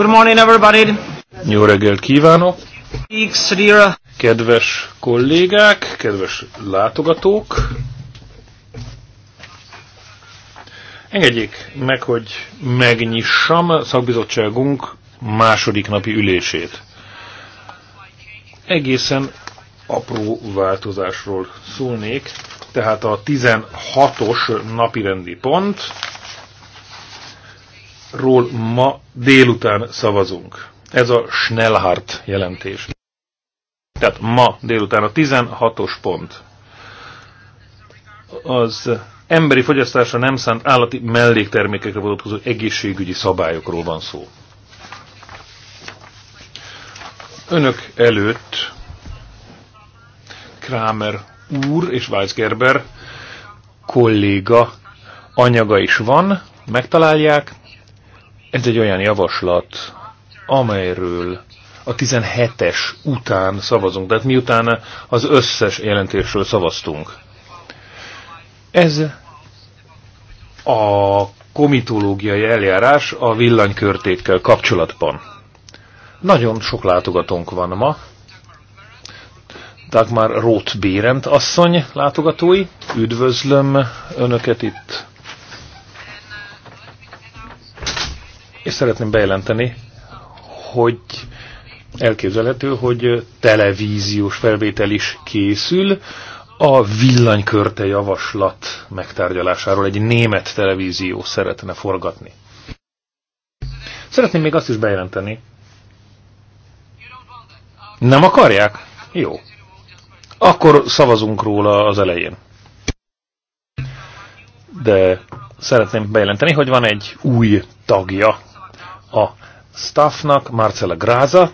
Good morning everybody! Jó reggelt kívánok! Kedves kollégák, kedves látogatók! Engedjék meg, hogy megnyissam szakbizottságunk második napi ülését. Egészen apró változásról szólnék, tehát a 16-os rendi pont, ról ma délután szavazunk. Ez a Schnellhardt jelentés. Tehát ma délután a 16-os pont. Az emberi fogyasztásra nem szánt állati melléktermékekre vonatkozó egészségügyi szabályokról van szó. Önök előtt Kramer úr és Weisgerber kolléga anyaga is van, megtalálják, ez egy olyan javaslat, amelyről a 17-es után szavazunk, tehát miután az összes jelentésről szavaztunk. Ez a komitológiai eljárás a villanykörtékkel kapcsolatban. Nagyon sok látogatónk van ma. Dagmar Roth Bérent asszony látogatói. Üdvözlöm Önöket itt és szeretném bejelenteni, hogy elképzelhető, hogy televíziós felvétel is készül a villanykörte javaslat megtárgyalásáról egy német televízió szeretne forgatni. Szeretném még azt is bejelenteni. Nem akarják? Jó. Akkor szavazunk róla az elején. De szeretném bejelenteni, hogy van egy új tagja a staffnak Marcela Gráza,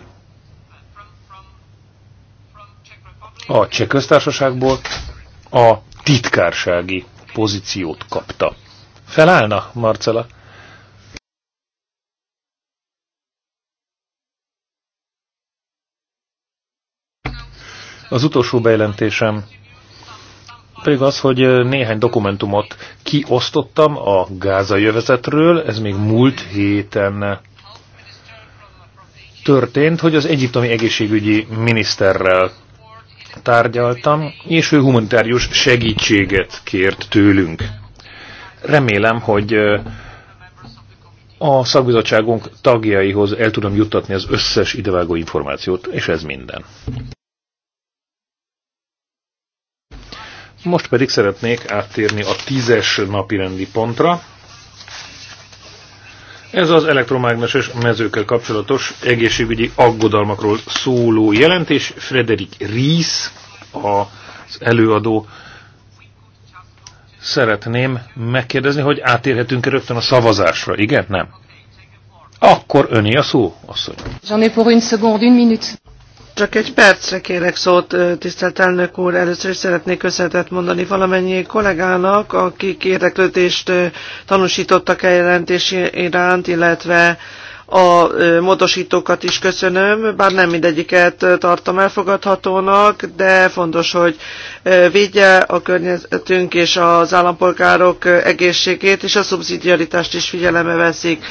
a cseh köztársaságból a titkársági pozíciót kapta. Felállna, Marcela? Az utolsó bejelentésem pedig az, hogy néhány dokumentumot kiosztottam a gázai övezetről, ez még múlt héten történt, hogy az egyiptomi egészségügyi miniszterrel tárgyaltam, és ő humanitárius segítséget kért tőlünk. Remélem, hogy a szakbizottságunk tagjaihoz el tudom juttatni az összes idevágó információt, és ez minden. Most pedig szeretnék áttérni a tízes napirendi pontra. Ez az elektromágneses mezőkkel kapcsolatos egészségügyi aggodalmakról szóló jelentés. Frederik Ries, az előadó. Szeretném megkérdezni, hogy átérhetünk-e rögtön a szavazásra, igen? Nem? Akkor öné a szó, asszony. J'en ai pour une seconde, une minute. Csak egy percre kérek szót, tisztelt elnök úr. Először is szeretnék köszönetet mondani valamennyi kollégának, akik érdeklődést tanúsítottak a e jelentés iránt, illetve a módosítókat is köszönöm, bár nem mindegyiket tartom elfogadhatónak, de fontos, hogy védje a környezetünk és az állampolgárok egészségét, és a szubszidiaritást is figyelembe veszik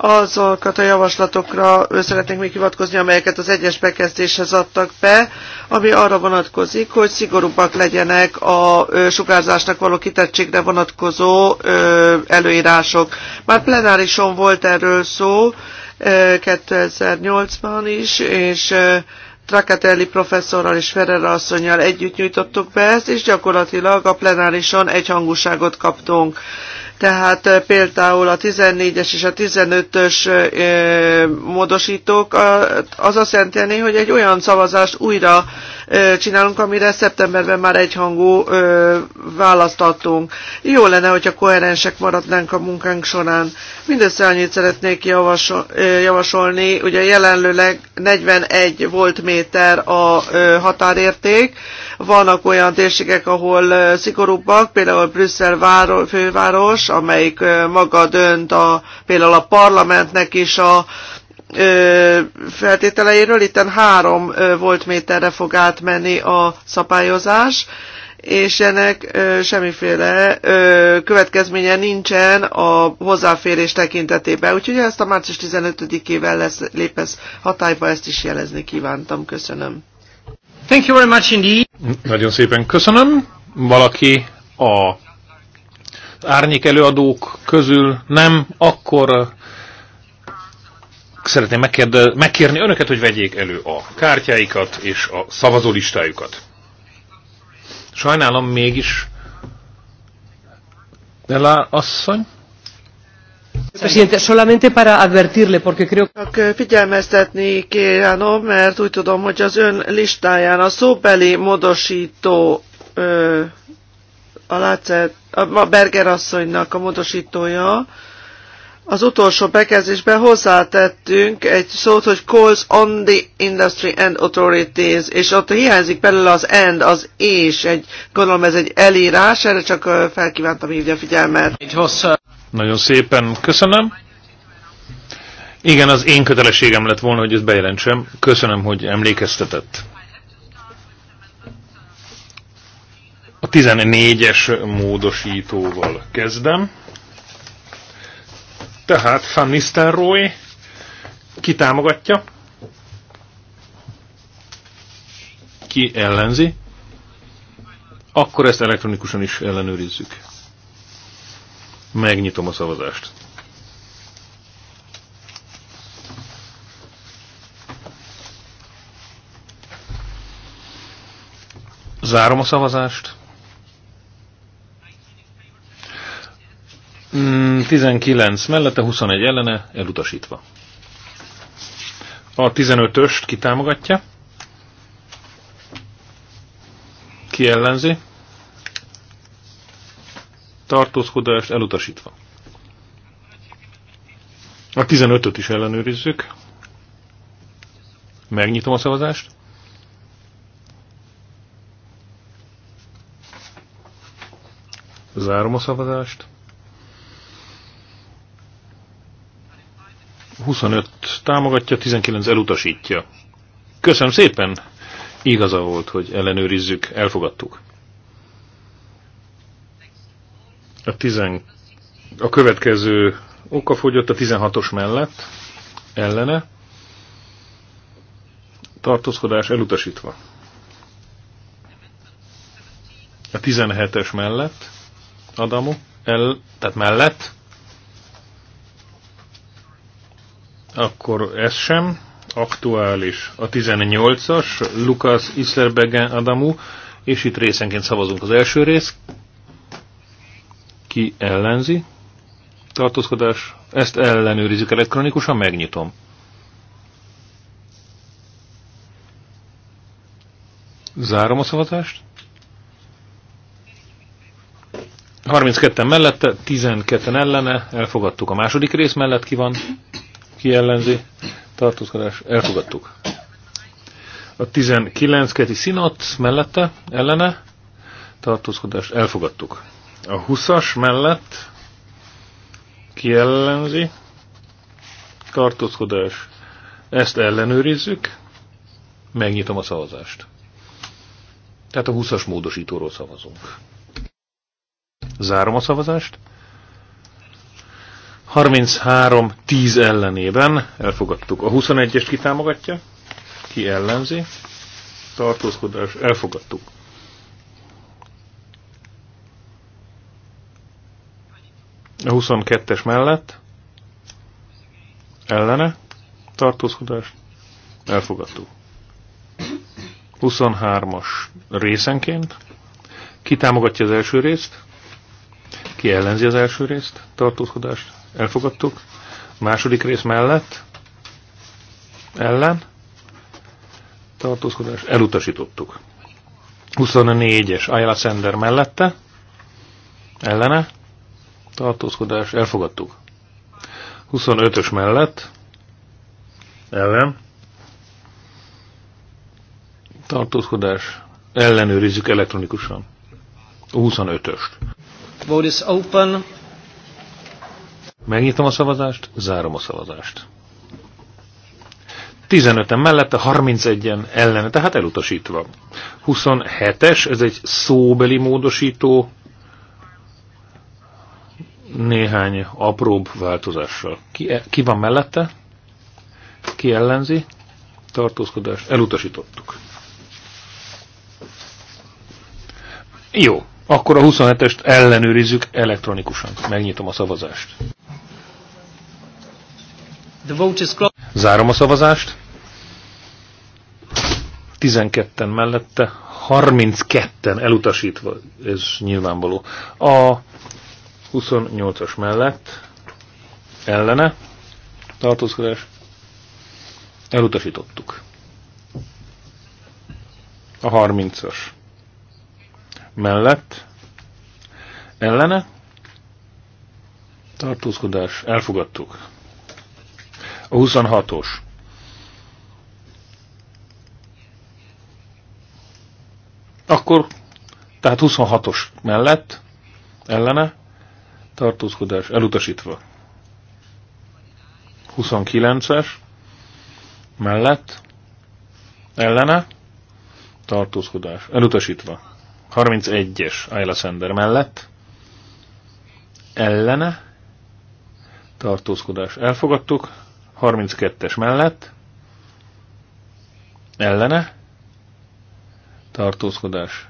azokat a javaslatokra szeretnénk még hivatkozni, amelyeket az egyes bekezdéshez adtak be, ami arra vonatkozik, hogy szigorúbbak legyenek a sugárzásnak való kitettségre vonatkozó előírások. Már plenárison volt erről szó 2008-ban is, és Trakatelli professzorral és Ferrer asszonyjal együtt nyújtottuk be ezt, és gyakorlatilag a plenárison egyhangúságot kaptunk. Tehát eh, például a 14-es és a 15-ös eh, módosítók az azt jelenti, hogy egy olyan szavazást újra eh, csinálunk, amire szeptemberben már egyhangú választ adtunk. Jó lenne, hogyha koherensek maradnánk a munkánk során. Mindössze annyit szeretnék javasolni, ugye jelenleg 41 volt méter a határérték, vannak olyan térségek, ahol szigorúbbak, például Brüsszel város, főváros, amelyik maga dönt a, például a parlamentnek is a feltételeiről. Itten három volt méterre fog átmenni a szabályozás, és ennek semmiféle következménye nincsen a hozzáférés tekintetében. Úgyhogy ezt a március 15-ével lesz, lépesz hatályba, ezt is jelezni kívántam. Köszönöm. Thank you very much indeed. Nagyon szépen köszönöm. Valaki a árnyék előadók közül nem, akkor szeretném megkérni önöket, hogy vegyék elő a kártyáikat és a szavazólistájukat. Sajnálom mégis. De la asszony? Presidente, solamente para advertirle, porque creo... Csak figyelmeztetni kívánom, mert úgy tudom, hogy az ön listáján a szóbeli módosító ö, a, látszett, a Berger asszonynak a módosítója, az utolsó bekezdésben hozzátettünk egy szót, hogy calls on the industry and authorities, és ott hiányzik belőle az and, az és, egy, gondolom ez egy elírás, erre csak felkívántam hívni a figyelmet. Nagyon szépen köszönöm. Igen, az én kötelességem lett volna, hogy ezt bejelentsem. Köszönöm, hogy emlékeztetett. A 14-es módosítóval kezdem. Tehát Van Nistelrooy ki támogatja? Ki ellenzi? Akkor ezt elektronikusan is ellenőrizzük. Megnyitom a szavazást. Zárom a szavazást. 19 mm, mellette, 21 ellene, elutasítva. A 15-öst kitámogatja. Ki ellenzi? Tartózkodást elutasítva. A 15-öt is ellenőrizzük. Megnyitom a szavazást. Zárom a szavazást. 25 támogatja, 19 elutasítja. Köszönöm szépen! Igaza volt, hogy ellenőrizzük, elfogadtuk. A, tizen... a következő oka fogyott a 16-os mellett, ellene, tartózkodás elutasítva. A 17-es mellett, Adamu, el, tehát mellett, Akkor ez sem aktuális. A 18-as, Lukas Islerbegen Adamu, és itt részenként szavazunk az első rész. Ki ellenzi? Tartózkodás. Ezt ellenőrizzük elektronikusan, megnyitom. Zárom a szavazást. 32-en mellette, 12-en ellene, elfogadtuk a második rész mellett, ki van ki ellenzi? Tartózkodás. Elfogadtuk. A 19 keti színot mellette, ellene. Tartózkodás. Elfogadtuk. A 20-as mellett ki ellenzi? Tartózkodás. Ezt ellenőrizzük. Megnyitom a szavazást. Tehát a 20-as módosítóról szavazunk. Zárom a szavazást. 33-10 ellenében elfogadtuk. A 21-est kitámogatja, ki ellenzi, tartózkodás, elfogadtuk. A 22-es mellett ellene tartózkodás, elfogadtuk. 23-as részenként kitámogatja az első részt, ki ellenzi az első részt, tartózkodást, elfogadtuk. Második rész mellett, ellen, tartózkodás, elutasítottuk. 24-es Ayala Sender mellette, ellene, tartózkodás, elfogadtuk. 25-ös mellett, ellen, tartózkodás, ellenőrizzük elektronikusan. 25-öst. Vote is open. Megnyitom a szavazást, zárom a szavazást. 15-en mellette, 31-en ellene, tehát elutasítva. 27-es, ez egy szóbeli módosító, néhány apróbb változással. Ki, e- ki van mellette? Ki ellenzi? Tartózkodás. Elutasítottuk. Jó, akkor a 27-est ellenőrizzük elektronikusan. Megnyitom a szavazást. The vote is Zárom a szavazást. 12-en mellette, 32-en elutasítva, ez nyilvánvaló. A 28-as mellett ellene tartózkodás elutasítottuk. A 30-as mellett ellene tartózkodás elfogadtuk. A 26-os. Akkor, tehát 26-os mellett, ellene, tartózkodás elutasítva. 29-es, mellett, ellene, tartózkodás elutasítva. 31-es Ayla Sender mellett, ellene, tartózkodás elfogadtuk, 32-es mellett ellene tartózkodás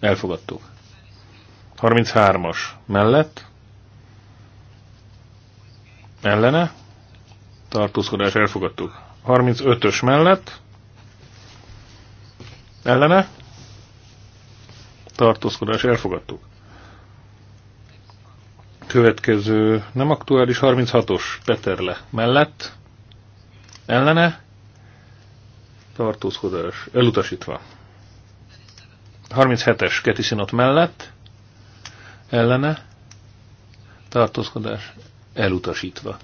elfogadtuk. 33-as mellett ellene tartózkodás elfogadtuk. 35-ös mellett ellene tartózkodás elfogadtuk. Következő nem aktuális 36-os Peterle mellett ellene tartózkodás elutasítva. 37-es Ketisinot mellett ellene tartózkodás elutasítva.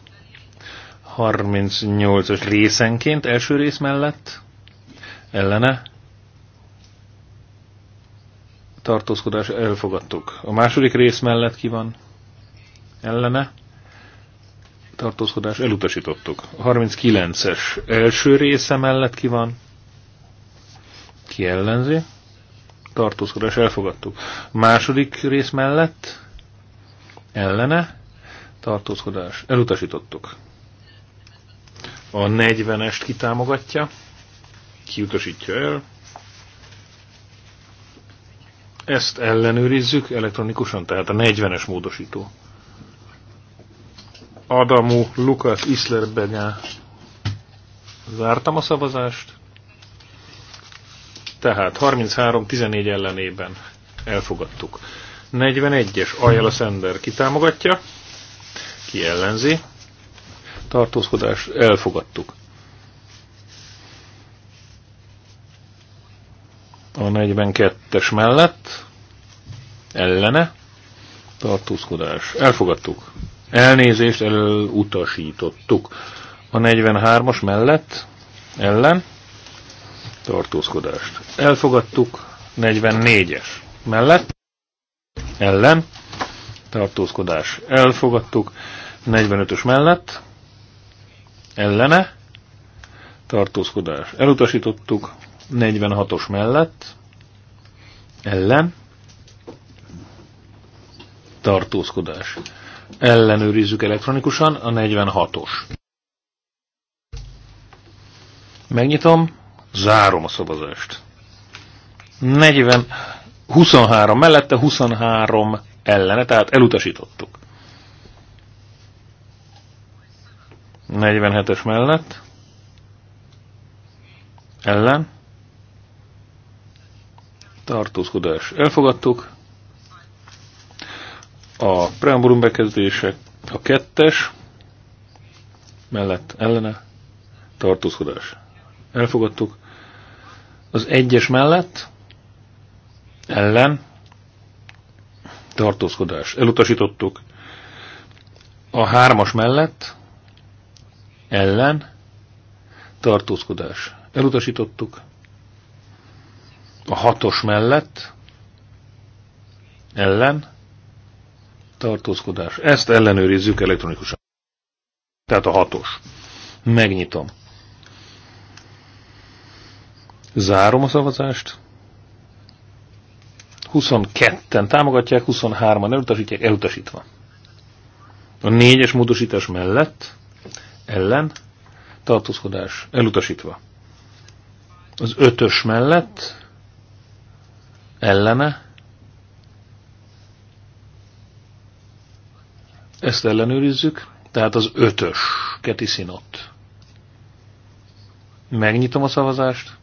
38-as részenként első rész mellett ellene tartózkodás elfogadtuk. A második rész mellett ki van? ellene tartózkodás elutasítottuk. A 39-es első része mellett ki van, ki ellenzi, tartózkodás elfogadtuk. A második rész mellett ellene tartózkodás elutasítottuk. A 40-est kitámogatja, kiutasítja el, ezt ellenőrizzük elektronikusan, tehát a 40-es módosító. Adamú, Lukas, Iszlerbenyá. Zártam a szavazást. Tehát 33-14 ellenében elfogadtuk. 41-es Ajala Szender kitámogatja, ki ellenzi. Tartózkodás elfogadtuk. A 42-es mellett ellene tartózkodás. Elfogadtuk. Elnézést elutasítottuk. A 43-as mellett ellen tartózkodást. Elfogadtuk 44-es mellett ellen tartózkodás. Elfogadtuk 45-ös mellett ellene tartózkodás. Elutasítottuk 46-os mellett ellen tartózkodás. Ellenőrizzük elektronikusan a 46-os. Megnyitom, zárom a szavazást. 40, 23 mellette, 23 ellene, tehát elutasítottuk. 47-es mellett, ellen, tartózkodás elfogadtuk, a preambulum bekezdések, a kettes mellett ellene tartózkodás. Elfogadtuk. Az egyes mellett ellen tartózkodás. Elutasítottuk. A hármas mellett ellen tartózkodás. Elutasítottuk. A hatos mellett ellen tartózkodás. Ezt ellenőrizzük elektronikusan. Tehát a hatos. Megnyitom. Zárom a szavazást. 22-en támogatják, 23-an elutasítják, elutasítva. A négyes módosítás mellett, ellen, tartózkodás, elutasítva. Az ötös mellett, ellene, Ezt ellenőrizzük, tehát az ötös keti színott. Megnyitom a szavazást.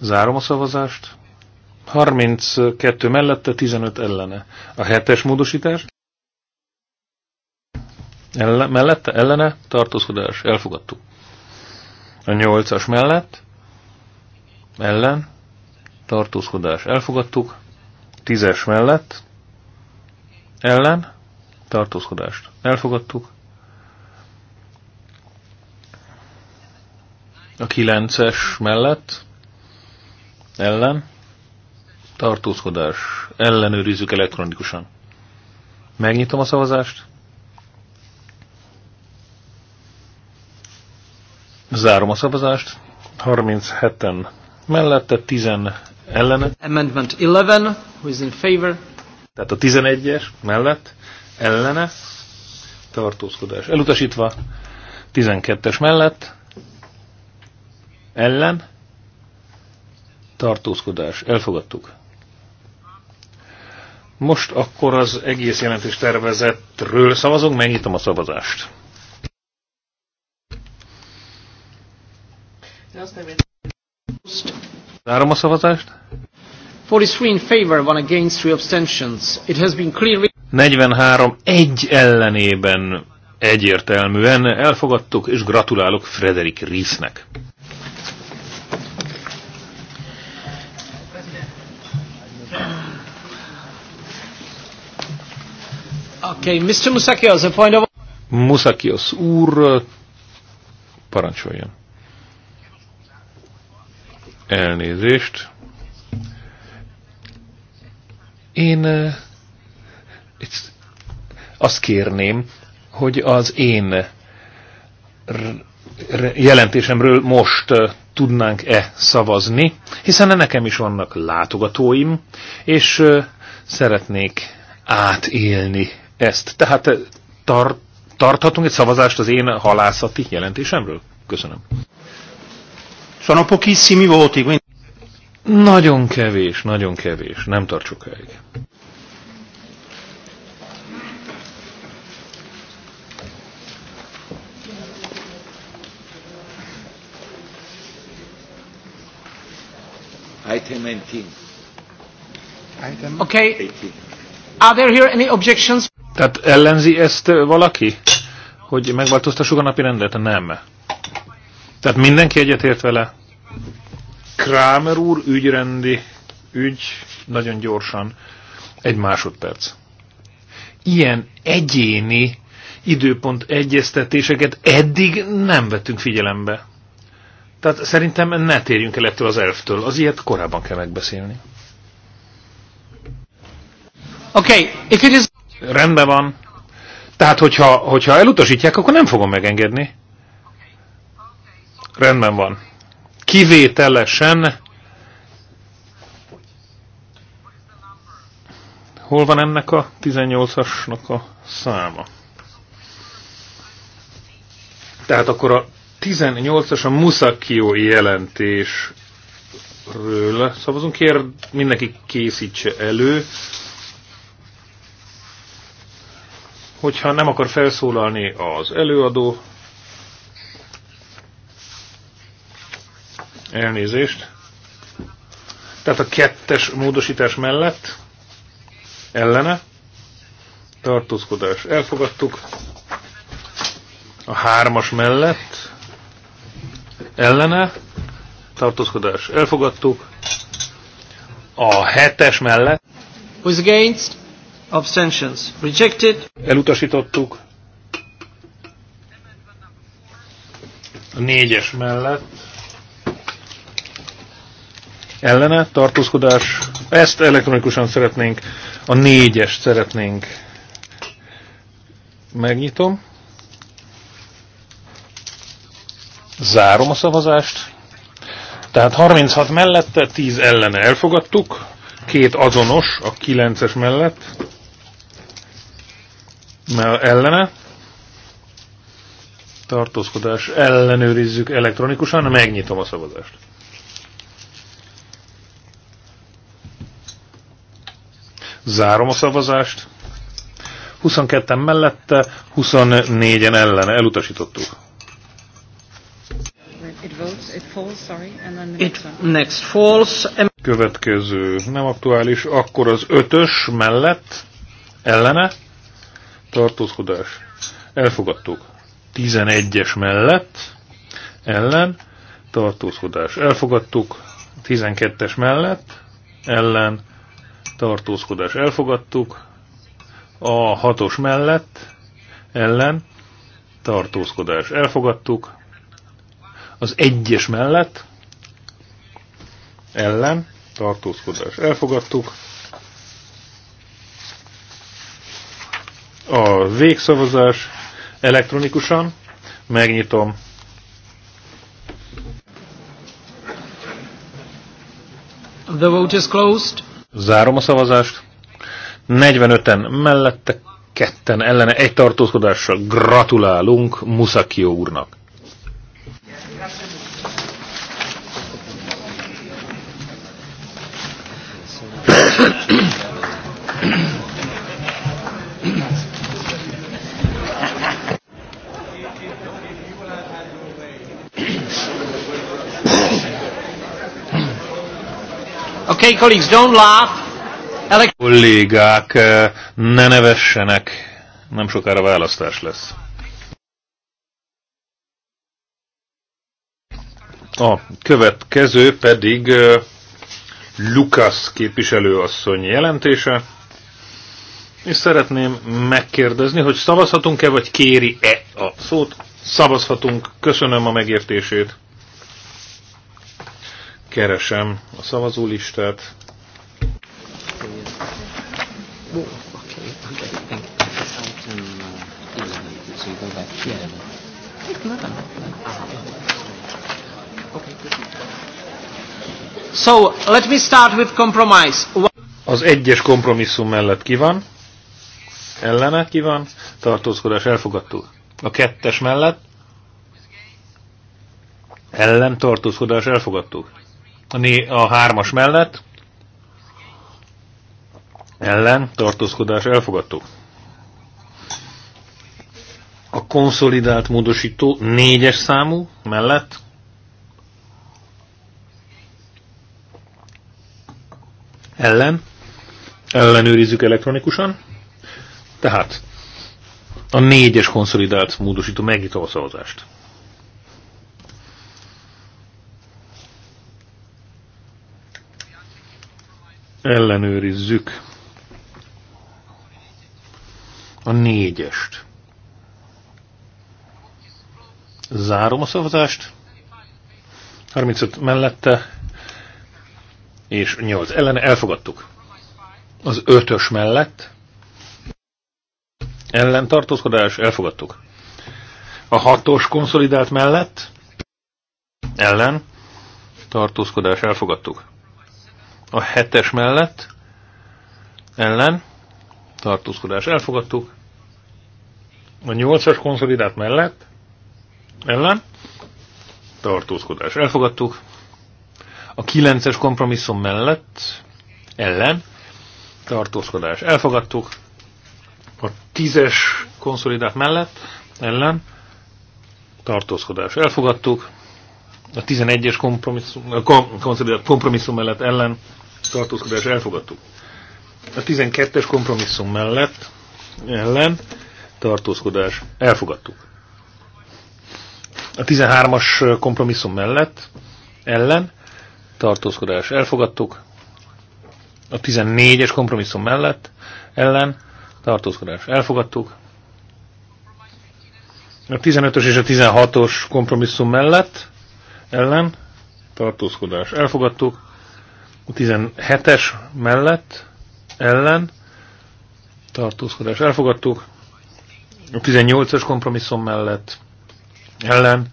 Zárom a szavazást. 32 mellette, 15 ellene. A hetes módosítás. Elle, mellette, ellene, tartózkodás, elfogadtuk. A nyolcas mellett, ellen, tartózkodás, elfogadtuk. Tízes mellett, ellen tartózkodást elfogadtuk. A 9-es mellett ellen tartózkodás ellenőrizzük elektronikusan. Megnyitom a szavazást. Zárom a szavazást. 37-en mellette, 10 ellen. Amendment 11, who is in favor? Tehát a 11-es mellett ellene tartózkodás elutasítva, 12-es mellett ellen tartózkodás elfogadtuk. Most akkor az egész jelentés tervezetről szavazunk, megnyitom a szavazást. Zárom a szavazást. 43 egy ellenében egyértelműen elfogadtuk, és gratulálok Frederik Riesnek. Okay, Mr. Musakios, a point of... Musakios úr, parancsoljon. Elnézést. Én azt kérném, hogy az én jelentésemről most tudnánk-e szavazni, hiszen nekem is vannak látogatóim, és szeretnék átélni ezt. Tehát tar tarthatunk egy szavazást az én halászati jelentésemről? Köszönöm. Sono pochissimi voti, quindi... Nagyon kevés, nagyon kevés, nem tart sokáig. Item 19. Item okay. 18. Are there here any objections? Tehát ellenzi ezt valaki? Hogy megváltoztassuk a napi rendet? Nem. Tehát mindenki egyetért vele? Krámer úr, ügyrendi ügy, nagyon gyorsan, egy másodperc. Ilyen egyéni időpont egyeztetéseket eddig nem vettünk figyelembe. Tehát szerintem ne térjünk el ettől az elftől, az ilyet korábban kell megbeszélni. Okay, is... Rendben van. Tehát, hogyha, hogyha elutasítják, akkor nem fogom megengedni. Rendben van kivételesen hol van ennek a 18-asnak a száma? Tehát akkor a 18-as a Muszakió jelentésről szavazunk. Kér, mindenki készítse elő. Hogyha nem akar felszólalni az előadó, Elnézést. Tehát a kettes módosítás mellett ellene tartózkodás. Elfogadtuk. A hármas mellett ellene tartózkodás. Elfogadtuk. A hetes mellett was against abstentions rejected. Elutasítottuk. A négyes mellett ellene tartózkodás. Ezt elektronikusan szeretnénk, a négyest szeretnénk. Megnyitom. Zárom a szavazást. Tehát 36 mellette, 10 ellene elfogadtuk. Két azonos a 9-es mellett. Mell ellene. Tartózkodás ellenőrizzük elektronikusan, megnyitom a szavazást. Zárom a szavazást. 22-en mellette, 24-en ellen Elutasítottuk. Következő nem aktuális, akkor az ötös mellett ellene tartózkodás. Elfogadtuk. 11-es mellett ellen tartózkodás. Elfogadtuk. 12-es mellett ellen tartózkodás elfogadtuk, a hatos mellett ellen tartózkodás elfogadtuk, az egyes mellett ellen tartózkodás elfogadtuk, a végszavazás elektronikusan, megnyitom The vote is closed. Zárom a szavazást. 45-en mellette, ketten ellene, egy tartózkodásra gratulálunk Muszakió úrnak. Okay, colleagues, don't laugh. Elek Kollégák, eh, ne nevessenek. Nem sokára választás lesz. A következő pedig eh, Lukasz képviselőasszony jelentése. És szeretném megkérdezni, hogy szavazhatunk-e, vagy kéri-e a szót? Szavazhatunk. Köszönöm a megértését keresem a szavazólistát. So, let me start with compromise. Az egyes kompromisszum mellett ki van? Ellene ki van? Tartózkodás elfogadtuk. A kettes mellett? Ellen tartózkodás elfogadtuk a, né, a hármas mellett ellen tartózkodás elfogadtuk. A konszolidált módosító négyes számú mellett ellen ellenőrizzük elektronikusan. Tehát a négyes konszolidált módosító megnyitom a szavazást. ellenőrizzük a négyest. Zárom a szavazást. 35 mellette és 8 ellene elfogadtuk. Az ötös mellett ellen tartózkodás elfogadtuk. A hatos konszolidált mellett ellen tartózkodás elfogadtuk a hetes mellett ellen tartózkodás elfogadtuk, a nyolcas konszolidát mellett ellen tartózkodás elfogadtuk, a kilences kompromisszum mellett ellen tartózkodás elfogadtuk, a tízes konszolidát mellett ellen tartózkodás elfogadtuk, a 11-es kompromisszum, kom, kompromisszum mellett ellen tartózkodás elfogadtuk. A 12-es kompromisszum mellett ellen tartózkodás elfogadtuk. A 13-as kompromisszum mellett ellen tartózkodás elfogadtuk. A 14-es kompromisszum mellett ellen tartózkodás elfogadtuk. A 15-ös és a 16-os kompromisszum mellett ellen tartózkodás elfogadtuk. 17-es mellett ellen tartózkodás elfogadtuk, a 18-as kompromisszum mellett ellen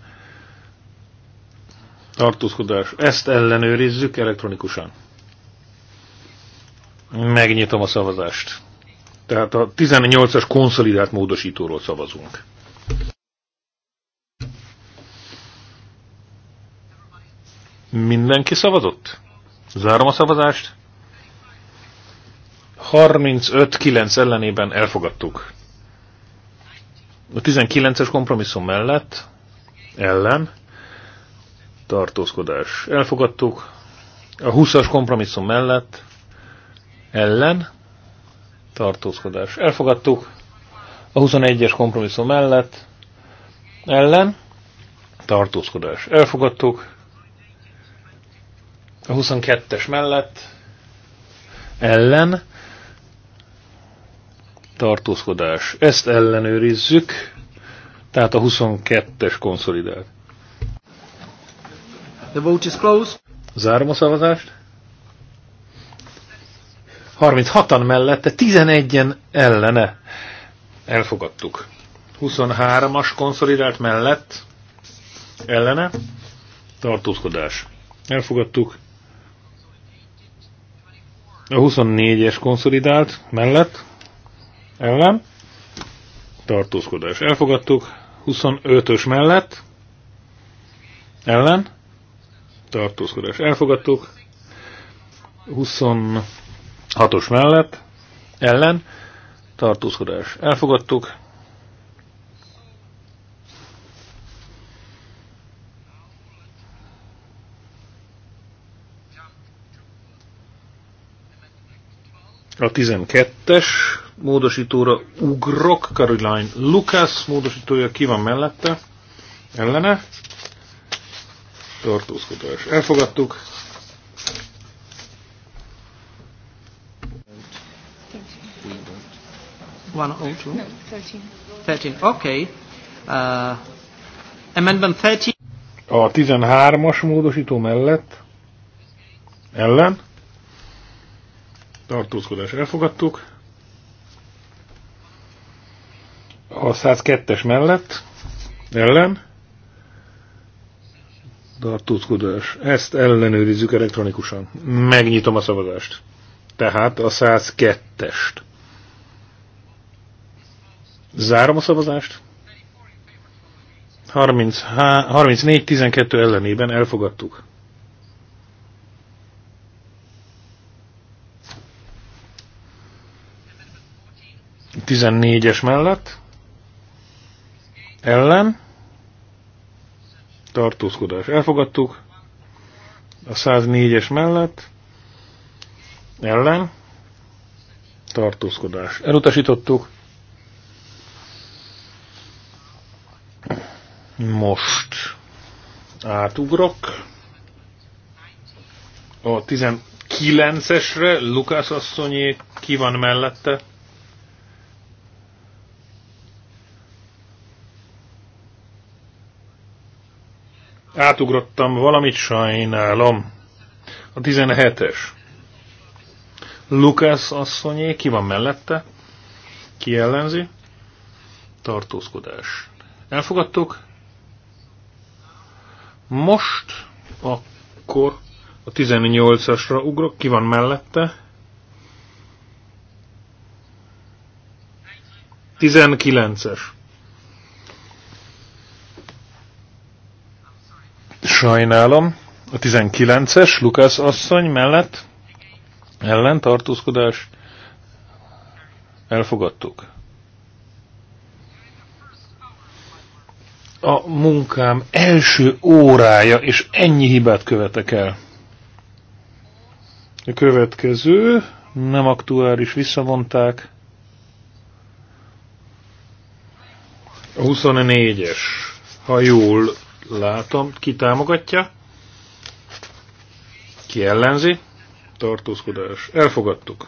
tartózkodás. Ezt ellenőrizzük elektronikusan. Megnyitom a szavazást. Tehát a 18-as konszolidált módosítóról szavazunk. Mindenki szavazott? Zárom a szavazást. 35-9 ellenében elfogadtuk. A 19-es kompromisszum mellett ellen tartózkodás. Elfogadtuk. A 20-as kompromisszum mellett ellen tartózkodás. Elfogadtuk. A 21-es kompromisszum mellett ellen tartózkodás. Elfogadtuk. A 22-es mellett ellen tartózkodás. Ezt ellenőrizzük, tehát a 22-es konszolidált. The vote is closed. Zárom a szavazást. 36-an mellette, 11-en ellene. Elfogadtuk. 23-as konszolidált mellett ellene. Tartózkodás. Elfogadtuk. A 24-es konszolidált mellett ellen tartózkodás. Elfogadtuk. 25-ös mellett ellen tartózkodás. Elfogadtuk. 26-os mellett ellen tartózkodás. Elfogadtuk. a 12-es módosítóra ugrok, Caroline Lucas módosítója ki van mellette, ellene, tartózkodás. Elfogadtuk. One or oh, two. No, 13. 13, Okay. Uh, amendment 13. A 13-as módosító mellett ellen tartózkodás elfogadtuk. A 102-es mellett ellen tartózkodás. Ezt ellenőrizzük elektronikusan. Megnyitom a szavazást. Tehát a 102-est. Zárom a szavazást. 34-12 ellenében elfogadtuk. 14-es mellett ellen tartózkodás. Elfogadtuk a 104-es mellett ellen tartózkodás. Elutasítottuk. Most átugrok a 19-esre, Lukász asszonyé, ki van mellette? Átugrottam valamit, sajnálom. A 17-es. Lukasz asszonyé, ki van mellette? Ki ellenzi? Tartózkodás. Elfogadtuk? Most akkor a 18-asra ugrok, ki van mellette? 19-es. Sajnálom. A 19-es, Lukasz asszony mellett ellen tartózkodás elfogadtuk. A munkám első órája, és ennyi hibát követek el. A következő, nem aktuális, visszavonták. A 24-es, ha jól látom, ki támogatja, ki ellenzi, tartózkodás. Elfogadtuk.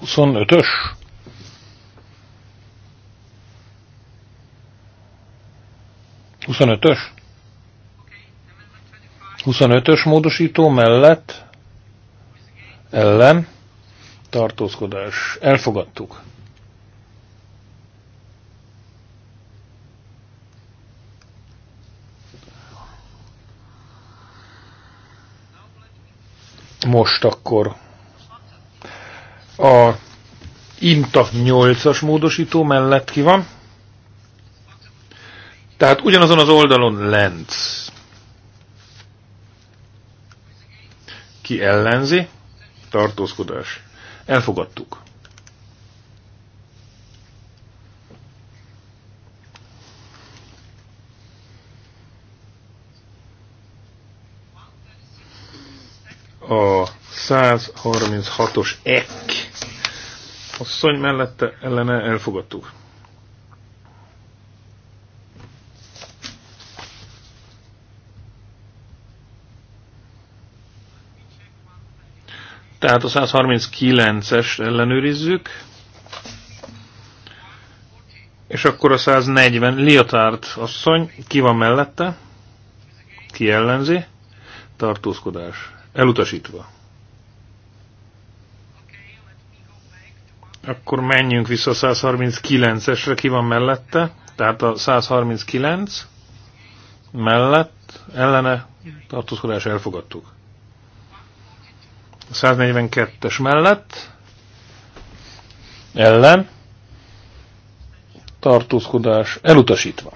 Huszonötös. Huszonötös? 25-ös módosító mellett ellen tartózkodás. Elfogadtuk. Most akkor a INTA 8-as módosító mellett ki van. Tehát ugyanazon az oldalon Lenz Ki ellenzi? Tartózkodás. Elfogadtuk. A 136-os ek asszony mellette ellene elfogadtuk. Tehát a 139 es ellenőrizzük. És akkor a 140, Liotard asszony, ki van mellette? Ki ellenzi? Tartózkodás. Elutasítva. Akkor menjünk vissza a 139-esre, ki van mellette? Tehát a 139 mellett ellene tartózkodás elfogadtuk. 142-es mellett ellen tartózkodás elutasítva.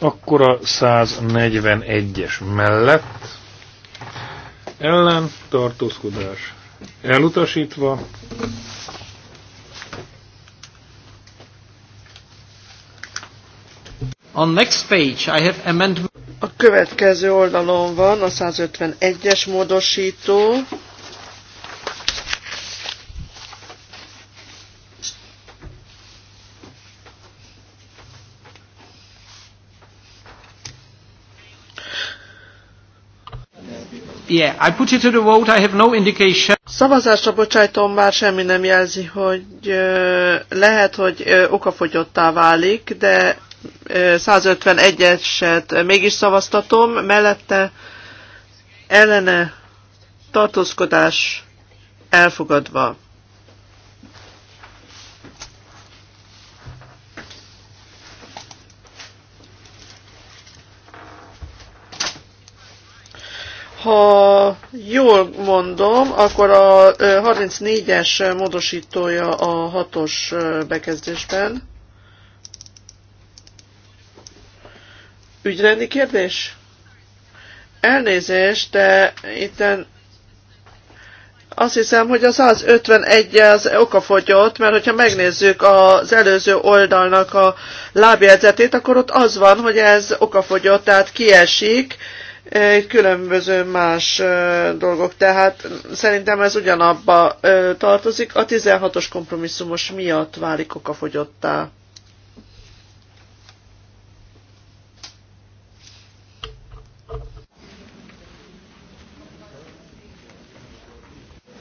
Akkor a 141-es mellett ellen tartózkodás elutasítva. On next page I have amendment a következő oldalon van a 151-es módosító. Yeah, I put it to the vote. I have no indication. Szavazásra bocsájtom, bár semmi nem jelzi, hogy lehet, hogy okafogyottá válik, de 151-eset mégis szavaztatom, mellette ellene tartózkodás elfogadva. Ha jól mondom, akkor a 34-es módosítója a 6-os bekezdésben. Ügyrendi kérdés? Elnézést, de itten azt hiszem, hogy a 151 az okafogyott, mert hogyha megnézzük az előző oldalnak a lábjegyzetét, akkor ott az van, hogy ez okafogyott, tehát kiesik, különböző más dolgok. Tehát szerintem ez ugyanabba tartozik, a 16-os kompromisszumos miatt válik okafogyottá.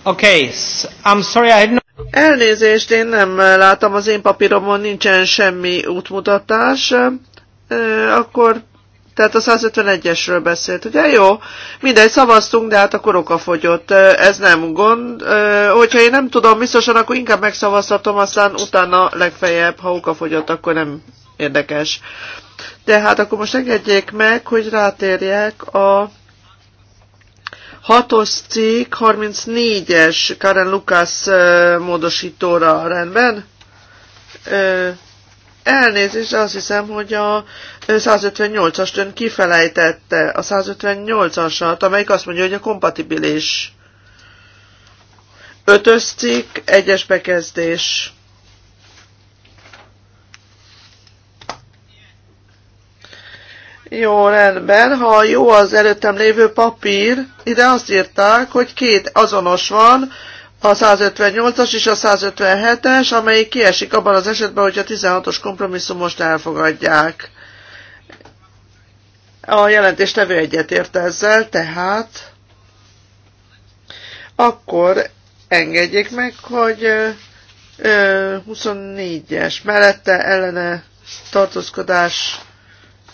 Okay, I'm sorry, I no... Elnézést, én nem látom, az én papíromon nincsen semmi útmutatás. Akkor, tehát a 151-esről beszélt, ugye? Jó, mindegy, szavaztunk, de hát akkor oka fogyott. Ez nem gond. Hogyha én nem tudom biztosan, akkor inkább megszavazhatom, aztán utána legfeljebb, ha oka fogyott, akkor nem érdekes. De hát akkor most engedjék meg, hogy rátérjek a Hatos cikk, 34-es Karen Lukasz módosítóra rendben. Elnézést, azt hiszem, hogy a 158-ast ön kifelejtette, a 158-asat, amelyik azt mondja, hogy a kompatibilis. Ötös cikk, egyes bekezdés. Jó, rendben. Ha jó az előttem lévő papír, ide azt írták, hogy két azonos van, a 158-as és a 157-es, amelyik kiesik abban az esetben, hogyha 16-os kompromisszumost elfogadják. A jelentéstevő egyetért ezzel, tehát akkor engedjék meg, hogy 24-es mellette ellene tartózkodás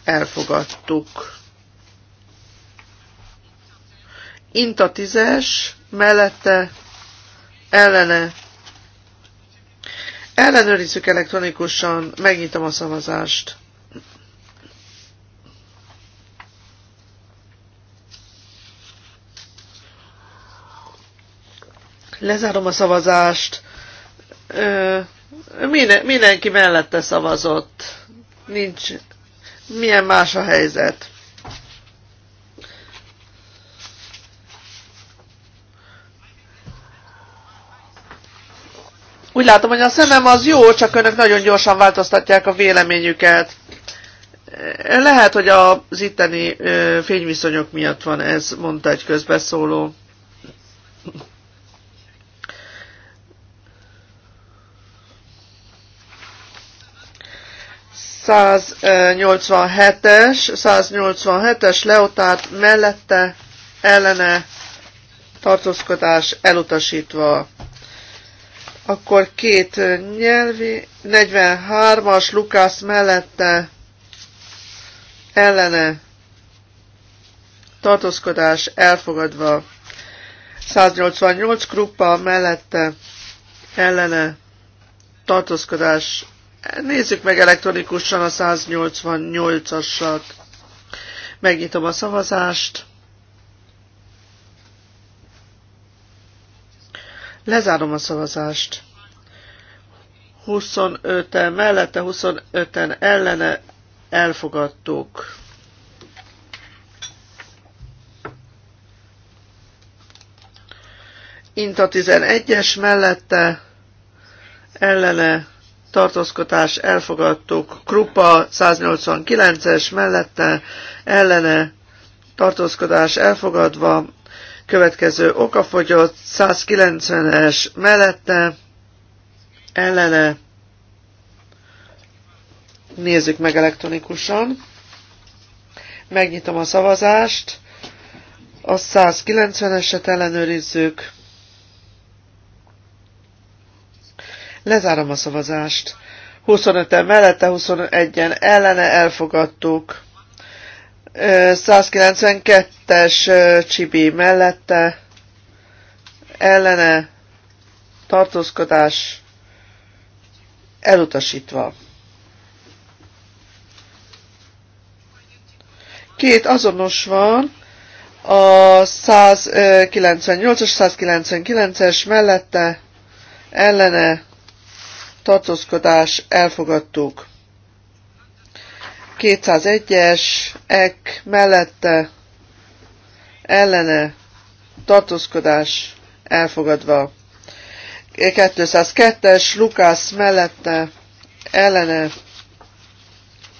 elfogadtuk. Inta tízes, mellette, ellene. Ellenőrizzük elektronikusan, megnyitom a szavazást. Lezárom a szavazást. Ö, minden, mindenki mellette szavazott. Nincs milyen más a helyzet. Úgy látom, hogy a szemem az jó, csak önök nagyon gyorsan változtatják a véleményüket. Lehet, hogy az itteni fényviszonyok miatt van ez, mondta egy közbeszóló. 187-es, 187-es leotárt mellette ellene tartózkodás elutasítva. Akkor két nyelvi, 43-as Lukász mellette ellene tartózkodás elfogadva. 188 Kruppa mellette ellene tartózkodás Nézzük meg elektronikusan a 188-asat. Megnyitom a szavazást. Lezárom a szavazást. 25-en mellette, 25-en ellene elfogadtuk. Inta 11-es mellette, ellene tartózkodás elfogadtuk. Krupa 189-es mellette ellene tartózkodás elfogadva. Következő okafogyott 190-es mellette ellene. Nézzük meg elektronikusan. Megnyitom a szavazást. A 190-eset ellenőrizzük. Lezárom a szavazást. 25-en mellette, 21-en ellene elfogadtuk. 192-es Csibi mellette, ellene tartózkodás elutasítva. Két azonos van, a 198-as, 199-es mellette, ellene tartózkodás, elfogadtuk. 201-es, ek, mellette, ellene, tartózkodás, elfogadva. 202-es, Lukász mellette, ellene,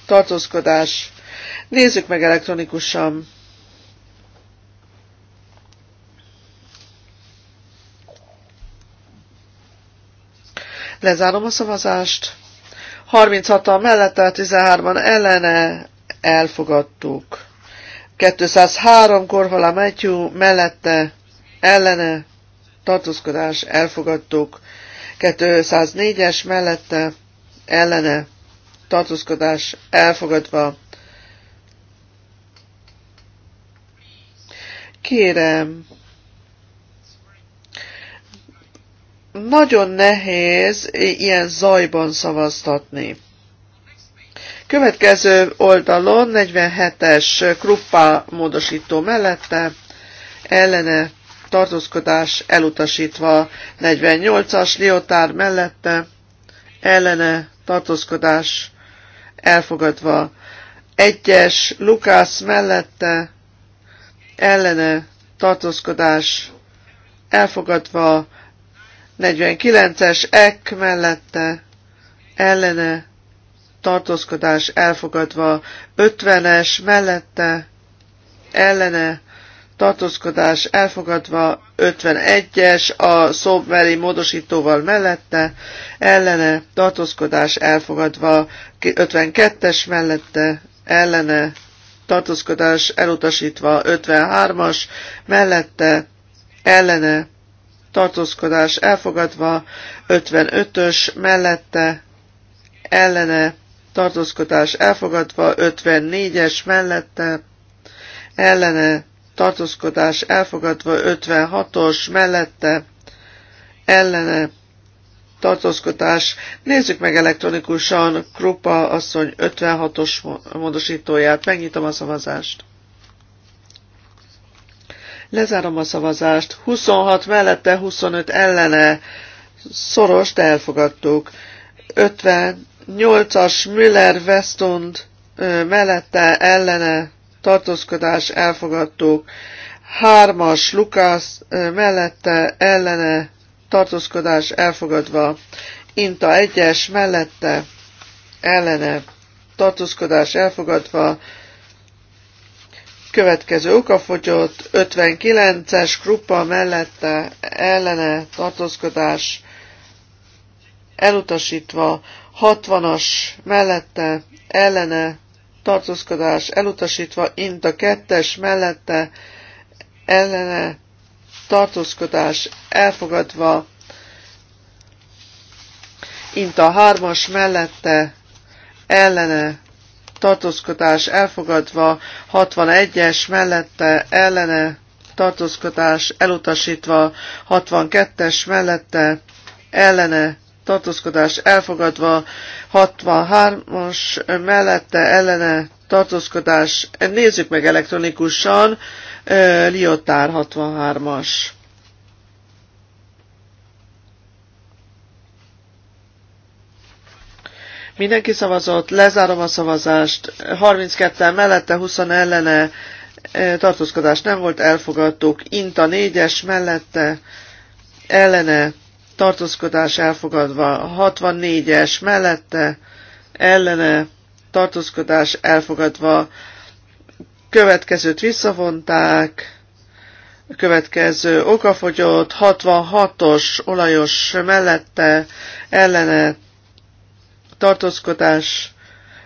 tartózkodás. Nézzük meg elektronikusan. Lezárom a szavazást. 36-an mellette, 13-an ellene elfogadtuk. 203 korhala Matthew mellette, ellene, tartózkodás, elfogadtuk. 204-es mellette, ellene, tartózkodás, elfogadva. Kérem, nagyon nehéz ilyen zajban szavaztatni. Következő oldalon 47-es kruppá módosító mellette ellene tartózkodás elutasítva 48-as liotár mellette ellene tartózkodás elfogadva 1-es Lukász mellette ellene tartózkodás elfogadva 49-es ek mellette ellene tartózkodás elfogadva, 50-es mellette ellene tartózkodás elfogadva, 51-es a szóbeli módosítóval mellette, ellene tartózkodás elfogadva, 52-es mellette, ellene tartózkodás elutasítva, 53-as mellette, ellene tartózkodás elfogadva, 55-ös mellette ellene tartózkodás elfogadva, 54-es mellette ellene tartózkodás elfogadva, 56-os mellette ellene tartózkodás. Nézzük meg elektronikusan Krupa asszony 56-os módosítóját. Megnyitom a szavazást. Lezárom a szavazást. 26 mellette, 25 ellene. Szorost elfogadtuk. 58-as Müller Westund mellette, ellene. Tartózkodás elfogadtuk. 3-as Lukasz mellette, ellene. Tartózkodás elfogadva. Inta 1-es mellette, ellene. Tartózkodás elfogadva. Következő okafogyott 59-es kruppa mellette ellene tartózkodás elutasítva, 60-as mellette ellene tartózkodás elutasítva, int a 2-es mellette ellene tartózkodás elfogadva, int a 3-as mellette ellene tartózkodás elfogadva, 61-es mellette ellene tartózkodás elutasítva, 62-es mellette ellene tartózkodás elfogadva, 63-as mellette ellene tartózkodás, nézzük meg elektronikusan, Liotár 63-as. Mindenki szavazott, lezárom a szavazást, 32-en mellette, 20 ellene, tartózkodás nem volt, elfogadtuk. Inta 4-es mellette, ellene, tartózkodás elfogadva, 64-es mellette, ellene, tartózkodás elfogadva, következőt visszavonták, következő okafogyott, 66-os olajos mellette, ellene, tartózkodás.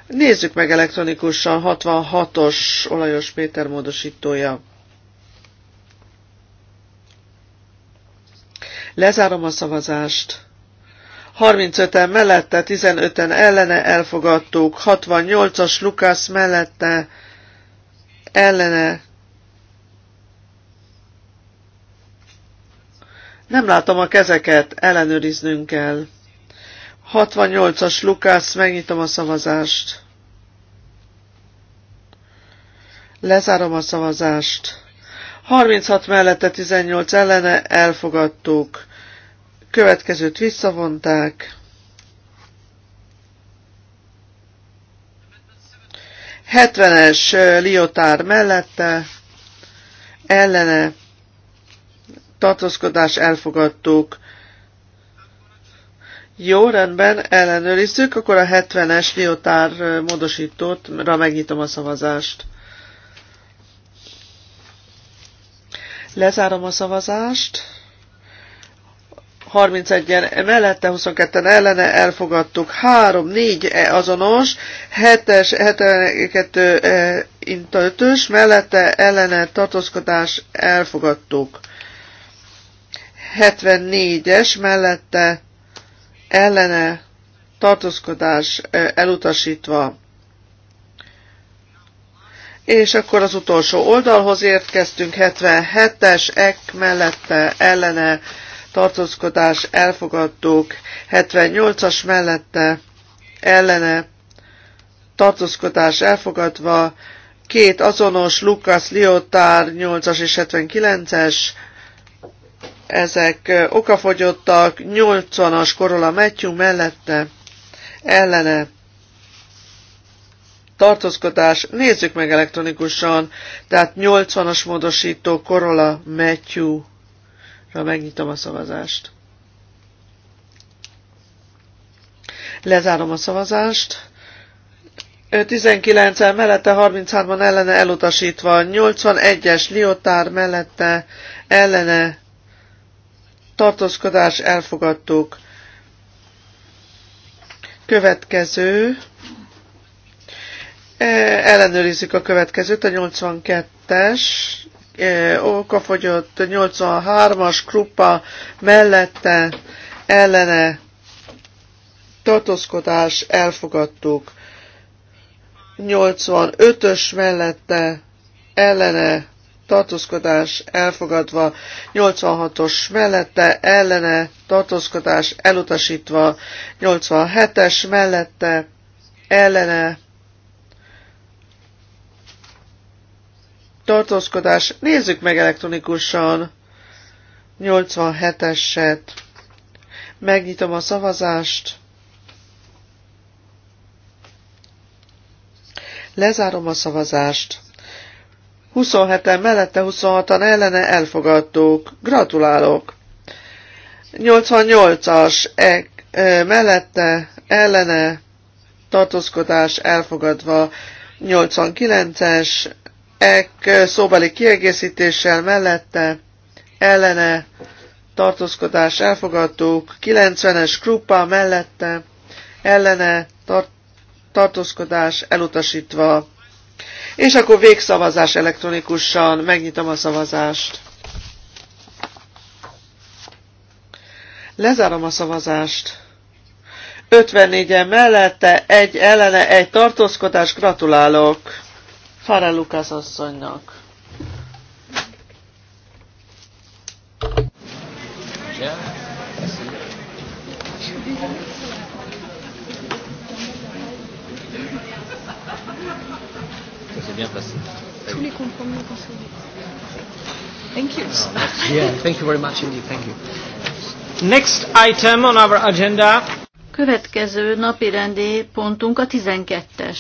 Nézzük meg elektronikusan 66-os olajos Péter módosítója. Lezárom a szavazást. 35-en mellette, 15-en ellene elfogadtuk, 68-as Lukasz mellette, ellene. Nem látom a kezeket, ellenőriznünk kell. 68-as Lukász, megnyitom a szavazást. Lezárom a szavazást. 36 mellette 18 ellene elfogadtuk. Következőt visszavonták. 70-es Liotár mellette ellene tartózkodás elfogadtuk. Jó, rendben, ellenőrizzük, akkor a 70-es liotár rá megnyitom a szavazást. Lezárom a szavazást. 31-en mellette, 22-en ellene elfogadtuk. 3-4 e, azonos, 7-es, 72 e, inta ös mellette ellene tartózkodás elfogadtuk. 74-es mellette ellene tartózkodás elutasítva. És akkor az utolsó oldalhoz érkeztünk, 77-es, ek mellette ellene tartózkodás elfogadtuk, 78-as mellette ellene tartózkodás elfogadva, két azonos Lukas Liotár 8-as és 79-es ezek okafogyottak, 80-as korola Matthew mellette, ellene, tartózkodás, nézzük meg elektronikusan, tehát 80-as módosító korola Matthew-ra megnyitom a szavazást. Lezárom a szavazást. 19-en mellette, 33-an ellene elutasítva, 81-es Liotár mellette ellene tartózkodás elfogadtuk. Következő. E, ellenőrizzük a következőt, a 82-es. E, okafogyott 83-as kruppa mellette ellene tartózkodás elfogadtuk. 85-ös mellette ellene tartózkodás elfogadva, 86-os mellette, ellene, tartózkodás elutasítva, 87-es mellette, ellene, tartózkodás, nézzük meg elektronikusan, 87-eset, megnyitom a szavazást, Lezárom a szavazást. 27-en mellette, 26-an ellene elfogadtuk. Gratulálok! 88-as e, e, mellette, ellene, tartózkodás elfogadva. 89-es ek szóbeli kiegészítéssel mellette, ellene, tartózkodás elfogadtuk. 90-es kruppa mellette, ellene, tart, tartózkodás elutasítva. És akkor végszavazás elektronikusan, megnyitom a szavazást. Lezárom a szavazást. 54-en mellette, egy ellene, egy tartózkodás, gratulálok Fara Lukasz asszonynak. Yeah. s'est bien passé. Tous les compromis ont sauvé. Thank you. Oh, yeah, thank you very much indeed. Thank you. Next item on our agenda. Következő napi rendi pontunk a 12-es.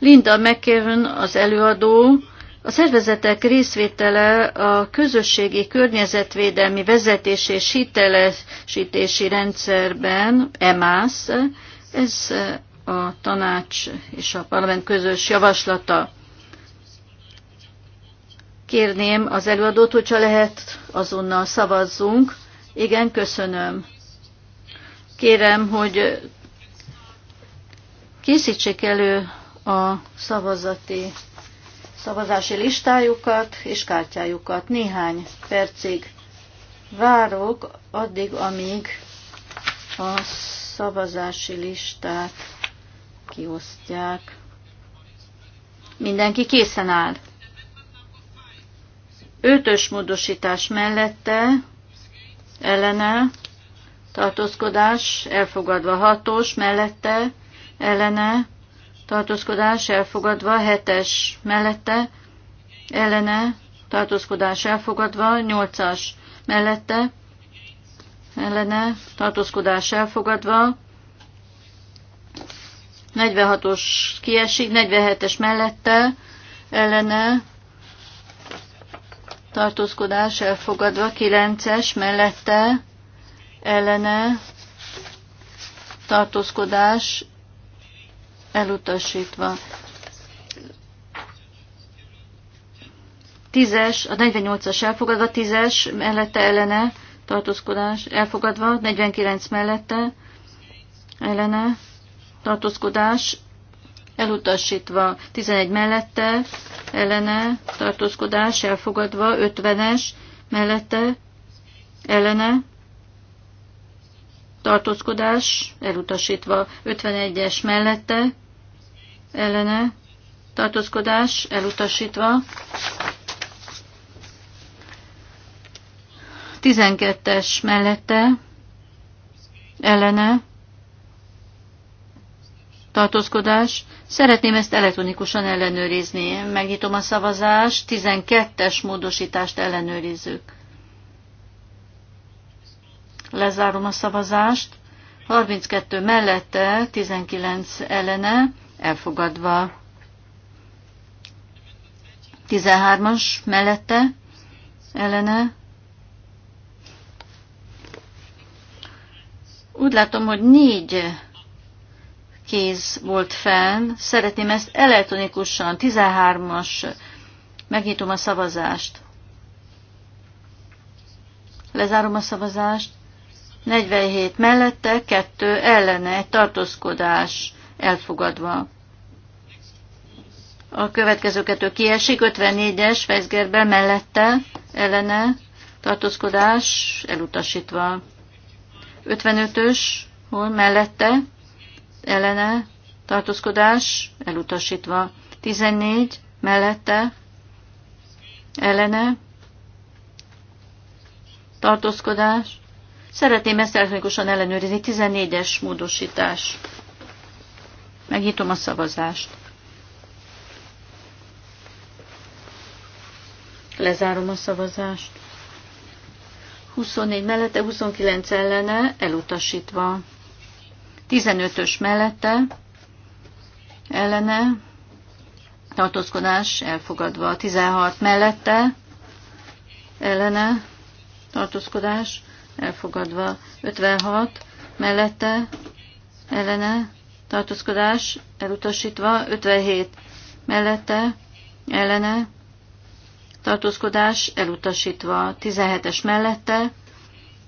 Linda McKeven az előadó, a szervezetek részvétele a közösségi környezetvédelmi vezetés és hitelesítési rendszerben, EMAS, ez a tanács és a parlament közös javaslata. Kérném az előadót, hogyha lehet, azonnal szavazzunk. Igen, köszönöm. Kérem, hogy készítsék elő a szavazati szavazási listájukat és kártyájukat. Néhány percig várok, addig, amíg a szavazási listát kiosztják. Mindenki készen áll. Ötös módosítás mellette, ellene, tartózkodás, elfogadva hatos mellette, ellene, tartózkodás elfogadva, hetes mellette, ellene, tartózkodás elfogadva, nyolcas mellette, ellene, tartózkodás elfogadva, 46-os kiesik, 47-es mellette, ellene, tartózkodás elfogadva, 9-es mellette, ellene, tartózkodás elutasítva. Tízes, a 48-as elfogadva, tízes mellette ellene tartózkodás elfogadva, 49 mellette ellene tartózkodás elutasítva, 11 mellette ellene tartózkodás elfogadva, 50-es mellette ellene tartózkodás elutasítva, 51-es mellette ellene tartózkodás elutasítva. 12-es mellette ellene tartózkodás. Szeretném ezt elektronikusan ellenőrizni. Megnyitom a szavazást, 12-es módosítást ellenőrizzük. Lezárom a szavazást. 32 mellette, 19 ellene elfogadva. 13-as mellette, ellene. Úgy látom, hogy négy kéz volt fenn. Szeretném ezt elektronikusan, 13-as, megnyitom a szavazást. Lezárom a szavazást. 47 mellette, 2 ellene, egy tartózkodás elfogadva. A következő kettő kiesik, 54-es Fejzgerben mellette, ellene, tartózkodás elutasítva. 55-ös, hol mellette, ellene, tartózkodás elutasítva. 14 mellette, ellene, tartózkodás. Szeretném ezt elektronikusan ellenőrizni. 14-es módosítás. Megnyitom a szavazást. Lezárom a szavazást. 24 mellette, 29 ellene, elutasítva. 15-ös mellette, ellene, tartózkodás elfogadva. 16 mellette, ellene, tartózkodás elfogadva. 56 mellette, ellene, tartózkodás elutasítva. 57 mellette, ellene, tartózkodás elutasítva. 17-es mellette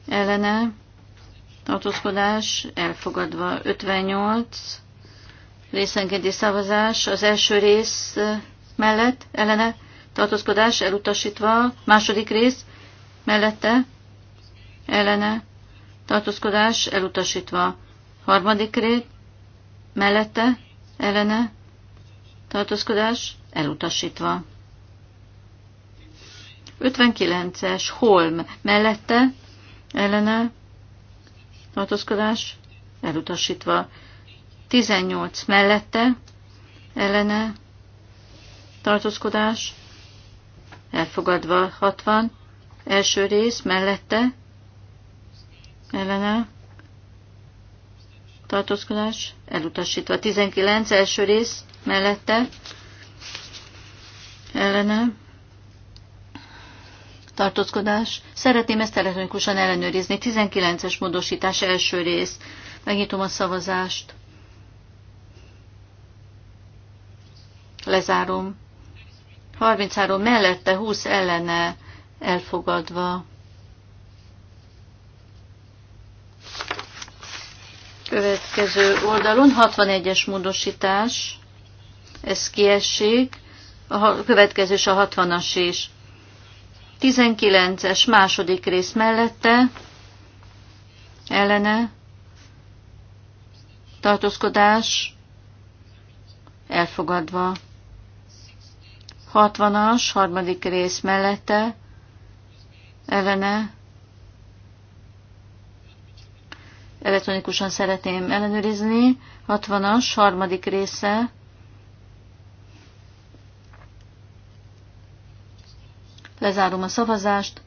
ellene tartózkodás elfogadva. 58 részengedi szavazás az első rész mellett ellene tartózkodás elutasítva. Második rész mellette ellene tartózkodás elutasítva. Harmadik rész mellette ellene tartózkodás elutasítva. 59-es Holm mellette ellene tartózkodás elutasítva. 18 mellette ellene tartózkodás elfogadva. 60 első rész mellette ellene tartózkodás elutasítva. 19 első rész mellette ellene tartózkodás. Szeretném ezt elektronikusan ellenőrizni. 19-es módosítás első rész. Megnyitom a szavazást. Lezárom. 33 mellette, 20 ellene elfogadva. Következő oldalon 61-es módosítás. Ez kiesik. A következő is a 60-as is. 19-es második rész mellette ellene tartózkodás elfogadva. 60-as harmadik rész mellette ellene elektronikusan szeretném ellenőrizni. 60-as harmadik része Lezárom a szavazást.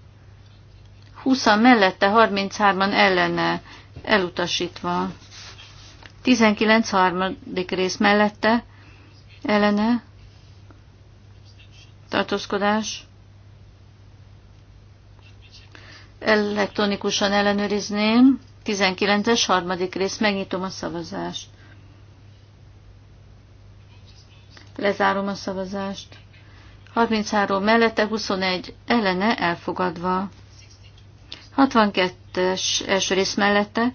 20 mellette, 33-an ellene elutasítva. 19 harmadik rész mellette ellene tartózkodás. Elektronikusan ellenőrizném. 19-es harmadik rész. Megnyitom a szavazást. Lezárom a szavazást. 33 mellette, 21 ellene elfogadva. 62-es első rész mellette,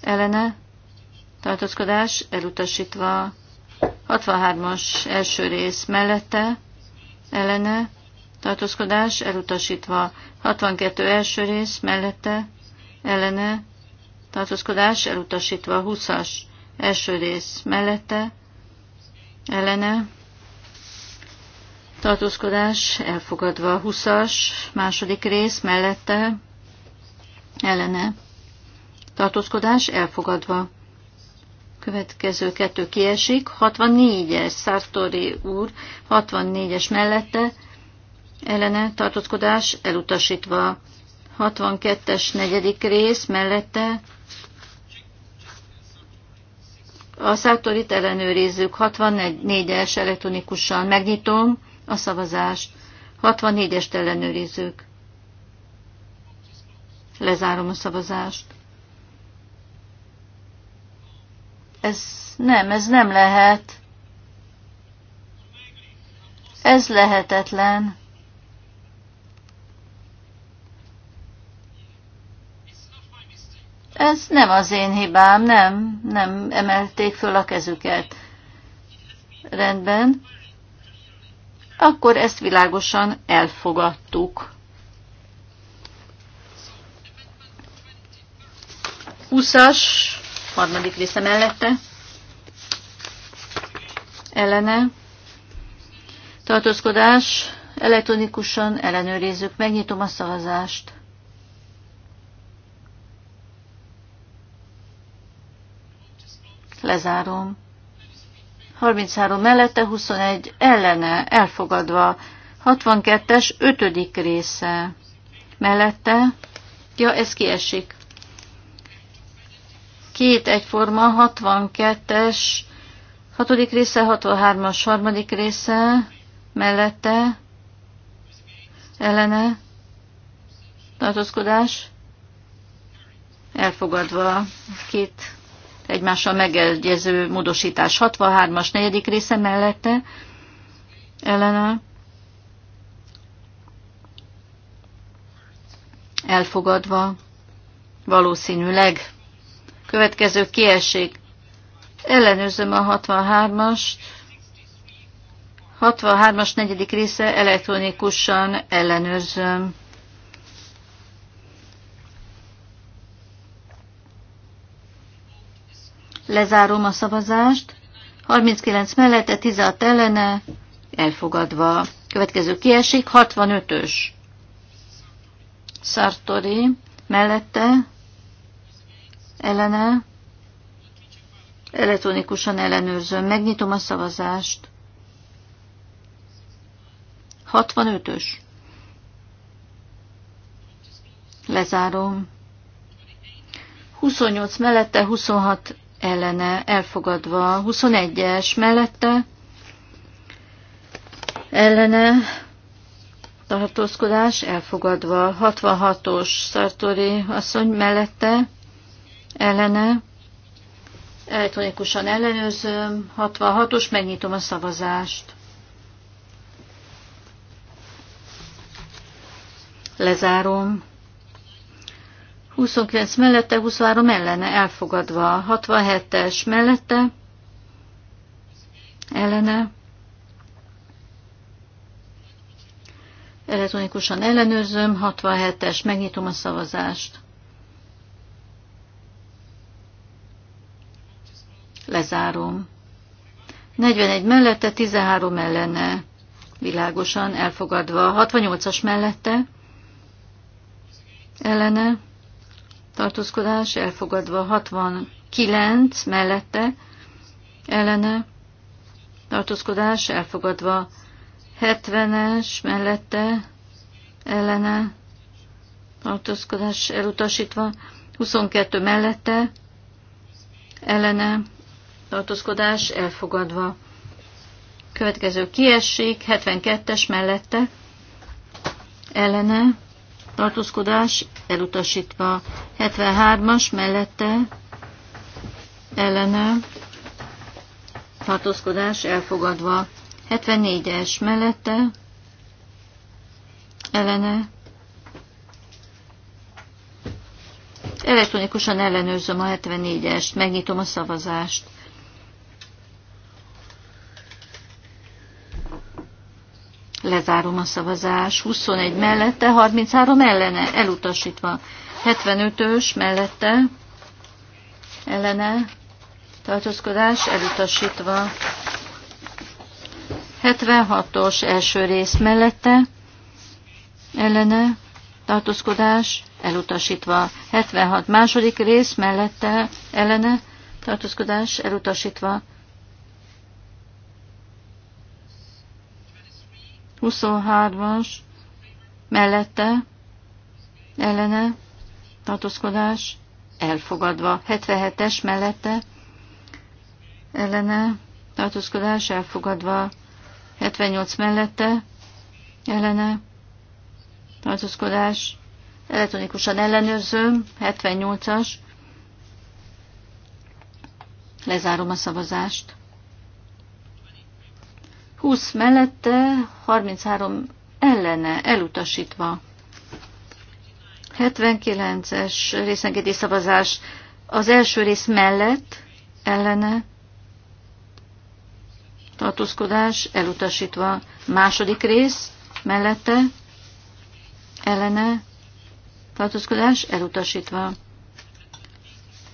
ellene tartózkodás elutasítva. 63-as első rész mellette, ellene tartózkodás elutasítva. 62 első rész mellette, ellene tartózkodás elutasítva. 20-as első rész mellette, ellene tartózkodás elfogadva. 20-as második rész mellette ellene tartózkodás elfogadva. Következő kettő kiesik. 64-es Szártori úr 64-es mellette ellene tartózkodás elutasítva. 62-es negyedik rész mellette a szátort ellenőrizzük. 64-es elektronikusan megnyitom a szavazás 64-est ellenőrizzük. Lezárom a szavazást. Ez nem, ez nem lehet. Ez lehetetlen. Ez nem az én hibám, nem, nem emelték föl a kezüket. Rendben, akkor ezt világosan elfogadtuk. 20-as, harmadik része mellette, ellene, tartózkodás, elektronikusan ellenőrizzük, megnyitom a szavazást. Lezárom. 33 mellette, 21 ellene, elfogadva. 62-es, 5. része mellette. Ja, ez kiesik. Két egyforma, 62-es, 6. része, 63-as, 3. része, mellette, ellene, tartózkodás, elfogadva, két egymással megegyező módosítás 63-as negyedik része mellette ellene elfogadva valószínűleg. Következő kiesik. Ellenőrzöm a 63 as 63-as negyedik része elektronikusan ellenőrzöm. Lezárom a szavazást. 39 mellette, 16 ellene, elfogadva. Következő kiesik, 65-ös. Sartori mellette, ellene, elektronikusan ellenőrzöm. Megnyitom a szavazást. 65-ös. Lezárom. 28 mellette, 26 ellene elfogadva, 21-es mellette ellene tartózkodás elfogadva, 66-os Szartori asszony mellette ellene elektronikusan ellenőrzöm, 66-os, megnyitom a szavazást. Lezárom. 29 mellette, 23 ellene elfogadva. 67-es mellette, ellene. Elektronikusan ellenőrzöm, 67-es, megnyitom a szavazást. Lezárom. 41 mellette, 13 ellene. Világosan elfogadva. 68-as mellette. Ellene tartózkodás elfogadva 69 mellette, ellene tartózkodás elfogadva 70-es mellette, ellene tartózkodás elutasítva 22 mellette, ellene tartózkodás elfogadva. Következő kiesség 72-es mellette, ellene tartózkodás elutasítva. 73-as mellette ellene tartózkodás elfogadva. 74-es mellette ellene elektronikusan ellenőrzöm a 74-est, megnyitom a szavazást. Lezárom a szavazás. 21 mellette, 33 ellene, elutasítva. 75-ös mellette, ellene, tartózkodás, elutasítva. 76-os első rész mellette, ellene, tartózkodás, elutasítva. 76 második rész mellette, ellene, tartózkodás, elutasítva. 23-as mellette ellene tartózkodás elfogadva. 77-es mellette ellene tartózkodás elfogadva. 78 mellette ellene tartózkodás elektronikusan ellenőrzöm. 78-as lezárom a szavazást. 20 mellette, 33 ellene elutasítva. 79-es részengedi szavazás az első rész mellett, ellene tartózkodás elutasítva. Második rész mellette, ellene tartózkodás elutasítva.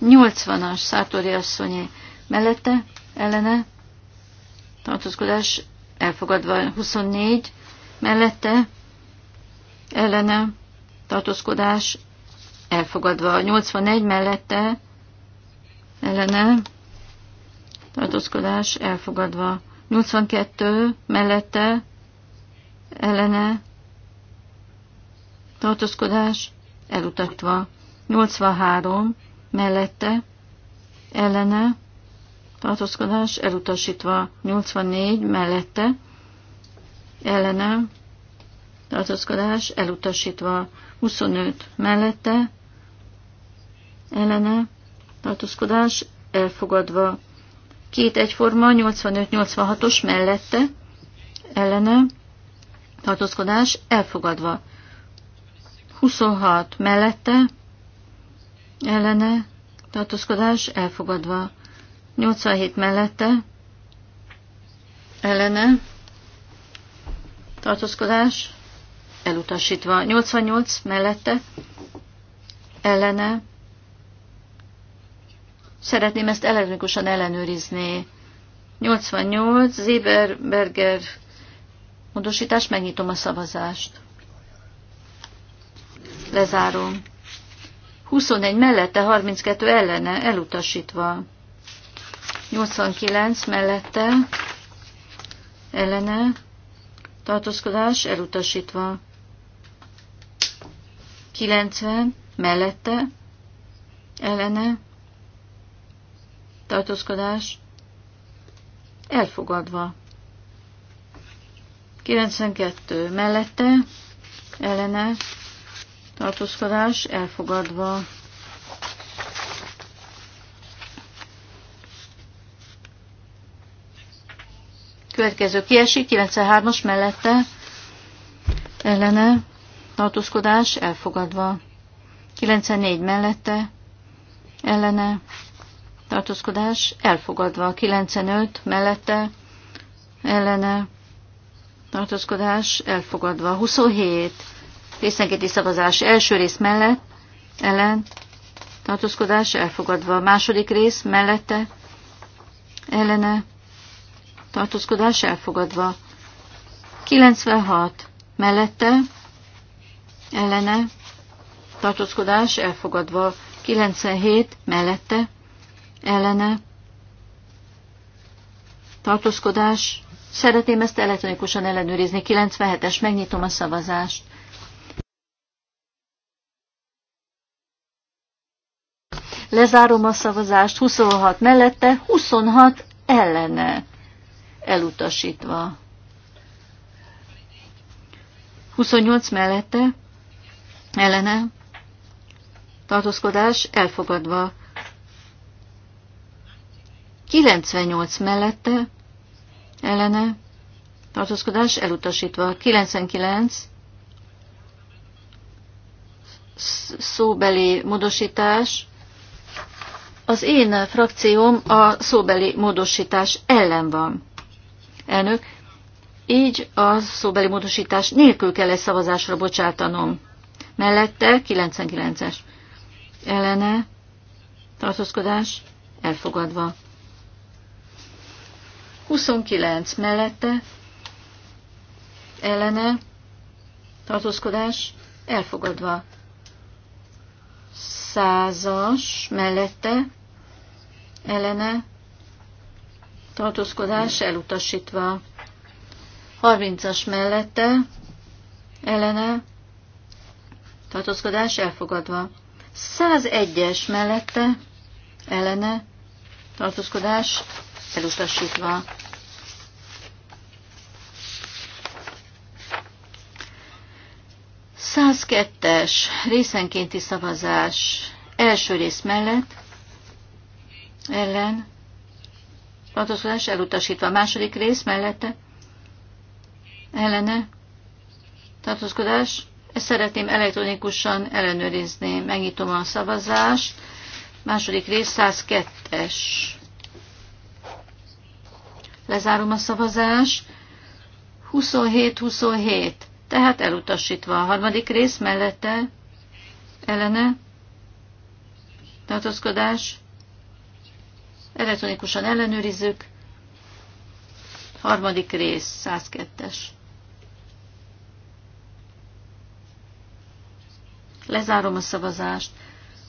80-as Szátori asszonyi mellette, ellene tartózkodás elfogadva 24, mellette ellene tartózkodás elfogadva 81, mellette ellene tartózkodás elfogadva 82, mellette ellene tartózkodás elutatva 83, mellette ellene tartózkodás elutasítva 84 mellette ellene tartózkodás elutasítva 25 mellette ellene tartózkodás elfogadva két egyforma 85-86-os mellette ellene tartózkodás elfogadva 26 mellette ellene tartózkodás elfogadva 87 mellette ellene tartózkodás elutasítva. 88 mellette ellene szeretném ezt elektronikusan ellenőrizni. 88 Zéberberger módosítás, megnyitom a szavazást. Lezárom. 21 mellette, 32 ellene, elutasítva. 89 mellette ellene tartózkodás elutasítva. 90 mellette ellene tartózkodás elfogadva. 92 mellette ellene tartózkodás elfogadva. következő kiesik, 93-as mellette ellene tartózkodás elfogadva. 94 mellette ellene tartózkodás elfogadva. 95 mellette ellene tartózkodás elfogadva. 27 részenkéti szavazás első rész mellett ellen tartózkodás elfogadva. Második rész mellette ellene tartózkodás elfogadva. 96 mellette, ellene, tartózkodás elfogadva. 97 mellette, ellene, tartózkodás. Szeretném ezt elektronikusan ellenőrizni. 97-es, megnyitom a szavazást. Lezárom a szavazást 26 mellette, 26 ellene elutasítva. 28 mellette ellene tartózkodás elfogadva. 98 mellette ellene tartózkodás elutasítva. 99 szóbeli módosítás. Az én frakcióm a szóbeli módosítás ellen van. Elnök, így a szóbeli módosítás nélkül kell egy szavazásra bocsátanom. Mellette 99-es. Ellene tartózkodás elfogadva. 29 mellette ellene tartózkodás elfogadva. Százas mellette ellene tartózkodás elutasítva. 30-as mellette, ellene, tartózkodás elfogadva. 101-es mellette, ellene, tartózkodás elutasítva. Százkettes részenkénti szavazás első rész mellett ellen tartózkodás elutasítva. A második rész mellette ellene tartózkodás. Ezt szeretném elektronikusan ellenőrizni. Megnyitom a szavazást. Második rész 102-es. Lezárom a szavazást. 27-27, tehát elutasítva a harmadik rész mellette ellene tartózkodás Elektronikusan ellenőrizzük. Harmadik rész, 102-es. Lezárom a szavazást.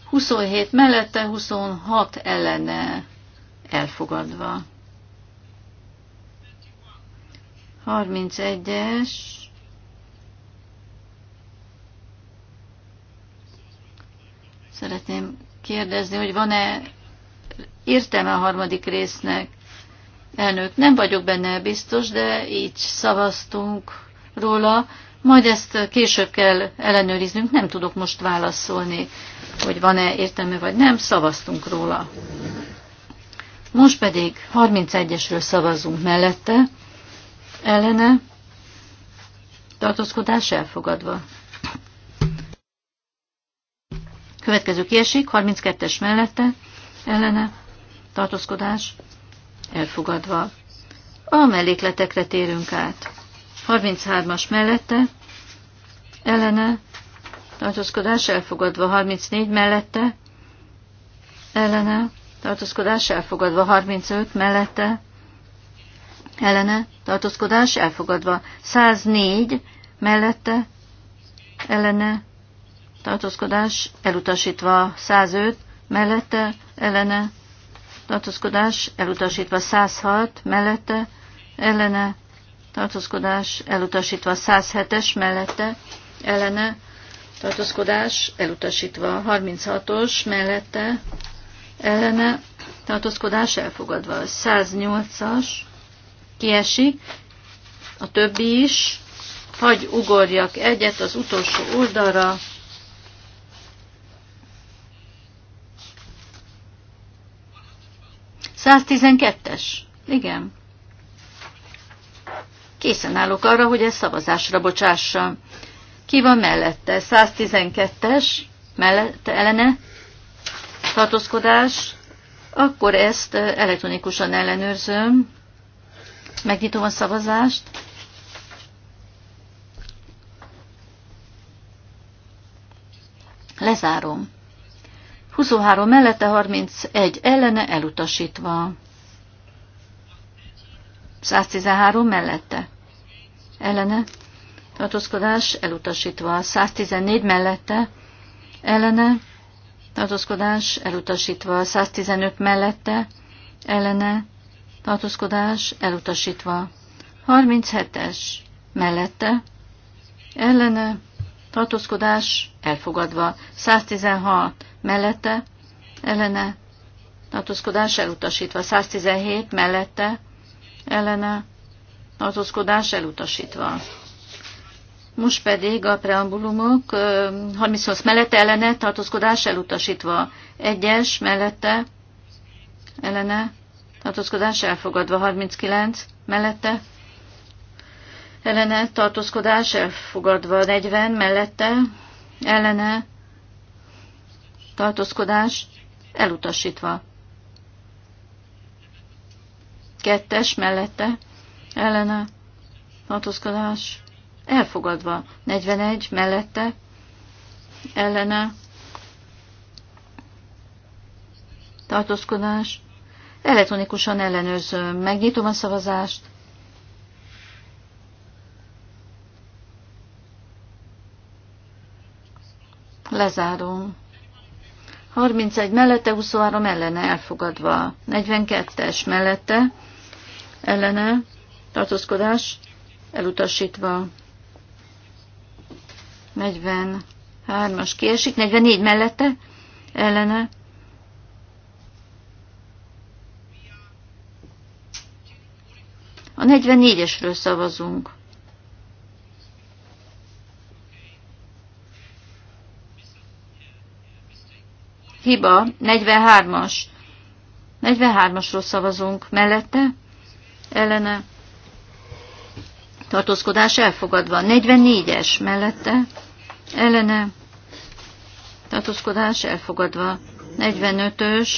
27 mellette, 26 ellene elfogadva. 31-es. Szeretném kérdezni, hogy van-e értelme a harmadik résznek. Elnök, nem vagyok benne biztos, de így szavaztunk róla. Majd ezt később kell ellenőriznünk, nem tudok most válaszolni, hogy van-e értelme vagy nem, szavaztunk róla. Most pedig 31-esről szavazunk mellette, ellene, tartózkodás elfogadva. Következő kiesik, 32-es mellette, ellene tartózkodás elfogadva. A mellékletekre térünk át. 33-as mellette ellene tartózkodás elfogadva. 34 mellette ellene tartózkodás elfogadva. 35 mellette ellene tartózkodás elfogadva. 104 mellette ellene tartózkodás elutasítva. 105 mellette, ellene, tartózkodás elutasítva 106, mellette, ellene, tartózkodás elutasítva 107-es, mellette, ellene, tartózkodás elutasítva 36-os, mellette, ellene, tartózkodás elfogadva 108-as, kiesik, a többi is, hagy ugorjak egyet az utolsó oldalra, 112-es. Igen. Készen állok arra, hogy ezt szavazásra bocsássam. Ki van mellette? 112-es, mellette ellene tartózkodás. Akkor ezt elektronikusan ellenőrzöm. Megnyitom a szavazást. Lezárom. 23 mellette, 31 ellene elutasítva. 113 mellette. Ellene. Tartózkodás elutasítva. 114 mellette. Ellene. Tartózkodás elutasítva. 115 mellette. Ellene. Tartózkodás elutasítva. 37-es mellette. Ellene. Tartózkodás elfogadva. 116 mellette, ellene, tartózkodás elutasítva. 117 mellette, ellene, tartózkodás elutasítva. Most pedig a preambulumok 38 mellette ellene tartózkodás elutasítva, Egyes mellette ellene tartózkodás elfogadva, 39 mellette ellene tartózkodás elfogadva, 40 mellette ellene tartózkodás elutasítva. Kettes mellette ellene tartózkodás elfogadva. 41 mellette ellene tartózkodás elektronikusan ellenőrzöm. Megnyitom a szavazást. Lezárom. 31 mellette, 23 ellene elfogadva. 42-es mellette, ellene, tartózkodás, elutasítva. 43-as kiesik, 44 mellette, ellene. A 44-esről szavazunk. hiba, 43-as. 43-asról szavazunk mellette, ellene tartózkodás elfogadva. 44-es mellette, ellene tartózkodás elfogadva. 45-ös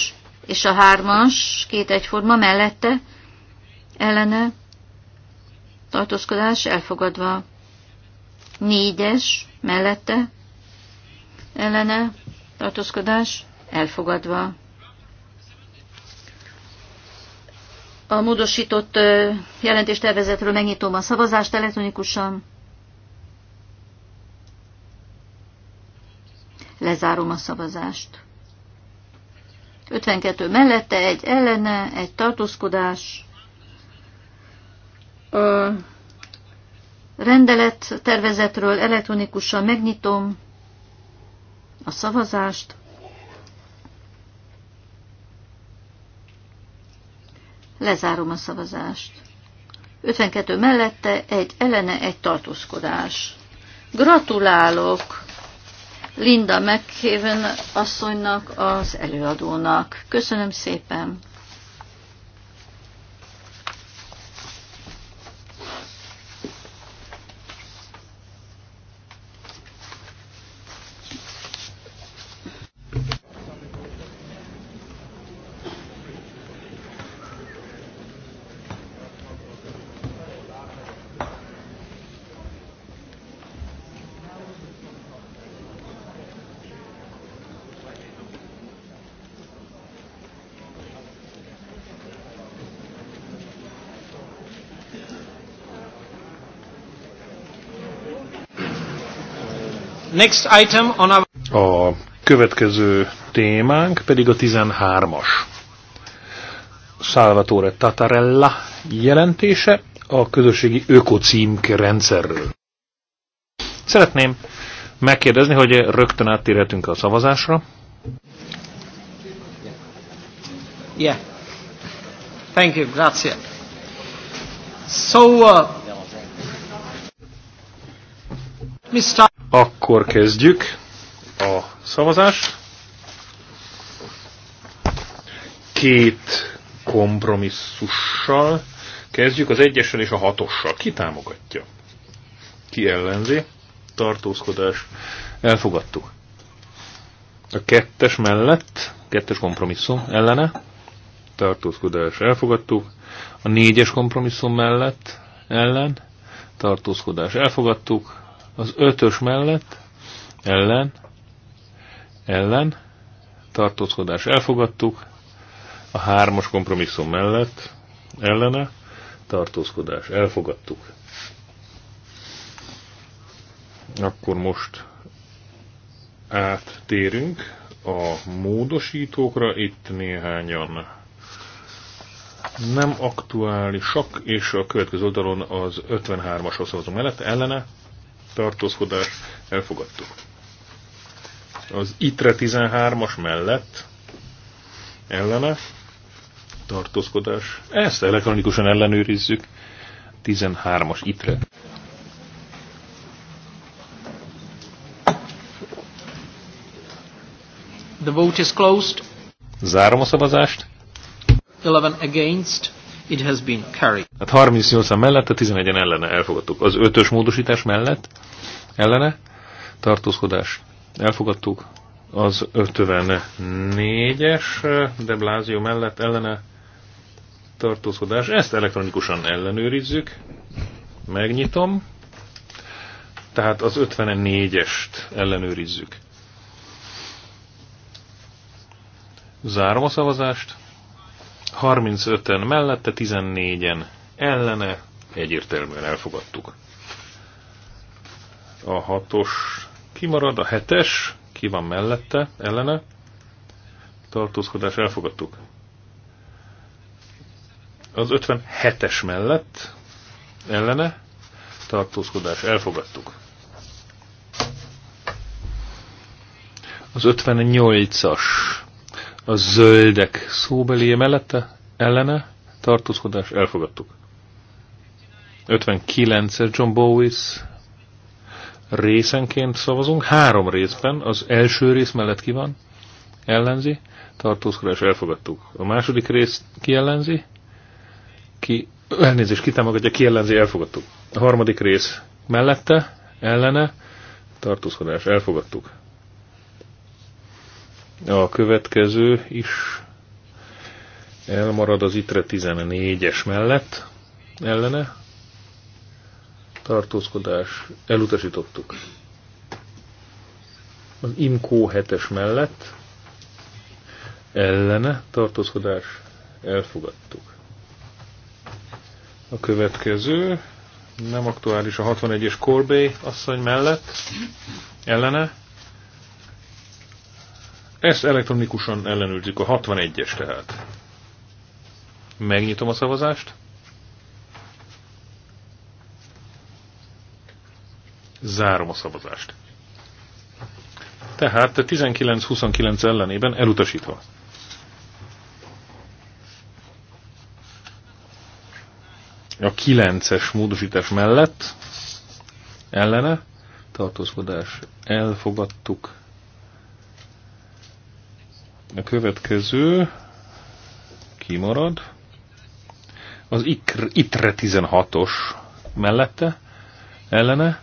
és a 3-as, két egyforma mellette, ellene tartózkodás elfogadva. 4-es mellette, ellene tartózkodás elfogadva. A módosított jelentéstervezetről megnyitom a szavazást elektronikusan. Lezárom a szavazást. 52 mellette, egy ellene, egy tartózkodás. A rendelet tervezetről elektronikusan megnyitom a szavazást. Lezárom a szavazást. 52 mellette, egy ellene, egy tartózkodás. Gratulálok Linda McHaven asszonynak, az előadónak. Köszönöm szépen! next item on our... A következő témánk pedig a 13-as. Salvatore Tatarella jelentése a közösségi ökocímke rendszerről. Szeretném megkérdezni, hogy rögtön áttérhetünk a szavazásra. Yeah. Thank you, grazie. So, uh, Mr. Akkor kezdjük a szavazást. Két kompromisszussal kezdjük, az egyessel és a hatossal. Ki támogatja? Ki ellenzi? Tartózkodás. Elfogadtuk. A kettes mellett, kettes kompromisszum ellene, tartózkodás elfogadtuk. A négyes kompromisszum mellett, ellen, tartózkodás elfogadtuk. Az ötös mellett ellen, ellen, tartózkodás elfogadtuk, a hármas kompromisszum mellett ellene, tartózkodás elfogadtuk. Akkor most áttérünk a módosítókra, itt néhányan nem aktuálisak, és a következő oldalon az 53 as hozunk mellett ellene tartózkodás elfogadtuk. Az ITRE 13-as mellett ellene tartózkodás. Ezt elektronikusan ellenőrizzük. 13-as ITRE. The vote is closed. Zárom a szavazást. 11 against. It has been carried. Hát 38 mellett, a 11-en ellene elfogadtuk. Az ötös módosítás mellett ellene tartózkodás elfogadtuk. Az 54-es de Blázió mellett ellene tartózkodás. Ezt elektronikusan ellenőrizzük. Megnyitom. Tehát az 54-est ellenőrizzük. Zárom a szavazást. 35-en mellette, 14-en ellene, egyértelműen elfogadtuk. A 6-os kimarad, a 7-es, ki van mellette, ellene, tartózkodás elfogadtuk. Az 57-es mellett, ellene, tartózkodás elfogadtuk. Az 58-as a zöldek szóbeli mellette ellene tartózkodás elfogadtuk. 59-es John Bowis részenként szavazunk. Három részben. Az első rész mellett ki van? Ellenzi. Tartózkodás elfogadtuk. A második rész ki ellenzi? Ki, elnézést, ki támogatja, ki ellenzi, elfogadtuk. A harmadik rész mellette, ellene, tartózkodás, elfogadtuk. A következő is elmarad az ITRE 14-es mellett ellene. Tartózkodás elutasítottuk. Az IMCO 7-es mellett ellene tartózkodás elfogadtuk. A következő nem aktuális a 61-es Corbey asszony mellett ellene ezt elektronikusan ellenőrzik a 61-es tehát. Megnyitom a szavazást. Zárom a szavazást. Tehát 19-29 ellenében elutasítva. A 9-es módosítás mellett ellene tartózkodás elfogadtuk a következő kimarad. Az IKR, ITRE 16-os mellette, ellene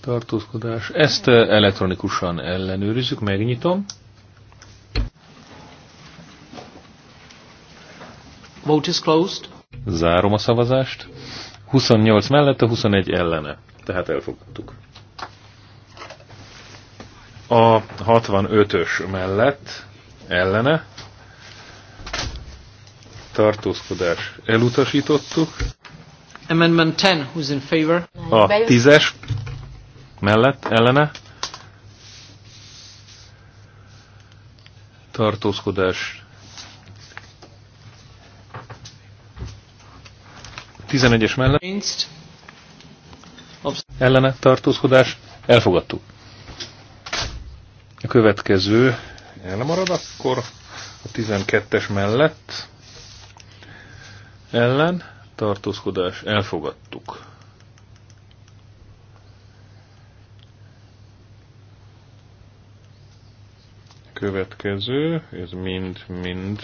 tartózkodás. Ezt eh, elektronikusan ellenőrizzük, megnyitom. Vote is closed. Zárom a szavazást. 28 mellette, 21 ellene. Tehát elfogadtuk a 65-ös mellett ellene tartózkodás elutasítottuk. Amendment 10, who's in favor? A 10-es mellett ellene tartózkodás 11-es mellett ellene tartózkodás elfogadtuk következő elmarad, akkor a 12-es mellett ellen tartózkodás elfogadtuk. Következő, ez mind-mind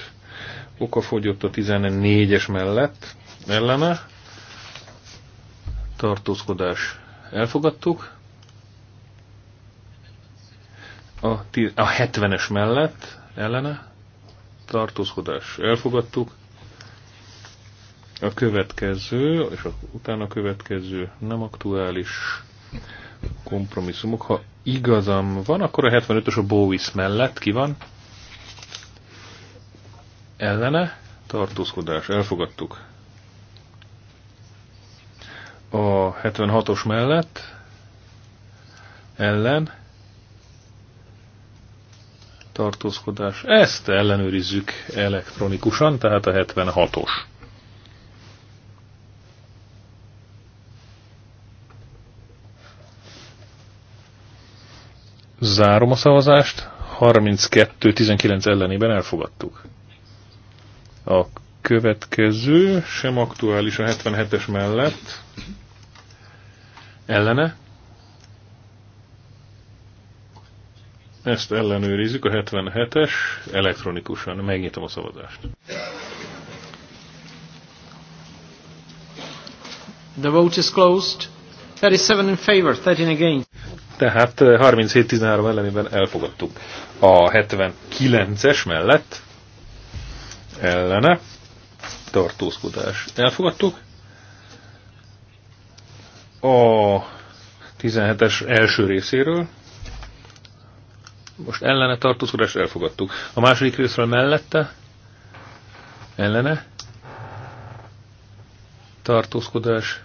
okafogyott a 14-es mellett ellene tartózkodás elfogadtuk a, a 70-es mellett ellene tartózkodás elfogadtuk. A következő, és a, utána a következő nem aktuális kompromisszumok. Ha igazam van, akkor a 75-ös a Bowis mellett ki van? Ellene tartózkodás elfogadtuk. A 76-os mellett ellen tartózkodás. Ezt ellenőrizzük elektronikusan, tehát a 76-os. Zárom a szavazást. 32-19 ellenében elfogadtuk. A következő sem aktuális a 77-es mellett. Ellene Ezt ellenőrizzük, a 77-es, elektronikusan megnyitom a szavazást. The vote is closed. 37 in favor, 13 against. Tehát 37-13 eh, ellenében elfogadtuk. A 79-es mellett ellene tartózkodás. Elfogadtuk. A 17-es első részéről most ellene tartózkodás elfogadtuk. A második részről mellette, ellene, tartózkodás,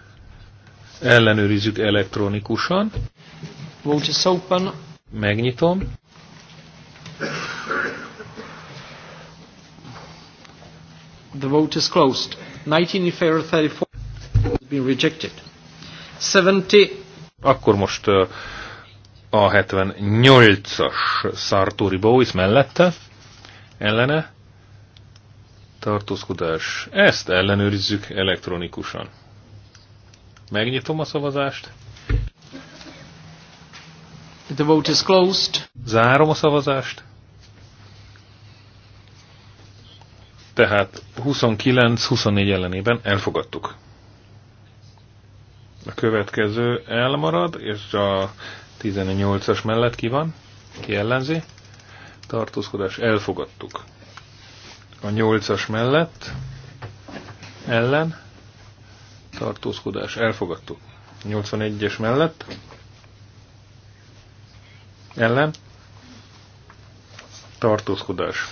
ellenőrizzük elektronikusan. Megnyitom. The vote is closed. 19 in favor, 34 has been rejected. 70. Akkor most uh, a 78-as Sartori Bowis mellette, ellene, tartózkodás. Ezt ellenőrizzük elektronikusan. Megnyitom a szavazást. The vote is closed. Zárom a szavazást. Tehát 29-24 ellenében elfogadtuk. A következő elmarad, és a 18-as mellett ki van, ki ellenzi, tartózkodás elfogadtuk. A 8-as mellett ellen, tartózkodás elfogadtuk. 81-es mellett ellen, tartózkodás.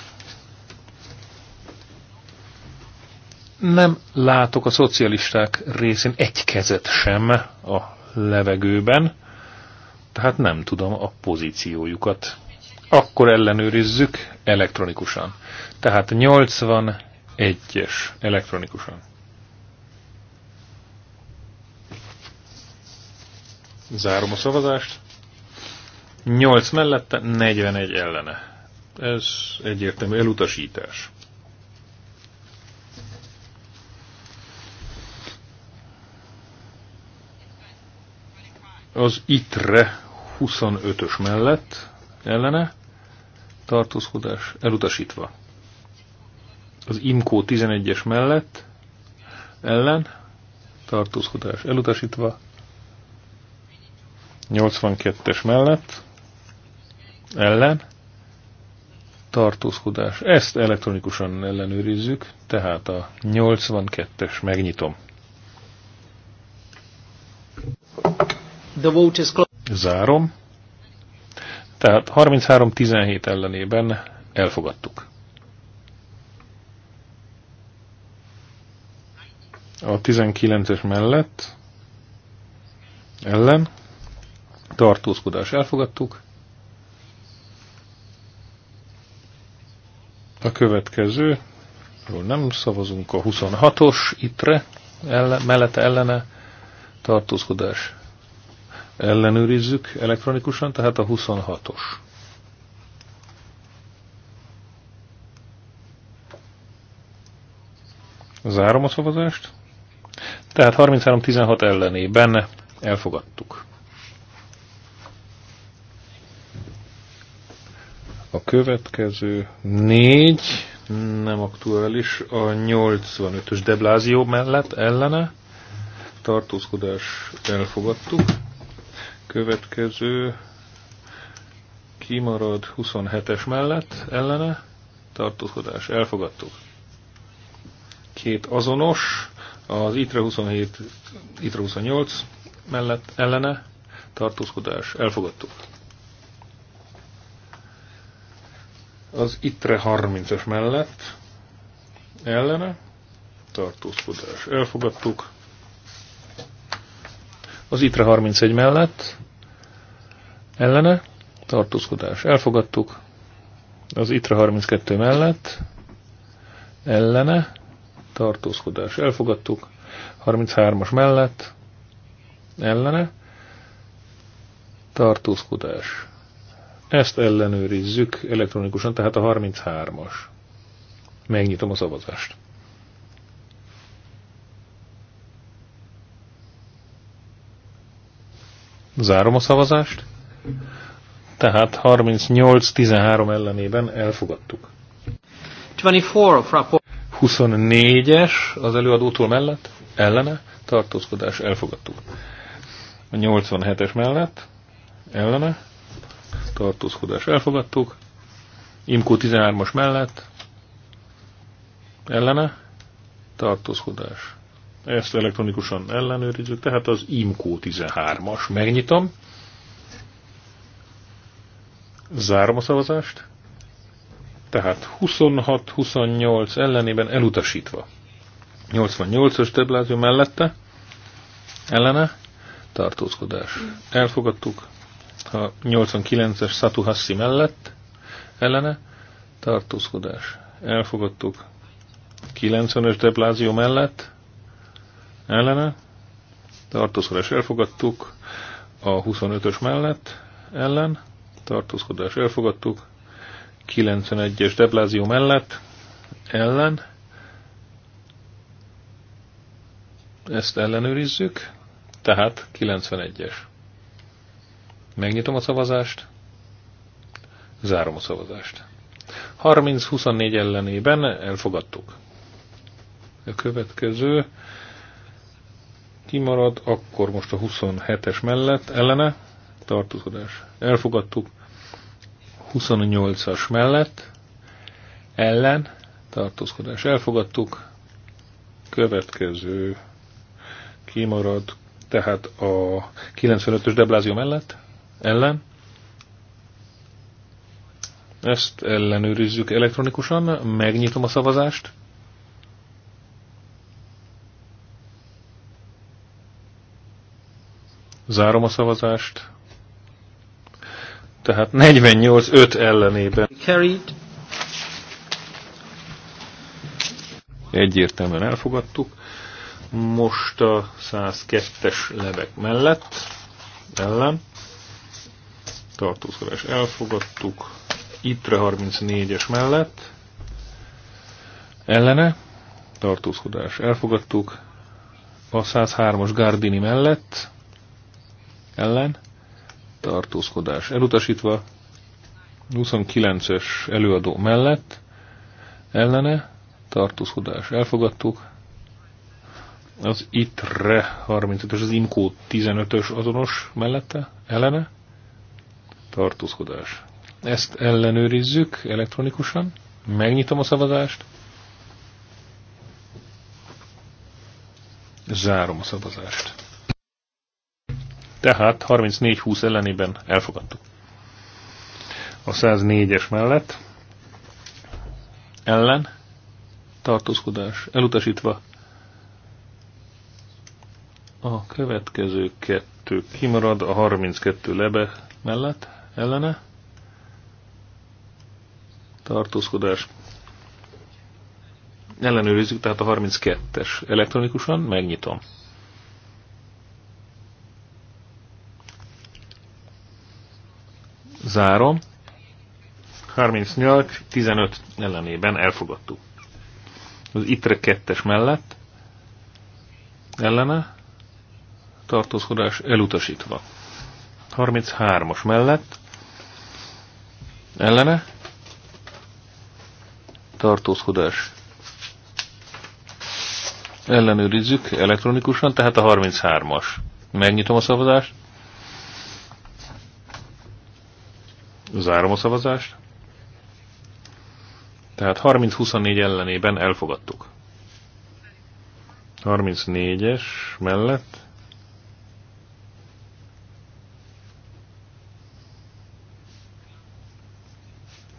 Nem látok a szocialisták részén egy kezet sem a levegőben tehát nem tudom a pozíciójukat. Akkor ellenőrizzük elektronikusan. Tehát 81-es elektronikusan. Zárom a szavazást. 8 mellette, 41 ellene. Ez egyértelmű elutasítás. az ITRE 25-ös mellett ellene tartózkodás elutasítva. Az IMCO 11-es mellett ellen tartózkodás elutasítva. 82-es mellett ellen tartózkodás. Ezt elektronikusan ellenőrizzük, tehát a 82-es megnyitom. The vote is Zárom. Tehát 33-17 ellenében elfogadtuk. A 19-es mellett ellen tartózkodás elfogadtuk. A következő, ról nem szavazunk, a 26-os ittre ellen, mellette ellene tartózkodás ellenőrizzük elektronikusan, tehát a 26-os. Zárom a szavazást. Tehát 33-16 ellenében elfogadtuk. A következő négy, nem aktuális, a 85-ös deblázió mellett ellene tartózkodás elfogadtuk. Következő kimarad 27-es mellett ellene, tartózkodás, elfogadtuk. Két azonos, az ITRE 27, ITRE 28 mellett ellene, tartózkodás, elfogadtuk. Az ITRE 30-es mellett ellene, tartózkodás, elfogadtuk. Az ITRA 31 mellett ellene tartózkodás. Elfogadtuk. Az ITRA 32 mellett ellene tartózkodás. Elfogadtuk. 33-as mellett ellene tartózkodás. Ezt ellenőrizzük elektronikusan, tehát a 33-as. Megnyitom a szavazást. Zárom a szavazást. Tehát 38-13 ellenében elfogadtuk. 24-es az előadótól mellett, ellene, tartózkodás, elfogadtuk. A 87-es mellett, ellene, tartózkodás, elfogadtuk. Imkó 13-as mellett, ellene, tartózkodás, ezt elektronikusan ellenőrizzük, tehát az IMCO 13-as. Megnyitom. Zárom a szavazást. Tehát 26-28 ellenében elutasítva. 88-as deblázió mellette ellene tartózkodás. Elfogadtuk. A 89-es Satuhassi mellett ellene tartózkodás. Elfogadtuk. 90-es deblázió mellett ellene, tartózkodás elfogadtuk, a 25-ös mellett ellen, tartózkodás elfogadtuk, 91-es deblázió mellett ellen, ezt ellenőrizzük, tehát 91-es. Megnyitom a szavazást, zárom a szavazást. 30-24 ellenében elfogadtuk. A következő kimarad, akkor most a 27-es mellett ellene tartózkodás. Elfogadtuk 28-as mellett ellen tartózkodás. Elfogadtuk következő kimarad, tehát a 95-ös deblázió mellett ellen. Ezt ellenőrizzük elektronikusan, megnyitom a szavazást. Zárom a szavazást. Tehát 48-5 ellenében. Carried. Egyértelműen elfogadtuk. Most a 102-es levek mellett, ellen, tartózkodás elfogadtuk. Ittre 34-es mellett, ellene, tartózkodás elfogadtuk. A 103-as Gardini mellett, ellen, tartózkodás elutasítva, 29-es előadó mellett, ellene, tartózkodás elfogadtuk, az ITRE 35-ös, az IMCO 15-ös azonos mellette, ellene, tartózkodás. Ezt ellenőrizzük elektronikusan, megnyitom a szavazást, zárom a szavazást. Tehát 34-20 ellenében elfogadtuk. A 104-es mellett ellen tartózkodás elutasítva a következő kettő kimarad, a 32 lebe mellett ellene tartózkodás ellenőrizzük, tehát a 32-es elektronikusan megnyitom. Zárom. 38-15 ellenében elfogadtuk. Az ITRE kettes mellett ellene tartózkodás elutasítva. 33-as mellett ellene tartózkodás ellenőrizzük elektronikusan, tehát a 33-as. Megnyitom a szavazást. Zárom a szavazást. Tehát 30-24 ellenében elfogadtuk. 34-es mellett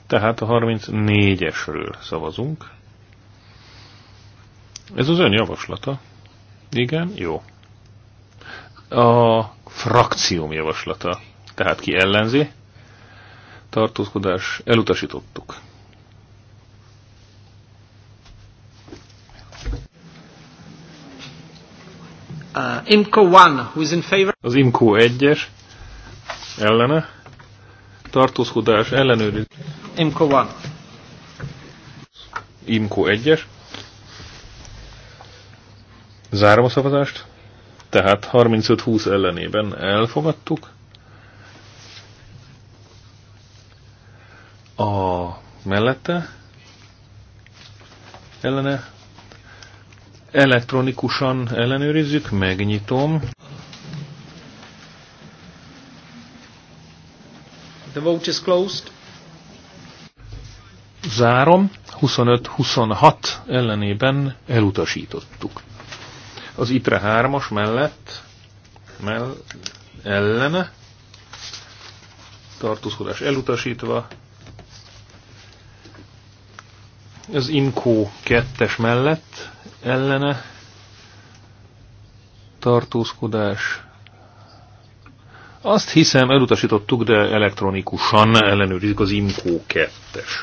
tehát a 34-esről szavazunk. Ez az ön javaslata? Igen? Jó. A frakcióm javaslata. Tehát ki ellenzi? tartózkodás elutasítottuk. Uh, IMCO 1, who's in favor? Az IMCO 1-es ellene. Tartózkodás ellenőriz. IMCO 1. IMCO 1-es. Zárom a szavazást. Tehát 35-20 ellenében elfogadtuk. mellette, ellene, elektronikusan ellenőrizzük, megnyitom. The vote is closed. Zárom, 25-26 ellenében elutasítottuk. Az IPRE 3-as mellett, mell, ellene, tartózkodás elutasítva, az Imco 2-es mellett ellene tartózkodás. Azt hiszem elutasítottuk, de elektronikusan ellenőrizik az Imco 2-es.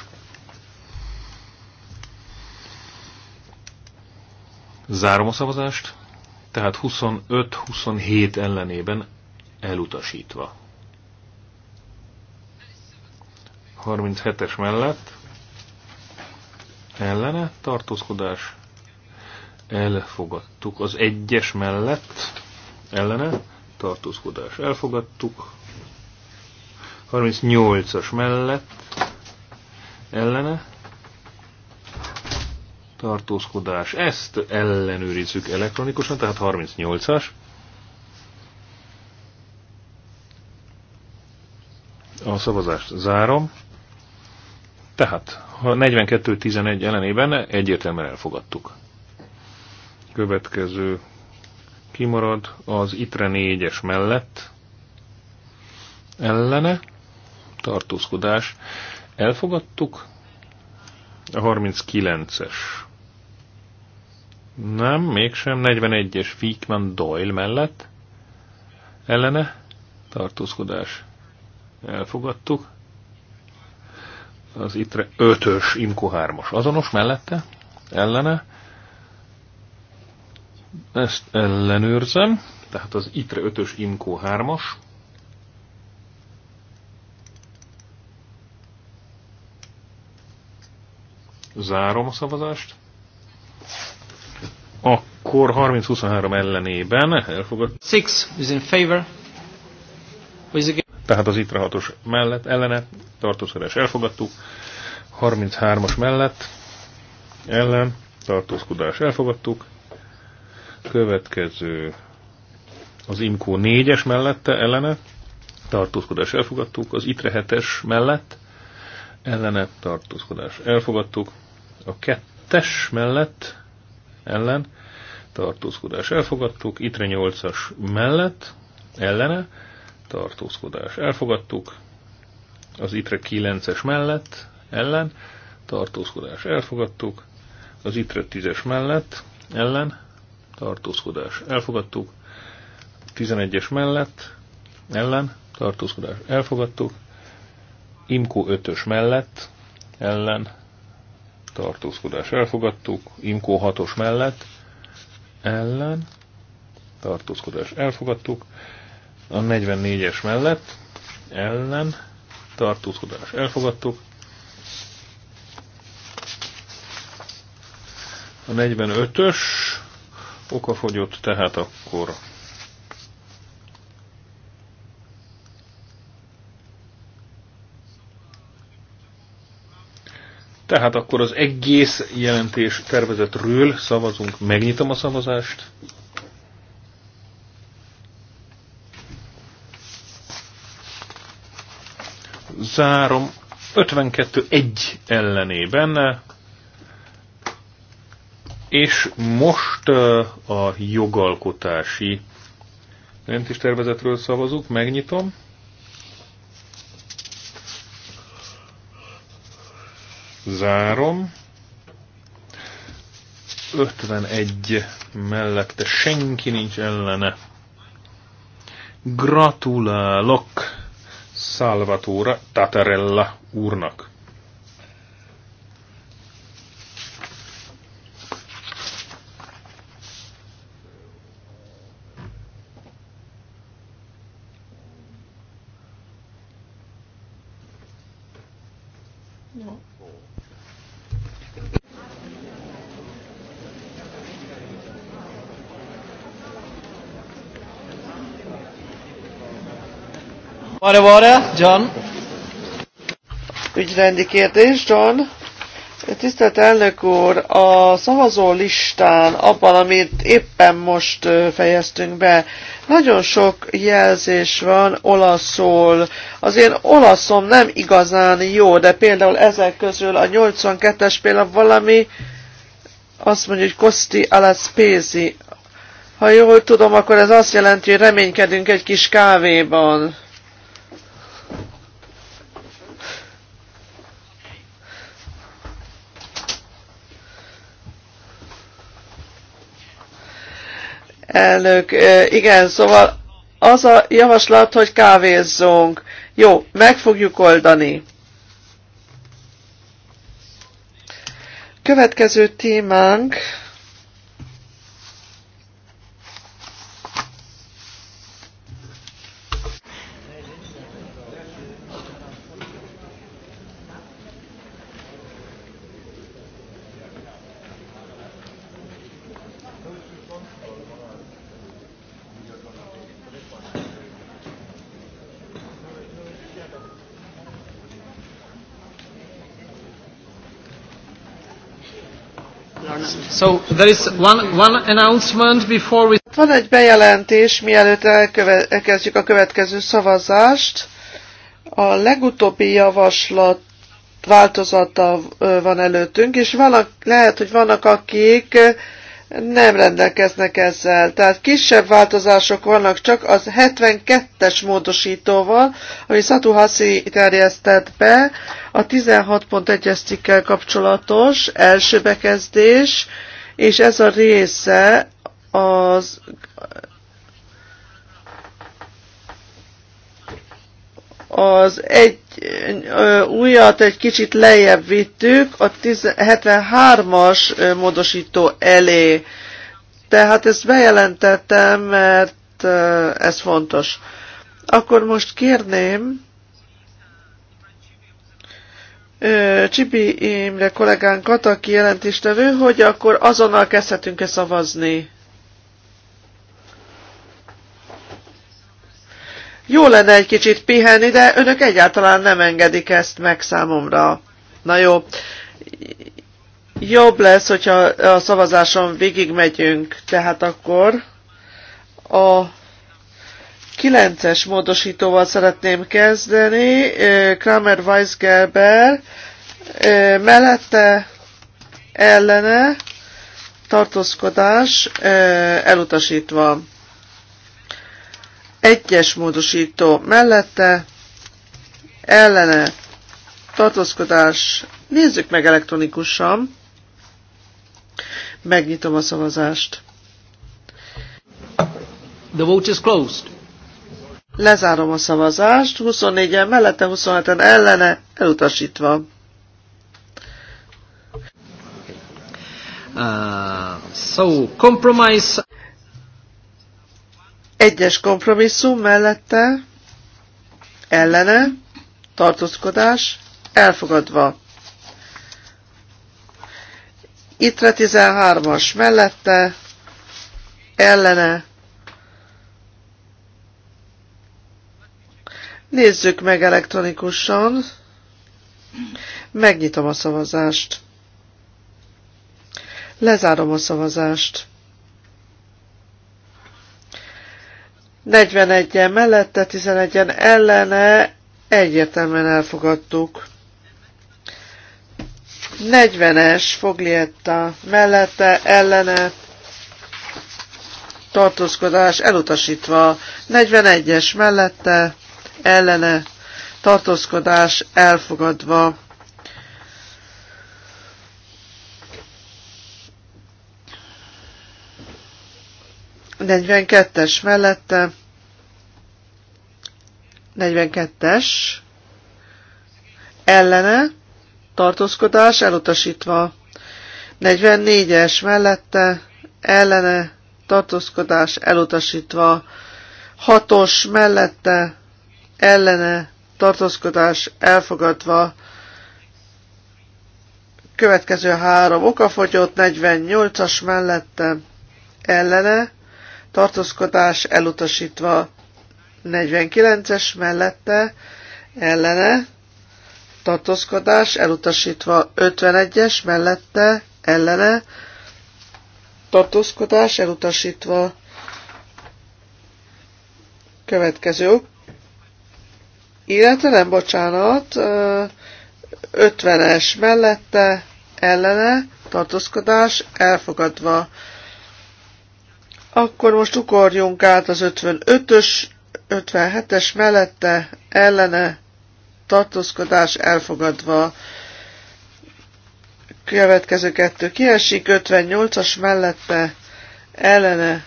Zárom a szavazást, tehát 25-27 ellenében elutasítva. 37-es mellett ellene tartózkodás elfogadtuk. Az egyes mellett ellene tartózkodás elfogadtuk. 38-as mellett ellene tartózkodás. Ezt ellenőrizzük elektronikusan, tehát 38-as. A szavazást zárom. Tehát, ha 42-11 ellenében egyértelműen elfogadtuk. Következő kimarad az ITRE 4-es mellett ellene tartózkodás. Elfogadtuk a 39-es. Nem, mégsem. 41-es Fikman Doyle mellett ellene tartózkodás. Elfogadtuk az itt ötös Imko 3-as azonos mellette, ellene. Ezt ellenőrzem, tehát az itre 5-ös, IMCO 3-as. Zárom a szavazást. Akkor 30-23 ellenében elfogad. 6 is in favor. Who is tehát az ITRA 6-os mellett ellene, tartózkodás elfogadtuk, 33-as mellett ellen, tartózkodás elfogadtuk, következő az IMCO 4-es mellette ellene, tartózkodás elfogadtuk, az ITRA 7-es mellett ellene, tartózkodás elfogadtuk, a 2-es mellett ellen, tartózkodás elfogadtuk, ITRA 8-as mellett ellene, tartózkodás. Elfogadtuk az ITRE 9-es mellett, ellen, tartózkodás. Elfogadtuk az ITRE 10-es mellett, ellen, tartózkodás. Elfogadtuk 11-es mellett, ellen, tartózkodás. Elfogadtuk IMKO 5-ös mellett, ellen, tartózkodás. Elfogadtuk IMKO 6-os mellett, ellen, tartózkodás. Elfogadtuk a 44-es mellett ellen tartózkodás elfogadtuk. A 45-ös okafogyott, tehát akkor Tehát akkor az egész jelentés tervezetről szavazunk, megnyitom a szavazást. zárom. 52-1 ellenében. És most a jogalkotási tervezetről szavazunk, megnyitom. Zárom. 51 mellette senki nincs ellene. Gratulálok! Salvatore Tatarella úrnak. Arra van John? Ügyrendi kérdés, John. Tisztelt elnök úr, a szavazó listán, abban, amit éppen most fejeztünk be, nagyon sok jelzés van olaszul. Az én olaszom nem igazán jó, de például ezek közül a 82-es például valami, azt mondja, hogy Kosti alla Ha jól tudom, akkor ez azt jelenti, hogy reménykedünk egy kis kávéban. Elnök, igen, szóval az a javaslat, hogy kávézzunk. Jó, meg fogjuk oldani. Következő témánk There is one, one announcement before we... Van egy bejelentés, mielőtt elkezdjük a következő szavazást. A legutóbbi javaslat változata van előttünk, és valak, lehet, hogy vannak, akik nem rendelkeznek ezzel. Tehát kisebb változások vannak csak az 72-es módosítóval, ami Szatú Haszi terjesztett be, a 16.1-es cikkel kapcsolatos első bekezdés, és ez a része az az egy ö, újat egy kicsit lejjebb vittük a 73-as módosító elé. Tehát ezt bejelentettem, mert ö, ez fontos. Akkor most kérném, Csipi Imre kollégánkat, aki jelentéstevő, hogy akkor azonnal kezdhetünk-e szavazni. Jó lenne egy kicsit pihenni, de önök egyáltalán nem engedik ezt meg számomra. Na jó, jobb lesz, hogyha a szavazáson végigmegyünk, tehát akkor a Kilences módosítóval szeretném kezdeni, Kramer Weisgerber, mellette ellene tartózkodás elutasítva. Egyes módosító mellette ellene tartózkodás. Nézzük meg elektronikusan. Megnyitom a szavazást. The vote is closed. Lezárom a szavazást. 24-en mellette, 27-en ellene, elutasítva. Uh, so, compromise. Egyes kompromisszum mellette, ellene, tartózkodás, elfogadva. Ittre 13-as mellette, ellene, Nézzük meg elektronikusan. Megnyitom a szavazást. Lezárom a szavazást. 41-en mellette, 11-en ellene egyértelműen elfogadtuk. 40-es Foglietta mellette, ellene tartózkodás elutasítva. 41-es mellette, ellene tartózkodás elfogadva. A 42-es mellette, 42-es ellene tartózkodás elutasítva. 44-es mellette ellene tartózkodás elutasítva. 6-os mellette ellene tartózkodás elfogadva. Következő három okafogyott, 48-as mellette ellene tartózkodás elutasítva. 49-es mellette ellene tartózkodás elutasítva. 51-es mellette ellene tartózkodás elutasítva. Következő illetve nem bocsánat, 50-es mellette ellene tartózkodás elfogadva. Akkor most ukorjunk át az 55-ös, 57-es mellette ellene tartózkodás elfogadva. Következő kettő kiesik, 58-as mellette ellene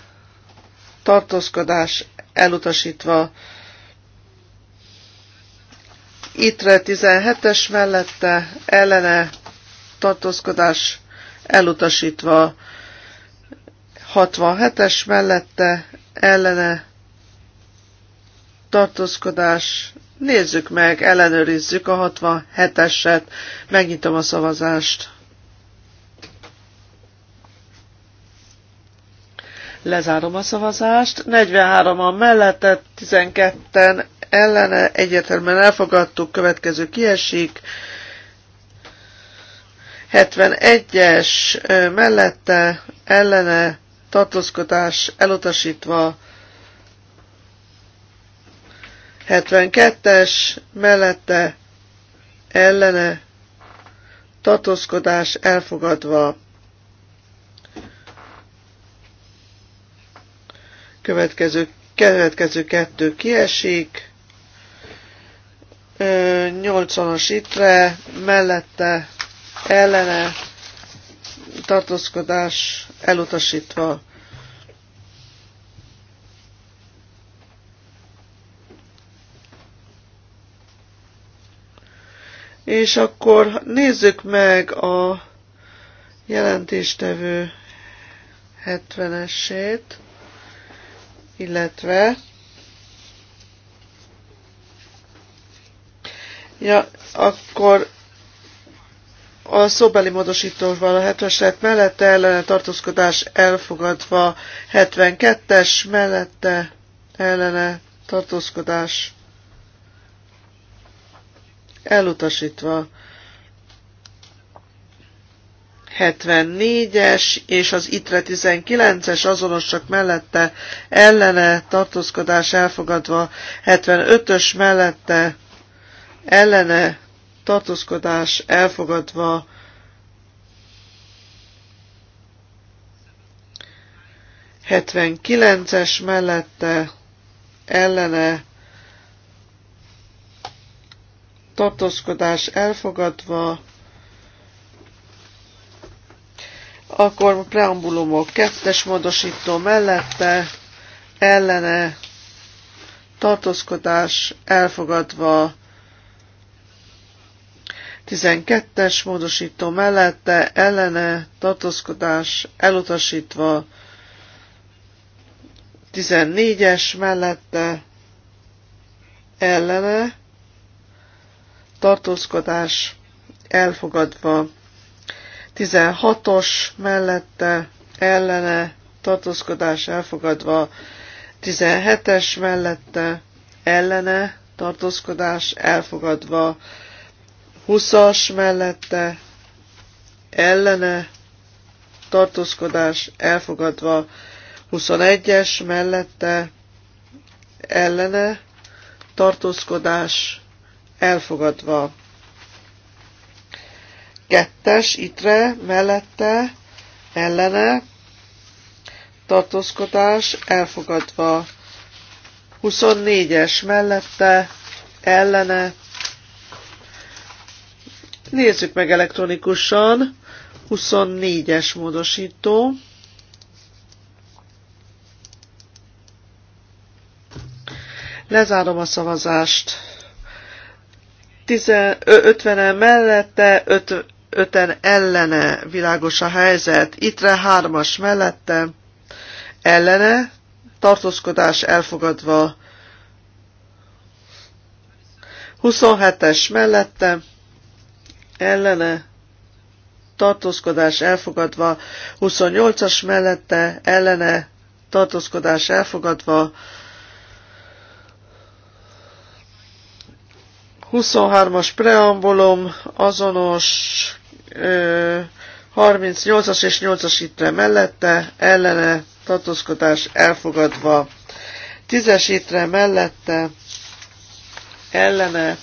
tartózkodás elutasítva. Ittre 17-es mellette ellene tartózkodás elutasítva 67-es mellette ellene tartózkodás. Nézzük meg, ellenőrizzük a 67-eset. Megnyitom a szavazást. Lezárom a szavazást. 43-an mellette, 12-en ellene egyértelműen elfogadtuk, következő kiesik. 71-es mellette ellene tartózkodás elutasítva. 72-es mellette ellene tartózkodás elfogadva. Következő, következő kettő kiesik. 80-as itre, mellette ellene tartózkodás elutasítva. És akkor nézzük meg a jelentéstevő 70-esét, illetve Ja, akkor a szóbeli módosítóval a 70 eset mellette, ellene tartózkodás elfogadva, 72-es mellette, ellene tartózkodás elutasítva. 74-es és az ITRE 19-es azonosak mellette ellene tartózkodás elfogadva, 75-ös mellette ellene tartózkodás elfogadva hetvenkilences mellette ellene tartózkodás elfogadva akkor preambulumok kettes módosító mellette ellene tartózkodás elfogadva 12-es módosító mellette ellene tartózkodás elutasítva, 14-es mellette ellene tartózkodás elfogadva, 16-os mellette ellene tartózkodás elfogadva, 17-es mellette ellene tartózkodás elfogadva, 20-as mellette ellene tartózkodás elfogadva, 21-es mellette ellene tartózkodás elfogadva. Kettes itre mellette ellene tartózkodás elfogadva. 24-es mellette ellene Nézzük meg elektronikusan. 24-es módosító. Lezárom a szavazást. 50-en mellette, 5-en ellene világos a helyzet. Ittre 3-as mellette, ellene, tartózkodás elfogadva. 27-es mellette, ellene tartózkodás elfogadva, 28-as mellette ellene tartózkodás elfogadva, 23-as preambulum azonos 38-as és 8-as ittre mellette, ellene tartózkodás elfogadva. 10-es ittre mellette, ellene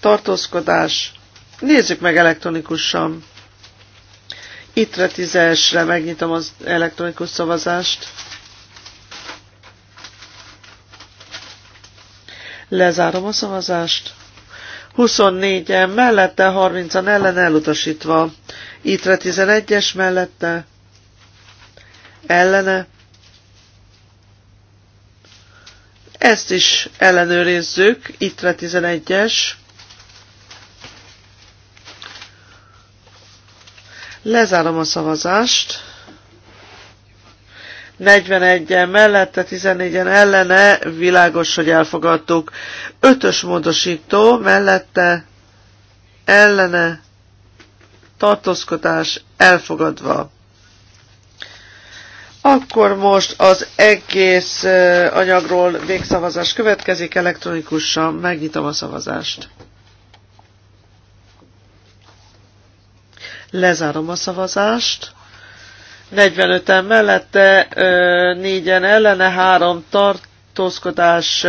tartózkodás Nézzük meg elektronikusan. Ittre 10-esre megnyitom az elektronikus szavazást. Lezárom a szavazást. 24-en mellette, 30-an ellen elutasítva. Ittre 11-es mellette. Ellene. Ezt is ellenőrizzük. Ittre 11-es. Lezárom a szavazást. 41-en mellette, 14-en ellene, világos, hogy elfogadtuk. Ötös módosító mellette, ellene, tartózkodás elfogadva. Akkor most az egész anyagról végszavazás következik elektronikusan. Megnyitom a szavazást. Lezárom a szavazást. 45-en mellette, 4-en ellene, 3 tartózkodás.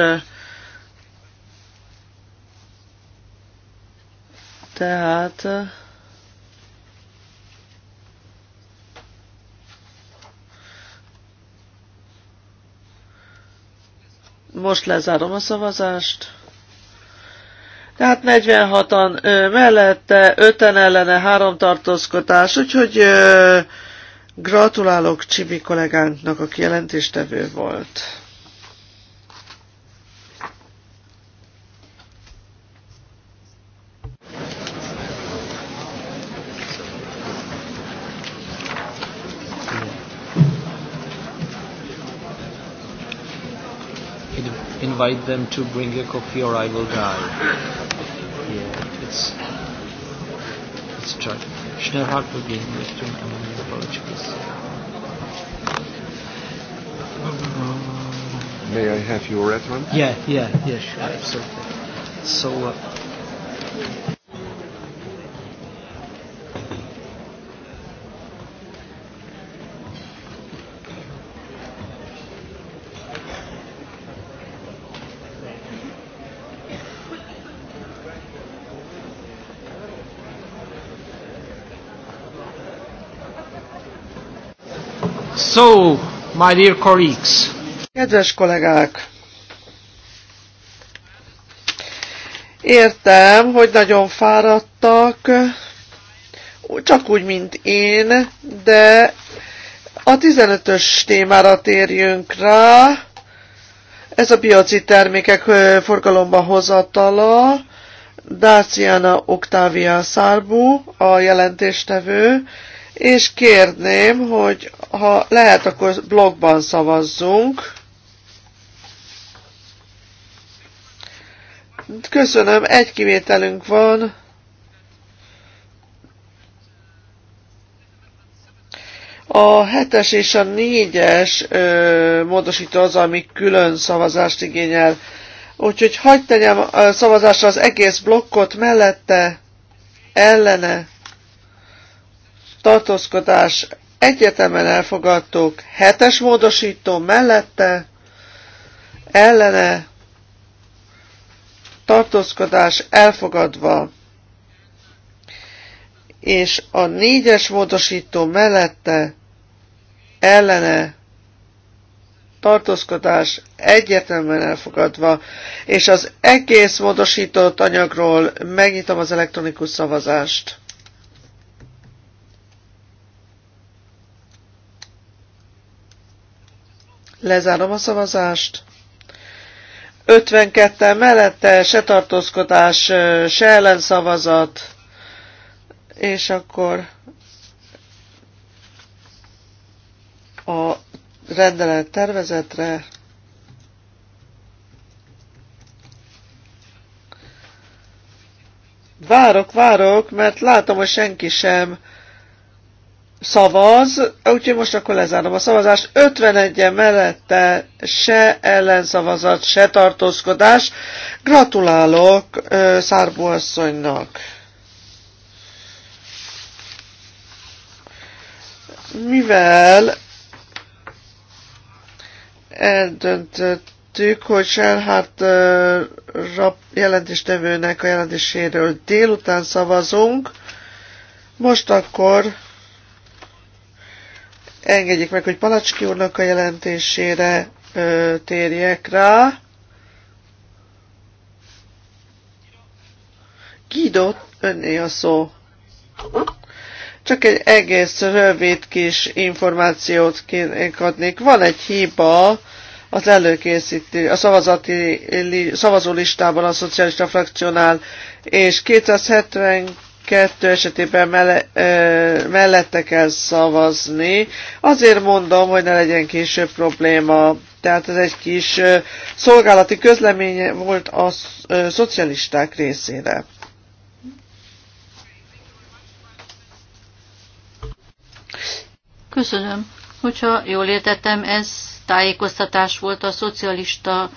Tehát... Most lezárom a szavazást. Tehát 46-an mellette, 5-en ellene, 3 tartózkodás, úgyhogy ö, gratulálok Csimi kollégánknak, aki jelentéstevő volt. invite them to bring a coffee or I will die. Yeah, it's, it's tragic. Schnellhardt will be English to my apologies. May I have your reference? Yeah, yeah, yeah, sure, absolutely. So, uh, So, my dear colleagues. Kedves kollégák! Értem, hogy nagyon fáradtak, csak úgy, mint én, de a 15-ös témára térjünk rá. Ez a piaci termékek forgalomba hozatala. Dáciana Octavia Szárbú, a jelentéstevő, és kérném, hogy ha lehet, akkor blogban szavazzunk. Köszönöm, egy kivételünk van. A 7-es és a 4-es módosító az, ami külön szavazást igényel. Úgyhogy hagyd tegyem szavazásra az egész blokkot mellette, ellene, tartózkodás egyetemen elfogadtuk, hetes módosító mellette, ellene, tartózkodás elfogadva, és a négyes módosító mellette, ellene, tartózkodás egyetemben elfogadva, és az egész módosított anyagról megnyitom az elektronikus szavazást. Lezárom a szavazást. 52 mellette se tartózkodás, se ellenszavazat, és akkor a rendelet tervezetre Várok, várok, mert látom, hogy senki sem szavaz, úgyhogy most akkor lezárom a szavazást. 51-en mellette se ellenszavazat, se tartózkodás. Gratulálok uh, Szárbó asszonynak. Mivel eldöntöttük, hogy Sherhard uh, jelentéstevőnek a jelentéséről délután szavazunk, most akkor Engedjék meg, hogy Palacski úrnak a jelentésére ö, térjek rá. Guido, önné a szó. Csak egy egész rövid kis információt adnék. Van egy hiba az előkészítő, a szavazati, szavazólistában a szocialista frakcionál, és 270 kettő esetében mele, ö, mellette kell szavazni. Azért mondom, hogy ne legyen később probléma. Tehát ez egy kis ö, szolgálati közlemény volt a ö, szocialisták részére. Köszönöm. Hogyha jól értettem, ez tájékoztatás volt a szocialista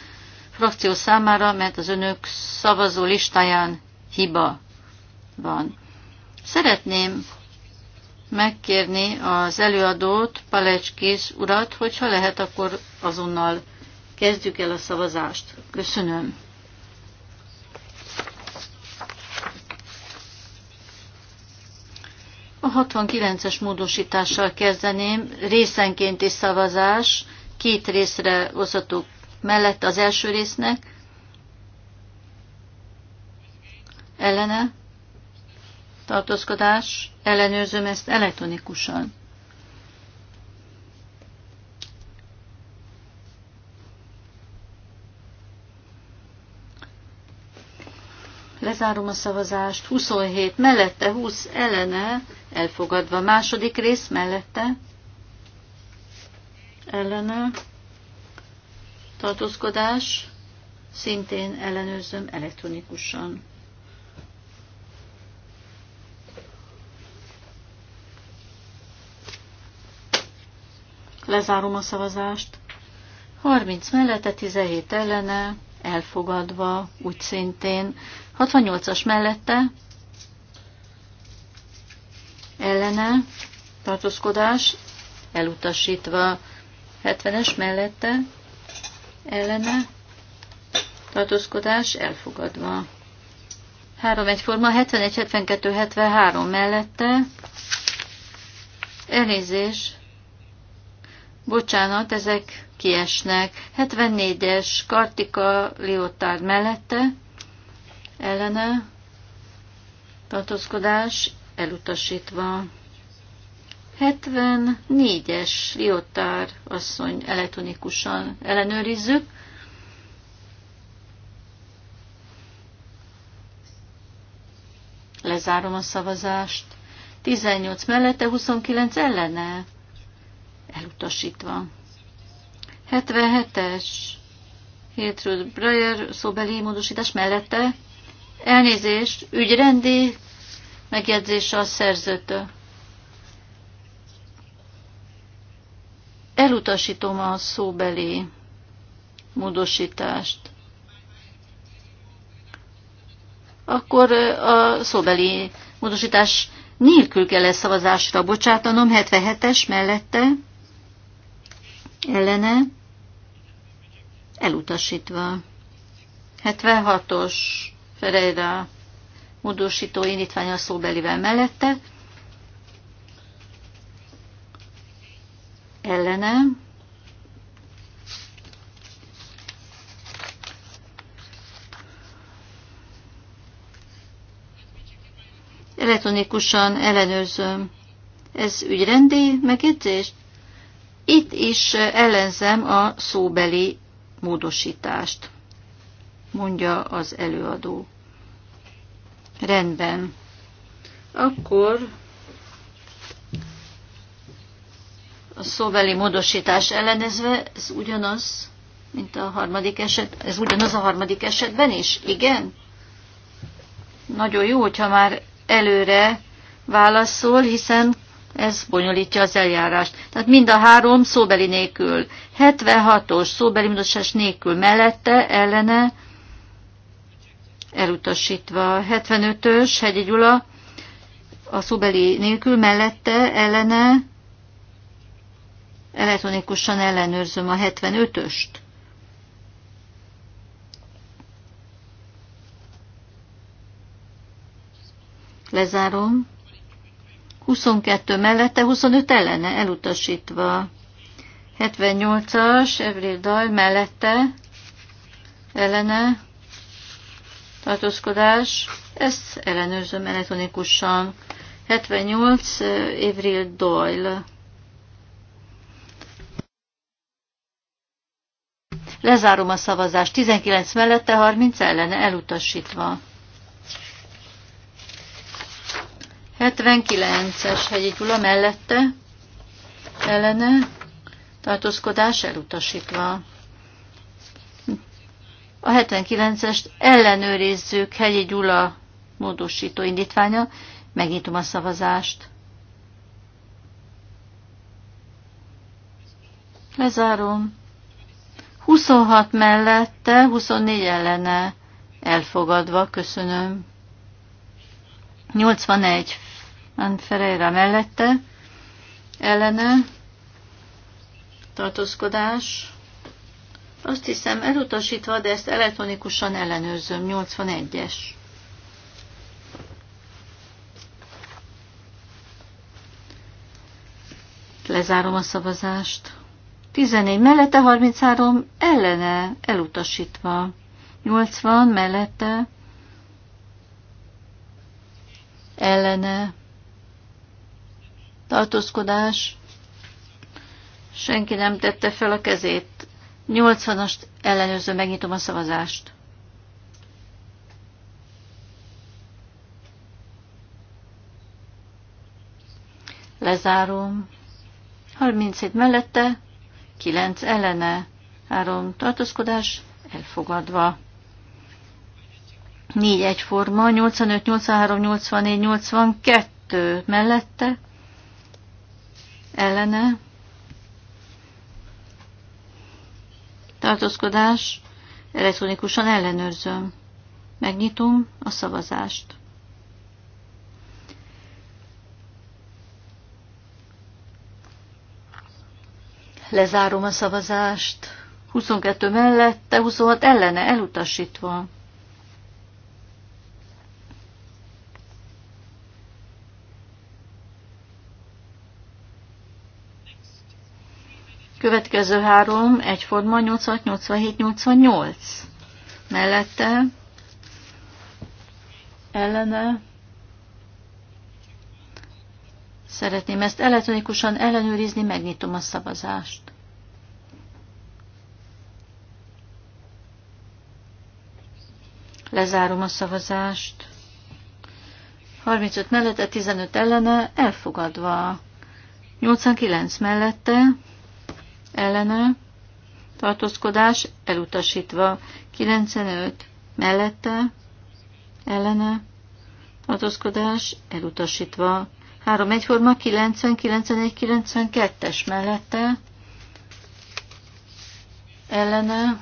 frakció számára, mert az önök szavazó listáján hiba van. Szeretném megkérni az előadót, Palecskis urat, hogyha lehet, akkor azonnal kezdjük el a szavazást. Köszönöm. A 69-es módosítással kezdeném. Részenkénti szavazás, két részre osztottuk mellett az első résznek, ellene, tartózkodás, ellenőrzöm ezt elektronikusan. Lezárom a szavazást. 27 mellette, 20 ellene, elfogadva. Második rész mellette, ellene, tartózkodás, szintén ellenőrzöm elektronikusan. Lezárom a szavazást. 30 mellette, 17 ellene, elfogadva, úgy szintén. 68-as mellette, ellene, tartózkodás, elutasítva. 70-es mellette, ellene, tartózkodás, elfogadva. 3 egyforma, 71, 72, 73 mellette, elnézés, bocsánat, ezek kiesnek. 74-es Kartika Liotard mellette, ellene, tartózkodás elutasítva. 74-es Liotár asszony elektronikusan ellenőrizzük. Lezárom a szavazást. 18 mellette, 29 ellene elutasítva. 77-es hétről Breyer szóbeli módosítás mellette elnézést, ügyrendi megjegyzése a szerzőtől. Elutasítom a szóbeli módosítást. Akkor a szóbeli módosítás nélkül kell -e szavazásra bocsátanom, 77-es mellette ellene elutasítva. 76-os Ferreira módosító indítványa szóbelivel mellette ellene elektronikusan ellenőrzöm. Ez ügyrendi megjegyzést? Itt is ellenzem a szóbeli módosítást, mondja az előadó. Rendben. Akkor a szóbeli módosítás ellenezve, ez ugyanaz, mint a harmadik eset, ez ugyanaz a harmadik esetben is? Igen? Nagyon jó, hogyha már előre válaszol, hiszen ez bonyolítja az eljárást. Tehát mind a három szóbeli nélkül. 76-os szóbeli módosítás nélkül mellette, ellene, elutasítva. 75-ös Hegyi Gyula a szóbeli nélkül mellette, ellene, elektronikusan ellenőrzöm a 75-öst. Lezárom. 22 mellette, 25 ellene elutasítva. 78-as Evril Dal mellette, ellene, tartózkodás, ezt ellenőrzöm elektronikusan. 78 Evril Doyle. Lezárom a szavazást. 19 mellette, 30 ellene elutasítva. 79-es Hegyi Gyula mellette ellene tartózkodás elutasítva. A 79-est ellenőrizzük Hegyi Gyula módosító indítványa. Megnyitom a szavazást. Lezárom. 26 mellette, 24 ellene. Elfogadva, köszönöm. 81 Ant Ferreira mellette, ellene, tartózkodás, azt hiszem elutasítva, de ezt elektronikusan ellenőrzöm, 81-es. Lezárom a szavazást. 14 mellette, 33 ellene, elutasítva. 80 mellette, ellene, tartózkodás, senki nem tette fel a kezét. 80-ast ellenőrző, megnyitom a szavazást. Lezárom. 37 mellette, 9 ellene, 3 tartózkodás, elfogadva. 4 egyforma, 85, 83, 84, 82 mellette, ellene tartózkodás elektronikusan ellenőrzöm. Megnyitom a szavazást. Lezárom a szavazást. 22 mellette, 26 ellene elutasítva. Következő három egyforma 86, 87, 88. Mellette ellene szeretném ezt elektronikusan ellenőrizni, megnyitom a szavazást. Lezárom a szavazást. 35 mellette, 15 ellene, elfogadva. 89 mellette, ellene tartózkodás elutasítva. 95 mellette ellene tartózkodás elutasítva. 3 egyforma 90, 91, 92-es mellette ellene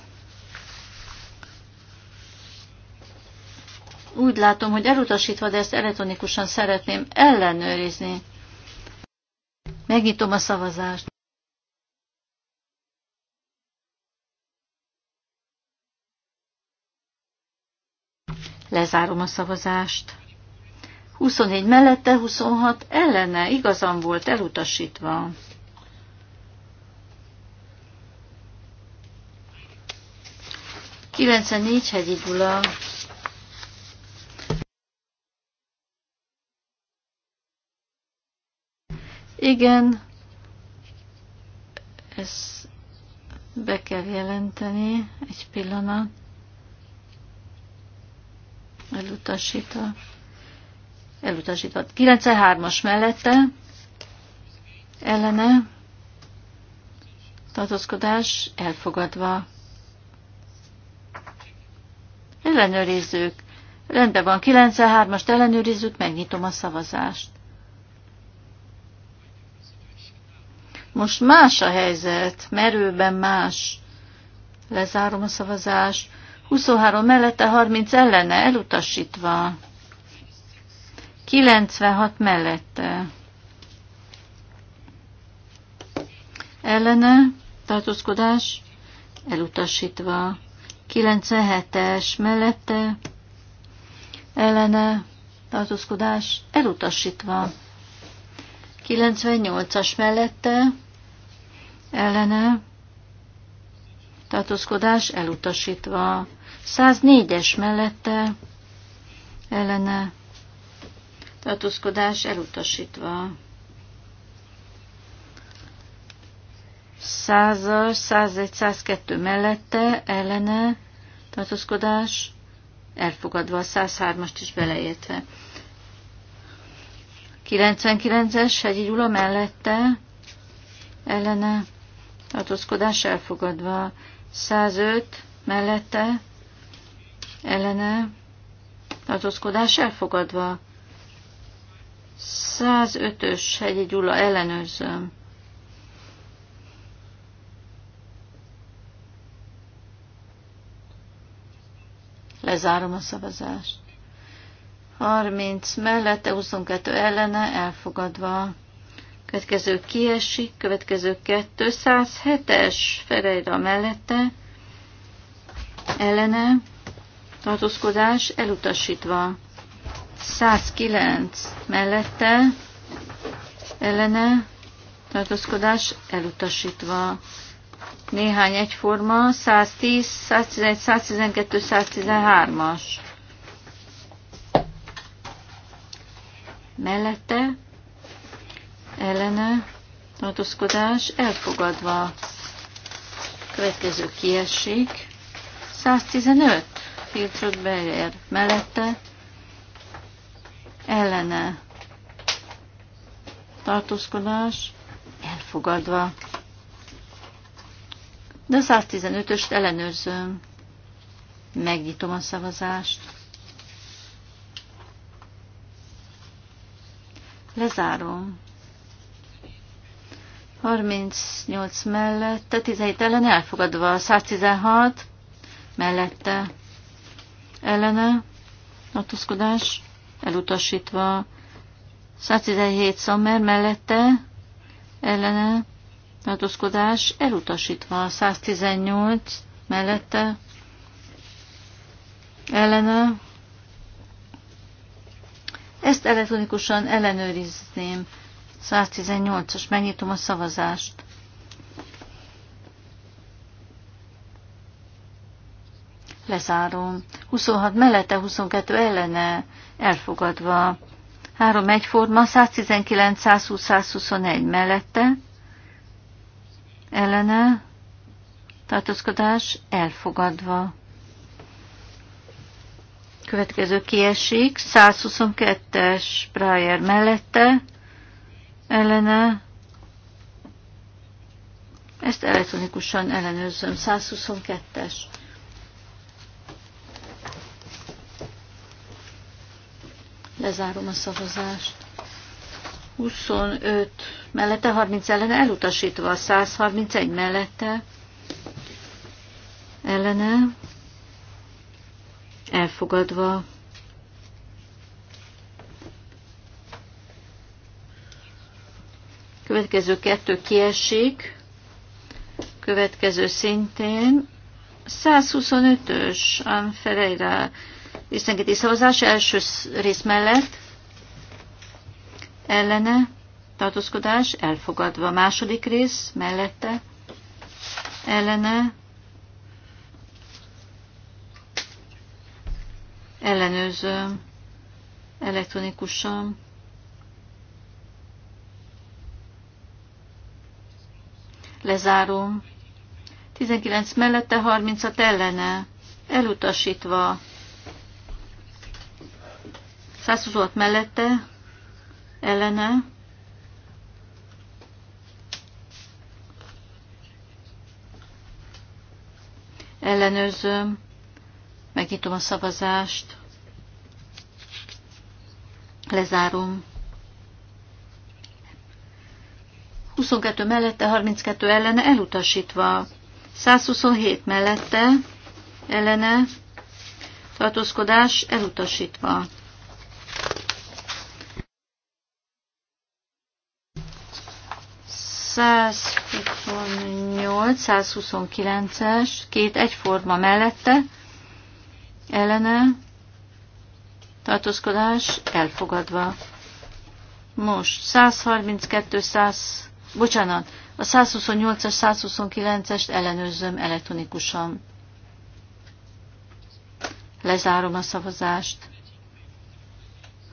úgy látom, hogy elutasítva, de ezt elektronikusan szeretném ellenőrizni. Megnyitom a szavazást. Lezárom a szavazást. 24 mellette, 26 ellene. Igazam volt, elutasítva. Kilencvennégy hegyi gula. Igen, ezt be kell jelenteni egy pillanat elutasítva, elutasítva. 93-as mellette ellene tartózkodás elfogadva. Ellenőrizzük. Rendben van, 93-ast ellenőrizzük, megnyitom a szavazást. Most más a helyzet, merőben más. Lezárom a szavazást. 23 mellette, 30 ellene, elutasítva. 96 mellette. Ellene, tartózkodás, elutasítva. 97-es mellette, ellene, tartózkodás, elutasítva. 98-as mellette, ellene, tartózkodás, elutasítva. 104-es mellette ellene tartózkodás elutasítva. 100 101-102 mellette ellene tartózkodás elfogadva, a 103-ast is beleértve. 99-es Hegyi Gyula mellette ellene tartózkodás elfogadva, 105 mellette ellene tartózkodás elfogadva. 105-ös Hegyi Gyula ellenőrzöm. Lezárom a szavazást. 30 mellette, 22 ellene, elfogadva. Következő kiesik, következő 207-es Ferejra mellette, ellene, tartózkodás elutasítva. 109 mellette ellene tartózkodás elutasítva. Néhány egyforma, 110, 111, 112, 113-as. Mellette ellene tartózkodás elfogadva. Következő kiesik. 115 Hiltrud Beyer mellette ellene tartózkodás elfogadva. De 115-öst ellenőrzöm. Megnyitom a szavazást. Lezárom. 38 mellette, 17 ellen elfogadva, 116 mellette ellene tartózkodás elutasítva. 117 szammer mellette ellene tartózkodás elutasítva. 118 mellette ellene. Ezt elektronikusan ellenőrizném. 118-as, megnyitom a szavazást. Lezárom. 26 mellette, 22 ellene elfogadva. 3 egyforma, 119, 120, 121 mellette, ellene, tartózkodás elfogadva. Következő kiesik, 122-es Breyer mellette, ellene, ezt elektronikusan ellenőrzöm, 122-es. Lezárom a szavazást. 25 mellette, 30 ellene, elutasítva a 131 mellette, ellene, elfogadva. Következő kettő kiesik, következő szintén 125-ös Ferreira részenkéti szavazás első rész mellett ellene tartózkodás elfogadva. Második rész mellette ellene ellenőzöm elektronikusan. Lezárom. 19 mellette 36 ellene. Elutasítva. 126 mellette, ellene, ellenőrzöm, megnyitom a szavazást, lezárom. 22 mellette, 32 ellene elutasítva. 127 mellette ellene tartózkodás elutasítva. 128-129-es, két egyforma mellette, ellene, tartózkodás elfogadva. Most 132, 100, bocsánat, a 128-as, 129-est ellenőrzöm elektronikusan. Lezárom a szavazást.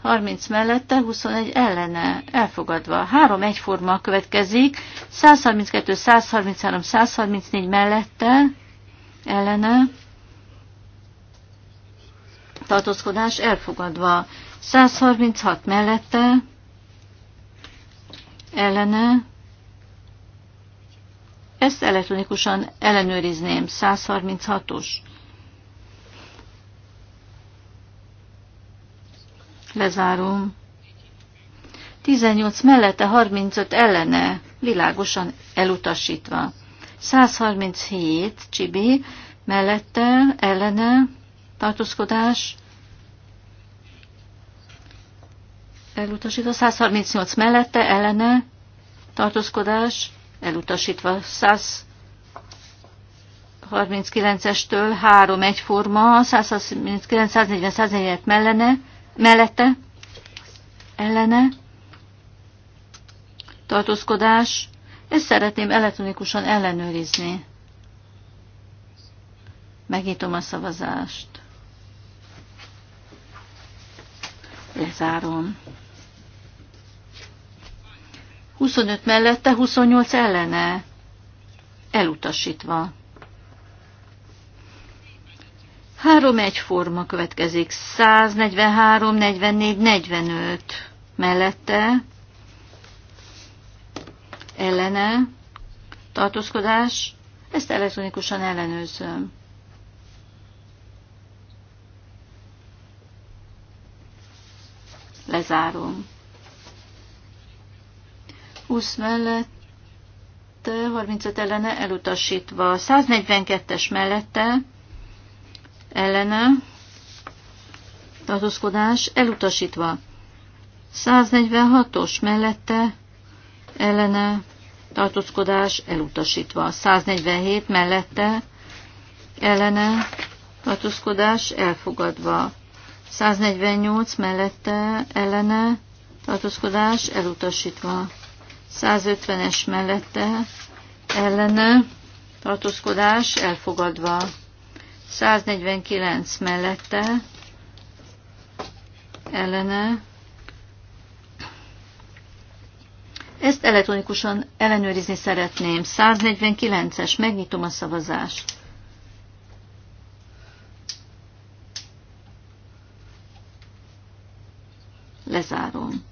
30 mellette, 21 ellene, elfogadva. 3 egyforma következik, 132, 133, 134 mellette, ellene, tartózkodás elfogadva. 136 mellette, ellene, ezt elektronikusan ellenőrizném, 136-os. Lezárom. 18 mellette, 35 ellene, világosan elutasítva. 137 csibi, mellette, ellene, tartózkodás, elutasítva. 138 mellette, ellene, tartózkodás, elutasítva. 139-estől 3 egyforma, 139, 140, 141 mellene, mellette, ellene, tartózkodás, ezt szeretném elektronikusan ellenőrizni. Megnyitom a szavazást. Lezárom. 25 mellette, 28 ellene. Elutasítva. Három egyforma következik. 143, 44, 45 mellette ellene tartózkodás. Ezt elektronikusan ellenőrzöm. Lezárom. 20 mellett 35 ellene elutasítva, 142-es mellette ellene tartózkodás elutasítva. 146-os mellette ellene tartózkodás elutasítva. 147 mellette ellene tartózkodás elfogadva. 148 mellette ellene tartózkodás elutasítva. 150-es mellette ellene tartózkodás elfogadva. 149 mellette ellene. Ezt elektronikusan ellenőrizni szeretném. 149-es, megnyitom a szavazást. Lezárom.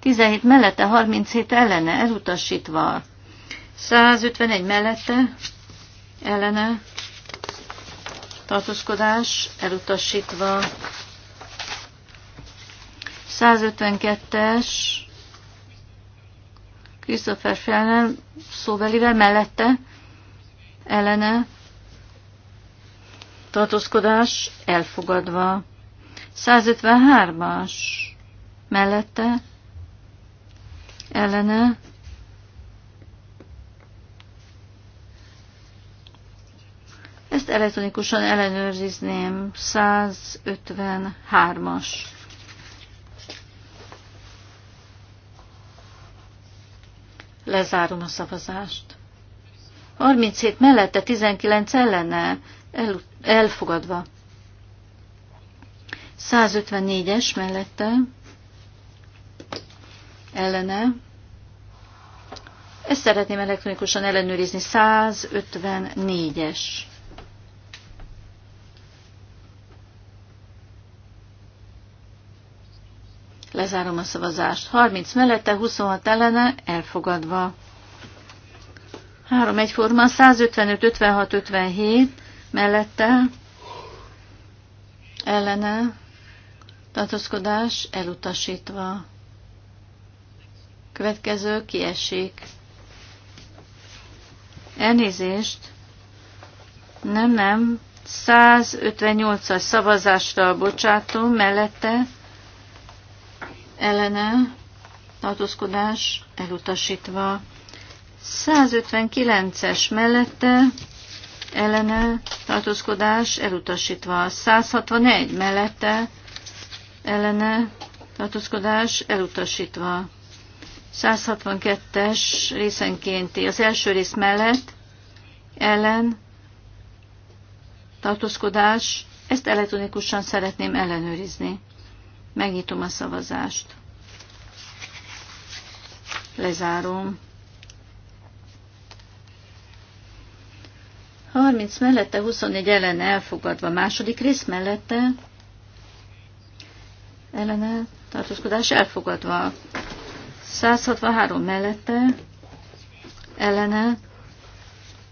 17 mellette, 37 ellene, elutasítva. 151 mellette, ellene, tartózkodás elutasítva. 152-es Christopher Fellner szóbelivel mellette ellene tartózkodás elfogadva. 153-as mellette ellene Ezt elektronikusan ellenőrizném. 153-as. Lezárom a szavazást. 37 mellette, 19 ellene, el, elfogadva. 154-es mellette, ellene. Ezt szeretném elektronikusan ellenőrizni, 154-es. Lezárom a szavazást. 30 mellette, 26 ellene, elfogadva. 3 egyforma, 155, 56, 57 mellette, ellene, tartózkodás elutasítva. Következő kiesik. Elnézést. Nem, nem. 158-as szavazásra bocsátom mellette ellene tartózkodás elutasítva. 159-es mellette ellene tartózkodás elutasítva. 161 mellette ellene tartózkodás elutasítva. 162-es részenkénti az első rész mellett ellen tartózkodás, ezt elektronikusan szeretném ellenőrizni. Megnyitom a szavazást. Lezárom. 30 mellette, 24 ellen elfogadva. Második rész mellette ellene tartózkodás elfogadva. 163 mellette ellene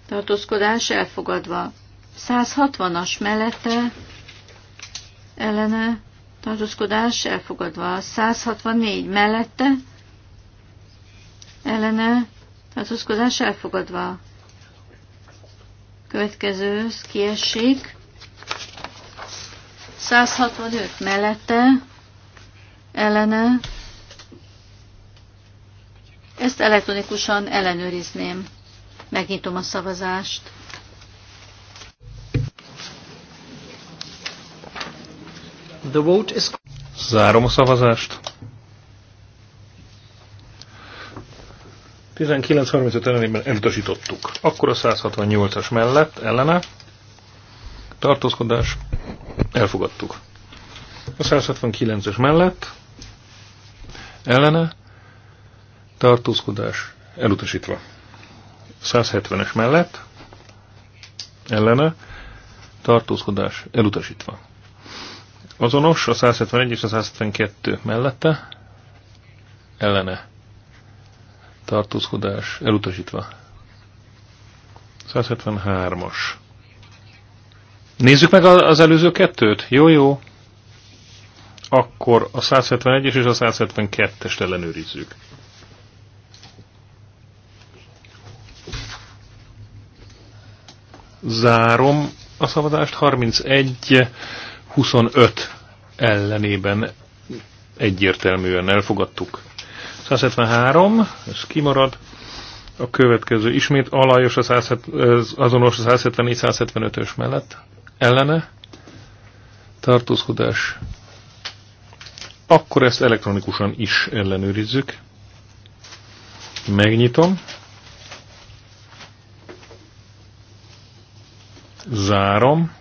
tartózkodás elfogadva. 160-as mellette ellene tartózkodás elfogadva. 164 mellette ellene tartózkodás elfogadva. Következő kiesik. 165 mellette ellene. Ezt elektronikusan ellenőrizném. Megnyitom a szavazást. The vote is... Zárom a szavazást. 19.35 ellenében elutasítottuk. Akkor a 168-as mellett ellene tartózkodás elfogadtuk. A 169-es mellett ellene tartózkodás elutasítva. 170-es mellett ellene tartózkodás elutasítva. Azonos a 171 és a 172 mellette ellene tartózkodás elutasítva. 173-as. Nézzük meg az előző kettőt? Jó, jó. Akkor a 171-es és a 172-est ellenőrizzük. Zárom a szavazást. 31 25 ellenében egyértelműen elfogadtuk. 173, ez kimarad. A következő ismét alajos a 170, azonos a 174-175-ös mellett. Ellene tartózkodás. Akkor ezt elektronikusan is ellenőrizzük. Megnyitom. Zárom.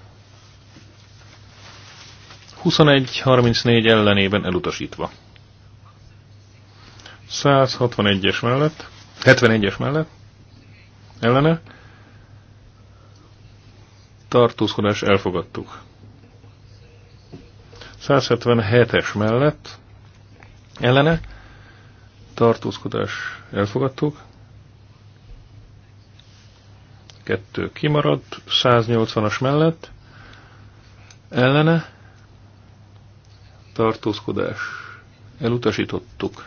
21-34 ellenében elutasítva. 161-es mellett, 71-es mellett, ellene, tartózkodás elfogadtuk. 177-es mellett, ellene, tartózkodás elfogadtuk. Kettő kimaradt, 180-as mellett, ellene, tartózkodás, elutasítottuk.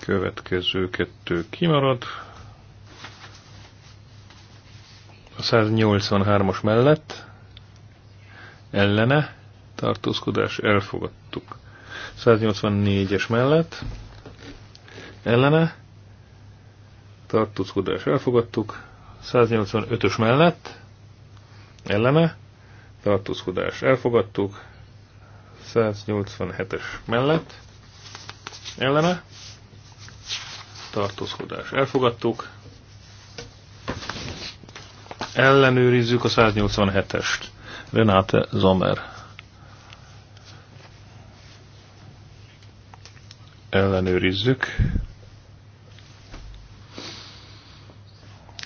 Következő kettő kimarad. A 183-as mellett ellene tartózkodás elfogadtuk. 184-es mellett ellene tartózkodás elfogadtuk. 185-ös mellett ellene tartózkodás elfogadtuk, 187-es mellett ellene, tartózkodás elfogadtuk, ellenőrizzük a 187-est, Renate Zomer. Ellenőrizzük.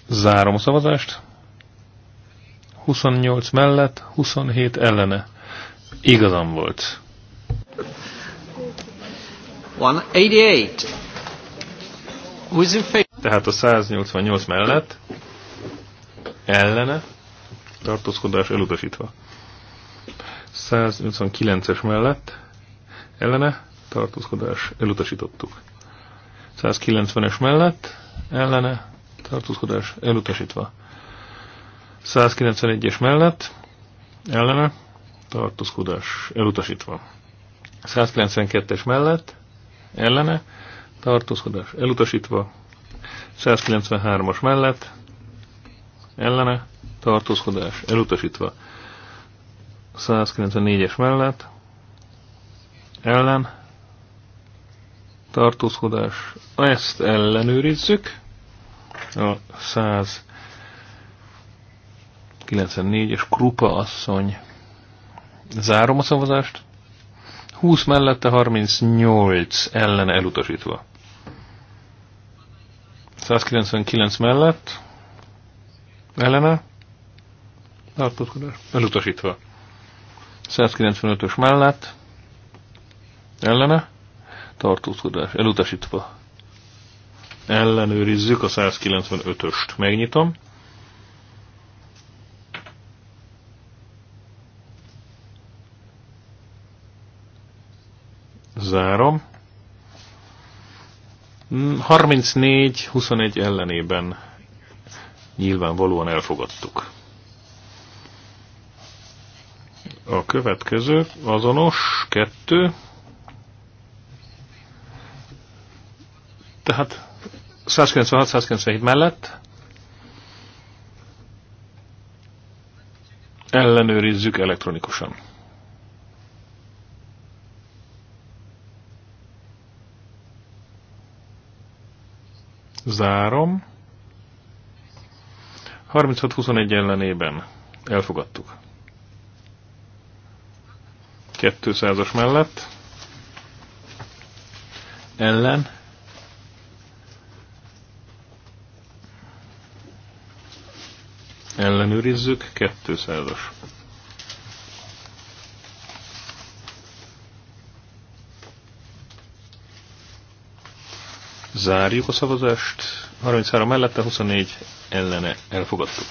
Zárom a szavazást. 28 mellett, 27 ellene. Igazam volt. 188. Tehát a 188 mellett ellene tartózkodás elutasítva. 189-es mellett ellene tartózkodás elutasítottuk. 190-es mellett ellene tartózkodás elutasítva. 191-es mellett ellene tartózkodás elutasítva. 192-es mellett ellene tartózkodás elutasítva. 193-as mellett ellene tartózkodás elutasítva. 194-es mellett ellen tartózkodás. Ezt ellenőrizzük. A 100 94-es Krupa asszony. Zárom a szavazást. 20 mellette 38 ellen elutasítva. 199 mellett ellene tartózkodás elutasítva. 195-ös mellett ellene tartózkodás elutasítva. Ellenőrizzük a 195-öst. Megnyitom. zárom. 34-21 ellenében nyilvánvalóan elfogadtuk. A következő azonos, kettő. Tehát 196-197 mellett ellenőrizzük elektronikusan. Zárom. 36-21 ellenében elfogadtuk. 200-as mellett ellen ellenőrizzük 200-as. Zárjuk a szavazást. 33 mellette, 24 ellene elfogadtuk.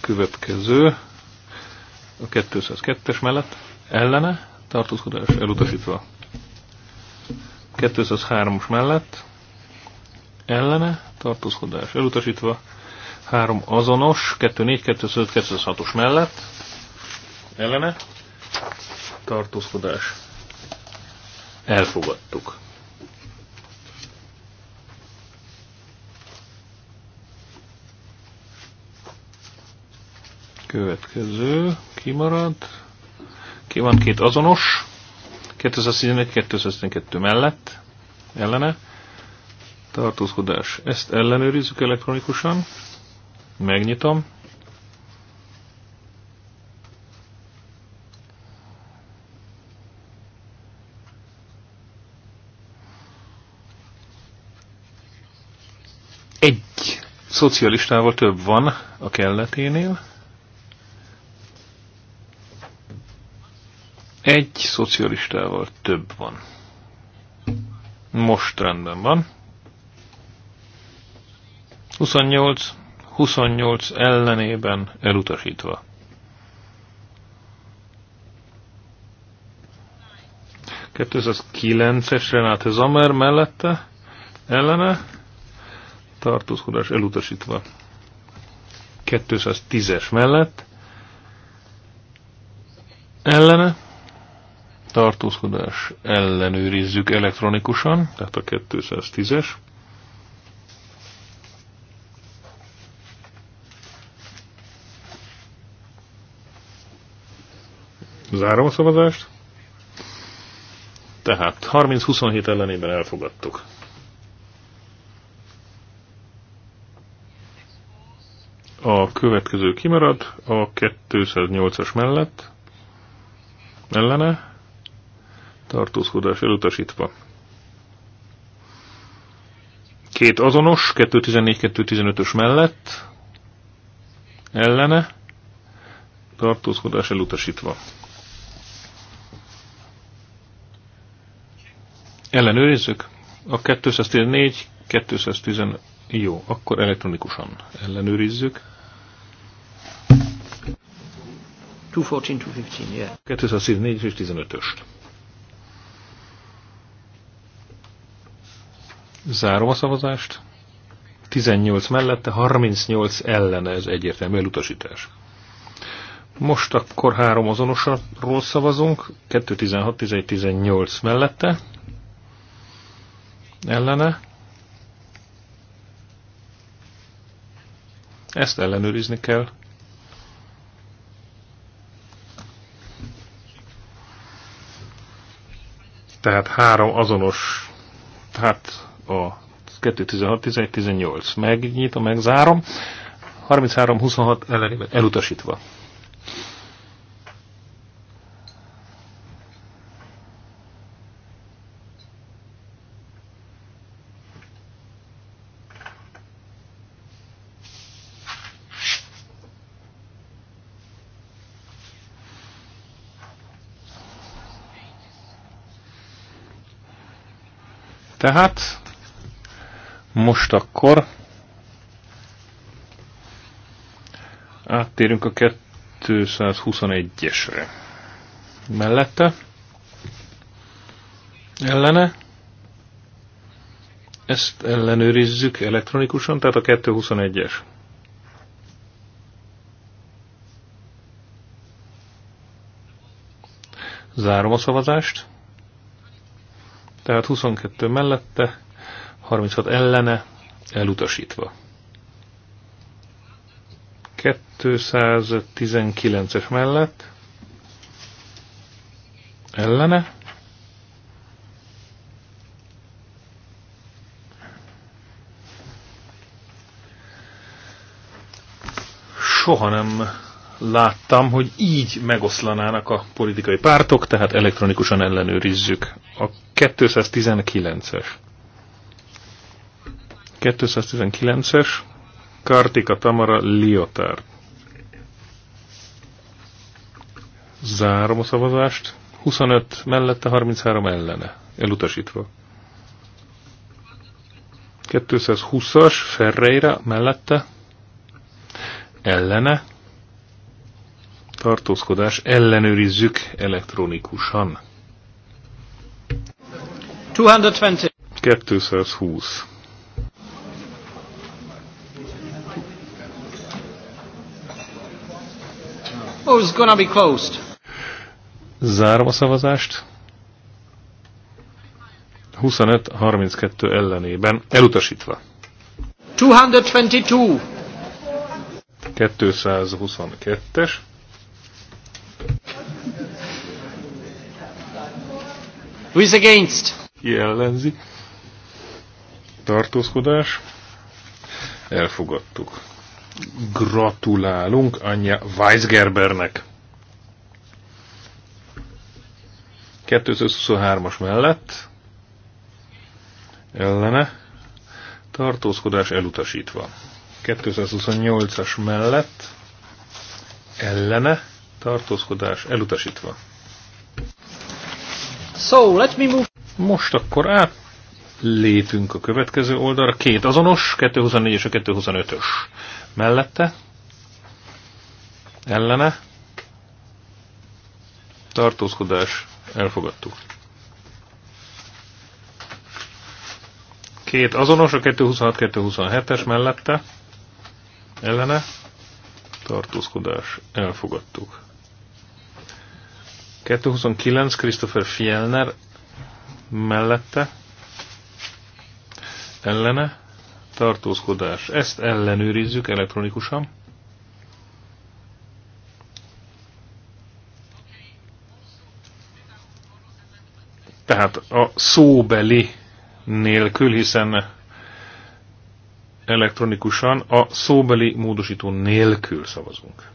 Következő a 202-es mellett ellene tartózkodás elutasítva. 203-os mellett ellene tartózkodás elutasítva. 3 azonos, 24, 205, 206-os mellett ellene tartózkodás elfogadtuk. Következő, kimaradt. Ki van két azonos, 2011-2012 mellett, ellene. Tartózkodás. Ezt ellenőrizzük elektronikusan. Megnyitom. szocialistával több van a kelleténél. Egy szocialistával több van. Most rendben van. 28, 28 ellenében elutasítva. Kettőz az 9-es Renate Zamer mellette, ellene, tartózkodás elutasítva. 210-es mellett ellene tartózkodás ellenőrizzük elektronikusan, tehát a 210-es. Zárom a szavazást. Tehát 30-27 ellenében elfogadtuk. A következő kimarad a 208-as mellett, ellene, tartózkodás elutasítva. Két azonos, 214-215-ös mellett, ellene, tartózkodás elutasítva. Ellenőrizzük. A 214, 215, jó, akkor elektronikusan ellenőrizzük. 214, 215, és 15-öst. Zárom a szavazást. 18 mellette, 38 ellene, ez egyértelmű elutasítás. Most akkor három azonosról szavazunk, 2, 16, 11, 18 mellette, ellene. Ezt ellenőrizni kell. tehát három azonos, hát a 2, 16, 18, megnyitom, megzárom, 33, 26 elenében elutasítva. Tehát most akkor áttérünk a 221-esre. Mellette ellene ezt ellenőrizzük elektronikusan, tehát a 221-es. Zárom a szavazást. Tehát 22 mellette, 36 ellene, elutasítva. 219-es mellett, ellene, soha nem láttam, hogy így megoszlanának a politikai pártok, tehát elektronikusan ellenőrizzük a 219-es. 219-es, Kartika Tamara Liotár. Zárom a szavazást. 25 mellette, 33 ellene. Elutasítva. 220-as Ferreira mellette. Ellene. Tartózkodás. Ellenőrizzük elektronikusan. 220. 220. Oh, it's gonna be closed. Zárom a szavazást. 25-32 ellenében elutasítva. 222. 222-es. Who is against? ki ellenzi. Tartózkodás. Elfogadtuk. Gratulálunk anyja Weisgerbernek. 223-as mellett ellene tartózkodás elutasítva. 228-as mellett ellene tartózkodás elutasítva. So, let me move. Most akkor át lépünk a következő oldalra. Két azonos, 224 és a 225-ös. Mellette, ellene, tartózkodás, elfogadtuk. Két azonos, a 226-227-es mellette, ellene, tartózkodás, elfogadtuk. 229 Christopher Fielner mellette, ellene, tartózkodás. Ezt ellenőrizzük elektronikusan. Tehát a szóbeli nélkül, hiszen elektronikusan a szóbeli módosító nélkül szavazunk.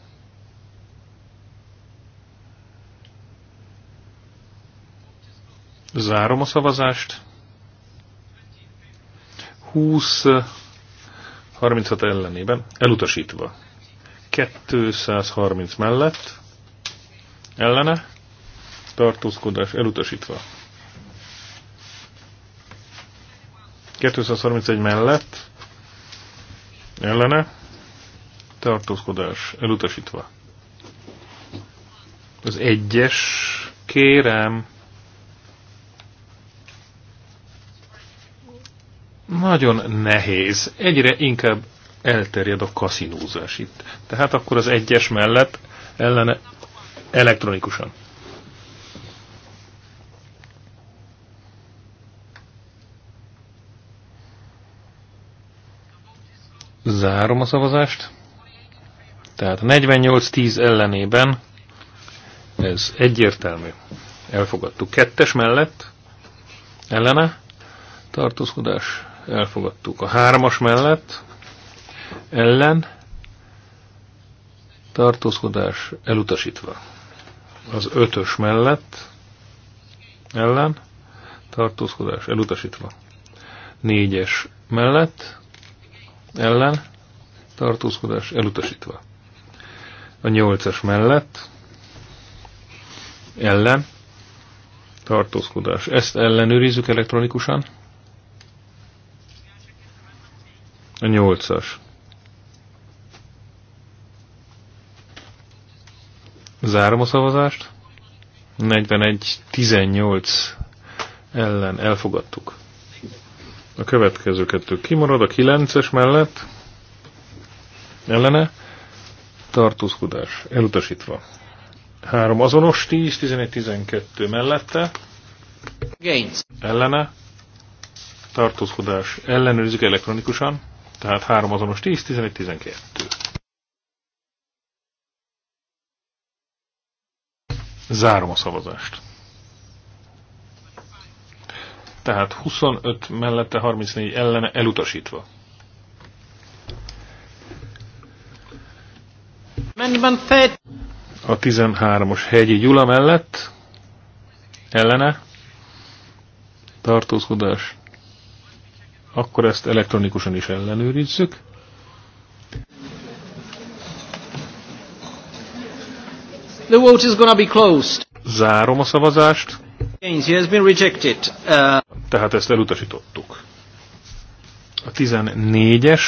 Zárom a szavazást. 20 36 ellenében elutasítva. 230 mellett ellene tartózkodás elutasítva. 231 mellett ellene tartózkodás elutasítva. Az egyes kérem nagyon nehéz. Egyre inkább elterjed a kaszinózás itt. Tehát akkor az egyes mellett ellene elektronikusan. Zárom a szavazást. Tehát 48-10 ellenében ez egyértelmű. Elfogadtuk. Kettes mellett ellene tartózkodás elfogadtuk. A hármas mellett ellen tartózkodás elutasítva. Az ötös mellett ellen tartózkodás elutasítva. Négyes mellett ellen tartózkodás elutasítva. A nyolcas mellett ellen tartózkodás. Ezt ellenőrizzük elektronikusan. A nyolcas. Zárom a szavazást. 41-18 ellen elfogadtuk. A következő kettő kimarad, a 9-es mellett ellene tartózkodás elutasítva. Három azonos, 10, 11, 12 mellette. Gains. Ellene tartózkodás ellenőrzik elektronikusan. Tehát 3 azonos 10, 11, 12. Zárom a szavazást. Tehát 25 mellette 34 ellene elutasítva. A 13-os hegyi Gyula mellett ellene tartózkodás akkor ezt elektronikusan is ellenőrizzük. The vote is gonna be closed. Zárom a szavazást. has been rejected. Uh... Tehát ezt elutasítottuk. A 14-es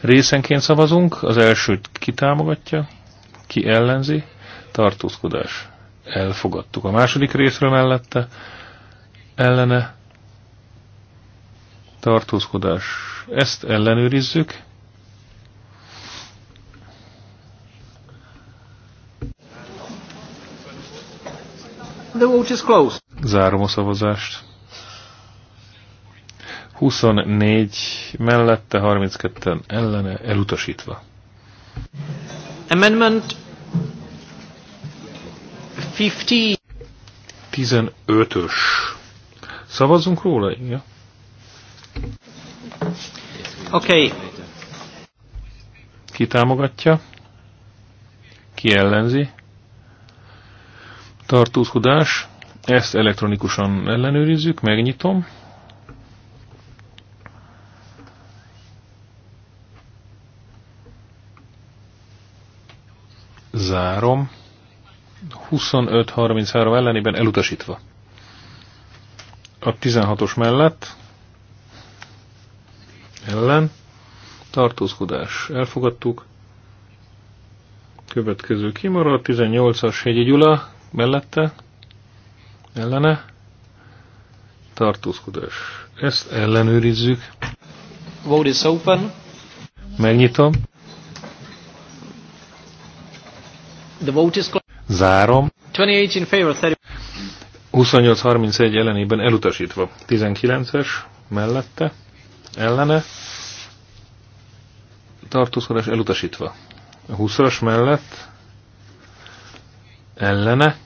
részenként szavazunk, az elsőt kitámogatja, ki ellenzi, tartózkodás. Elfogadtuk a második részről mellette, ellene tartózkodás. Ezt ellenőrizzük. The vote is closed. Zárom a szavazást. 24 mellette, 32-en ellene, elutasítva. Amendment 50. 15-ös. Szavazzunk róla? Igen. Okay. Ki támogatja? Ki ellenzi? Tartózkodás. Ezt elektronikusan ellenőrizzük, megnyitom. Zárom. 25-33 ellenében elutasítva. A 16-os mellett ellen, tartózkodás elfogadtuk, következő kimaradt, 18-as Hegyi Gyula mellette, ellene, tartózkodás. Ezt ellenőrizzük. Vote is open. Megnyitom. The vote is Zárom. 28 in favor, 30. 28-31 ellenében elutasítva. 19-es mellette, ellene, tartózkodás elutasítva. A 20-as mellett ellene,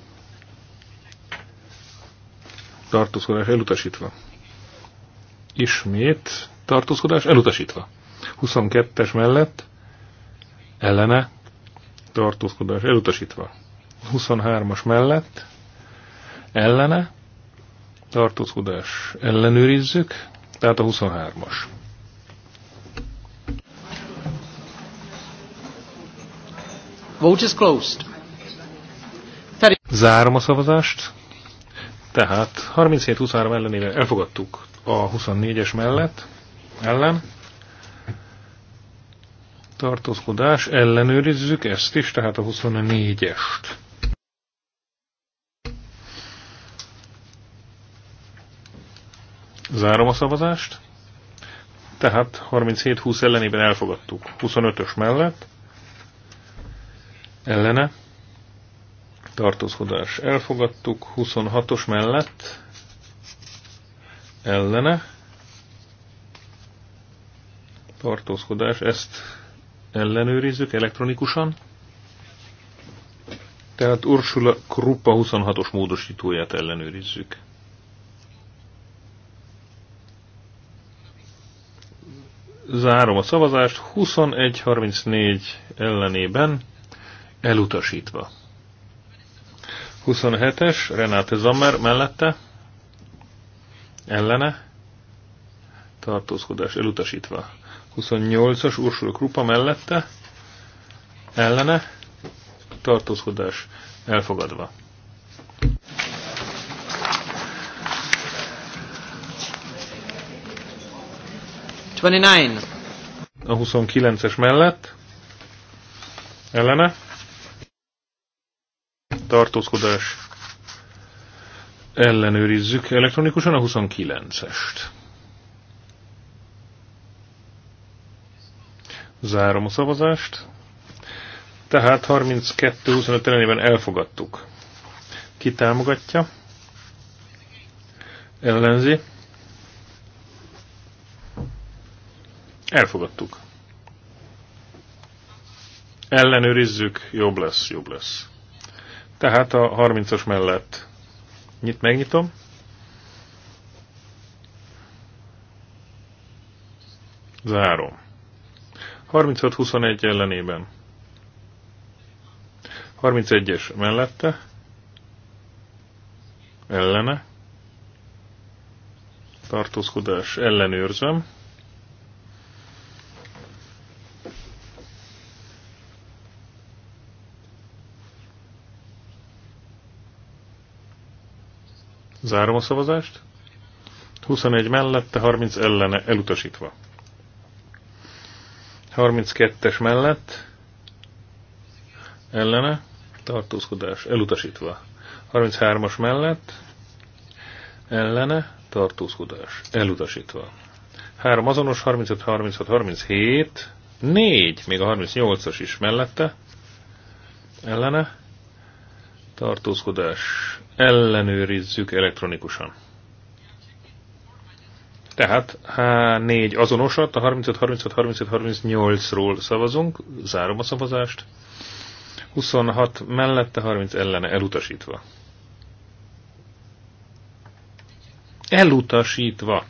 tartózkodás elutasítva. Ismét tartózkodás elutasítva. 22-es mellett ellene, tartózkodás elutasítva. 23-as mellett ellene, tartózkodás ellenőrizzük, tehát a 23-as. Vote is closed. Zárom a szavazást. Tehát 37-23 ellenére elfogadtuk a 24-es mellett, ellen. Tartózkodás, ellenőrizzük ezt is, tehát a 24-est. Zárom a szavazást. Tehát 37-20 ellenében elfogadtuk. 25-ös mellett. Ellene. Tartózkodás elfogadtuk. 26-os mellett. Ellene. Tartózkodás. Ezt ellenőrizzük elektronikusan. Tehát Ursula Kruppa 26-os módosítóját ellenőrizzük. Zárom a szavazást 21-34 ellenében elutasítva. 27-es Renate Zammer mellette ellene tartózkodás elutasítva. 28-as Ursula Krupa mellette ellene tartózkodás elfogadva. A 29-es mellett. Ellene. Tartózkodás. Ellenőrizzük elektronikusan a 29-est. Zárom a szavazást. Tehát 32-25 ellenében elfogadtuk. Ki támogatja? Ellenzi. Elfogadtuk. Ellenőrizzük, jobb lesz, jobb lesz. Tehát a 30-as mellett nyit, megnyitom. Zárom. 36-21 ellenében. 31-es mellette. Ellene. Tartózkodás ellenőrzöm. Zárom a szavazást. 21 mellette, 30 ellene elutasítva. 32-es mellett ellene tartózkodás elutasítva. 33-as mellett ellene tartózkodás elutasítva. 3 azonos, 35, 36, 37, 4, még a 38-as is mellette ellene tartózkodás ellenőrizzük elektronikusan. Tehát H4 azonosat, a 35, 35, 35, 38-ról szavazunk, zárom a szavazást. 26 mellette, 30 ellene elutasítva. Elutasítva.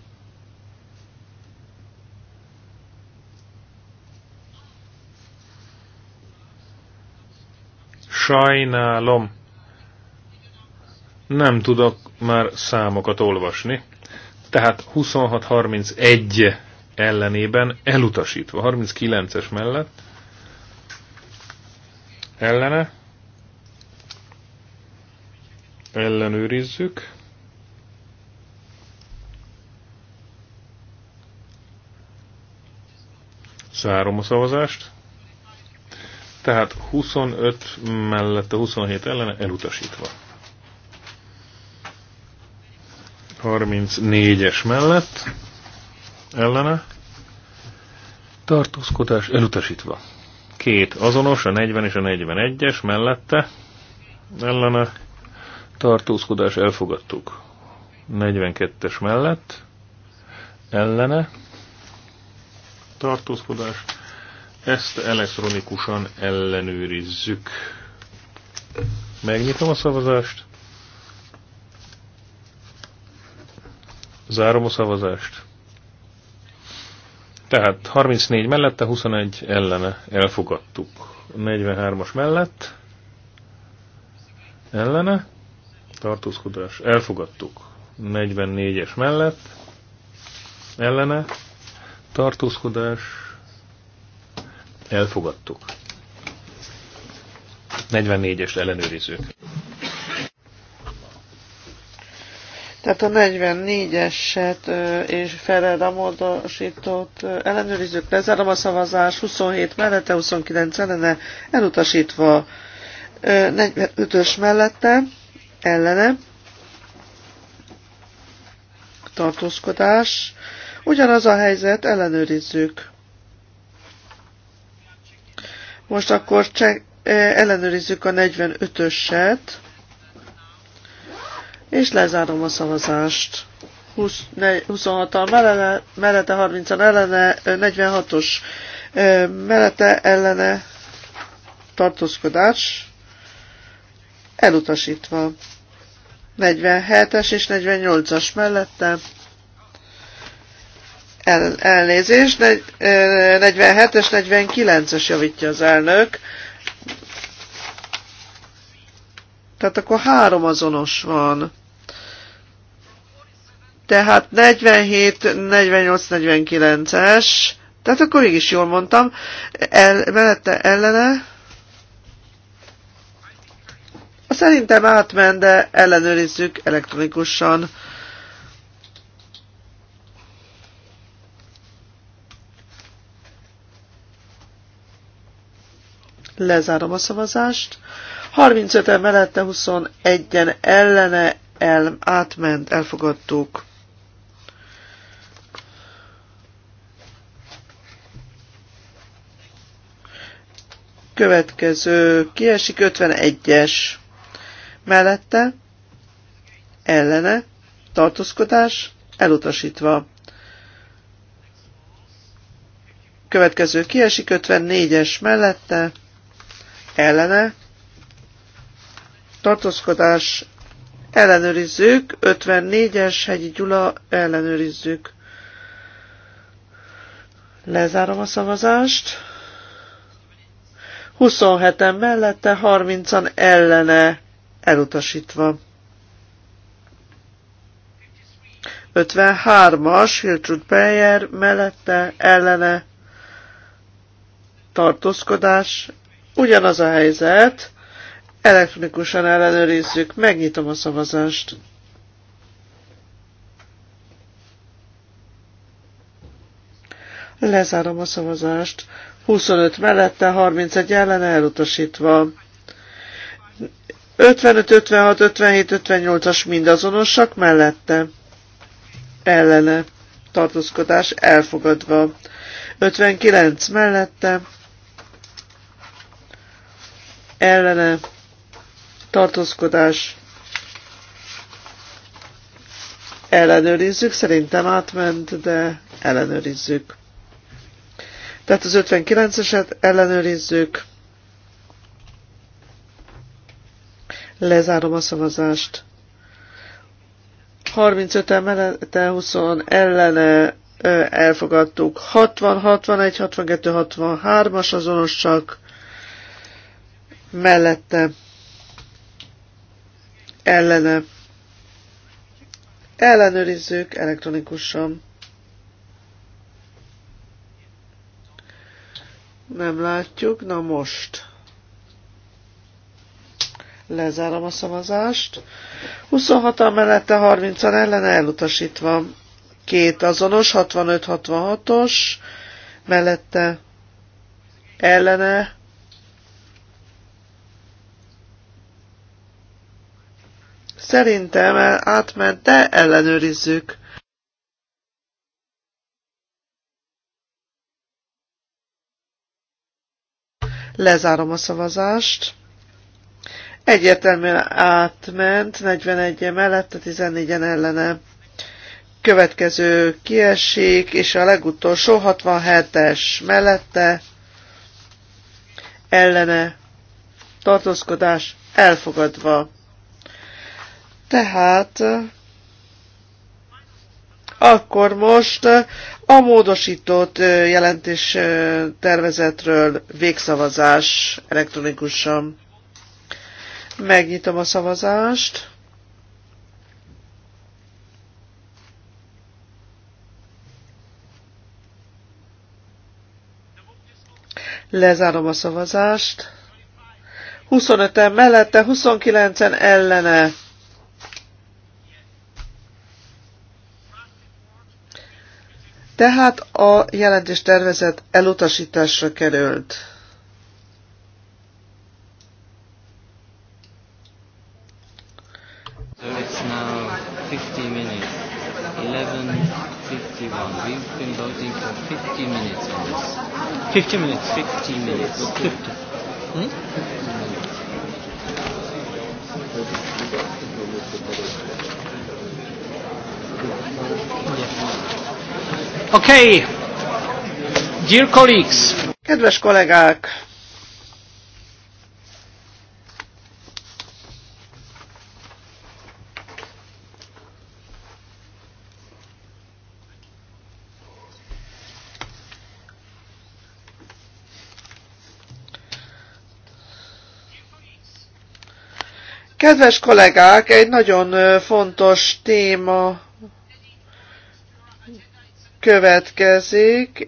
Sajnálom nem tudok már számokat olvasni, tehát 26-31 ellenében elutasítva, 39-es mellett ellene ellenőrizzük. Szárom a szavazást. Tehát 25 mellette 27 ellene elutasítva. 34-es mellett ellene tartózkodás elutasítva. Két azonos, a 40 és a 41-es mellette ellene tartózkodás elfogadtuk. 42-es mellett ellene tartózkodás. Ezt elektronikusan ellenőrizzük. Megnyitom a szavazást. Zárom a szavazást. Tehát 34 mellette, 21 ellene elfogadtuk. 43-as mellett ellene tartózkodás elfogadtuk. 44-es mellett ellene tartózkodás elfogadtuk. 44-est ellenőrizzük. Tehát a 44-eset és Ferrera módosítót ellenőrizzük, lezárom a szavazás, 27 mellette, 29 ellene, elutasítva 45-ös mellette, ellene, tartózkodás, ugyanaz a helyzet, ellenőrizzük. Most akkor ellenőrizzük a 45-öset, és lezárom a szavazást. 26-an mellene, mellette 30-an ellene, 46-os mellette ellene tartózkodás elutasítva. 47-es és 48-as mellette el, elnézés, 47-es, 49-es javítja az elnök. Tehát akkor három azonos van. Tehát 47, 48, 49-es, tehát akkor így is jól mondtam, el, mellette ellene. Szerintem átment, de ellenőrizzük elektronikusan. Lezárom a szavazást. 35-en mellette, 21-en ellene el, átment, elfogadtuk. Következő kiesik 51-es mellette, ellene, tartózkodás, elutasítva. Következő kiesik 54-es mellette, ellene, tartózkodás, ellenőrizzük, 54-es Hegyi Gyula, ellenőrizzük. Lezárom a szavazást. 27-en mellette, 30-an ellene elutasítva. 53-as Hiltrud Beyer mellette, ellene tartózkodás. Ugyanaz a helyzet, elektronikusan ellenőrizzük, megnyitom a szavazást. Lezárom a szavazást. 25 mellette, 31 ellene elutasítva. 55, 56, 57, 58-as mindazonosak mellette. Ellene. Tartózkodás elfogadva. 59 mellette. Ellene. Tartózkodás ellenőrizzük, szerintem átment, de ellenőrizzük. Tehát az 59-eset ellenőrizzük. Lezárom a szavazást. 35 emelete, 20 ellene elfogadtuk. 60, 61, 62, 63-as azonos csak mellette ellene ellenőrizzük elektronikusan. Nem látjuk. Na most. Lezárom a szavazást. 26 a mellette, 30-an ellene elutasítva. Két azonos, 65-66-os. Mellette ellene Szerintem átment, de ellenőrizzük. Lezárom a szavazást. Egyértelműen átment, 41 mellett, mellette, 14-en ellene. Következő kiesik, és a legutolsó 67-es mellette, ellene, tartózkodás elfogadva. Tehát akkor most a módosított jelentés tervezetről végszavazás elektronikusan. Megnyitom a szavazást. Lezárom a szavazást. 25-en mellette, 29-en ellene. Tehát a jelentés tervezet elutasításra került. So it's now 50 minutes. 11.51. We've been voting for 50 minutes on this. 50 minutes. 50 minutes. 50. Hmm? Okay. Dear colleagues. Kedves kollégák! Kedves kollégák, egy nagyon fontos téma Következik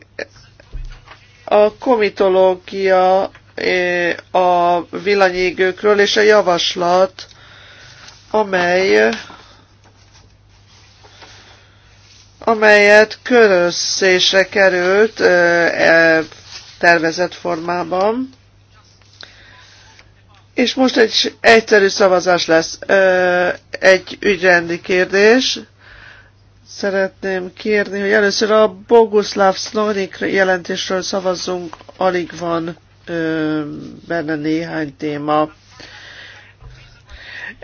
a komitológia eh, a villanyégőkről és a javaslat, amely amelyet körösszésre került eh, e tervezett formában. És most egy egyszerű szavazás lesz. Eh, egy ügyrendi kérdés szeretném kérni, hogy először a Boguslav Szlonik jelentésről szavazzunk, alig van ö, benne néhány téma.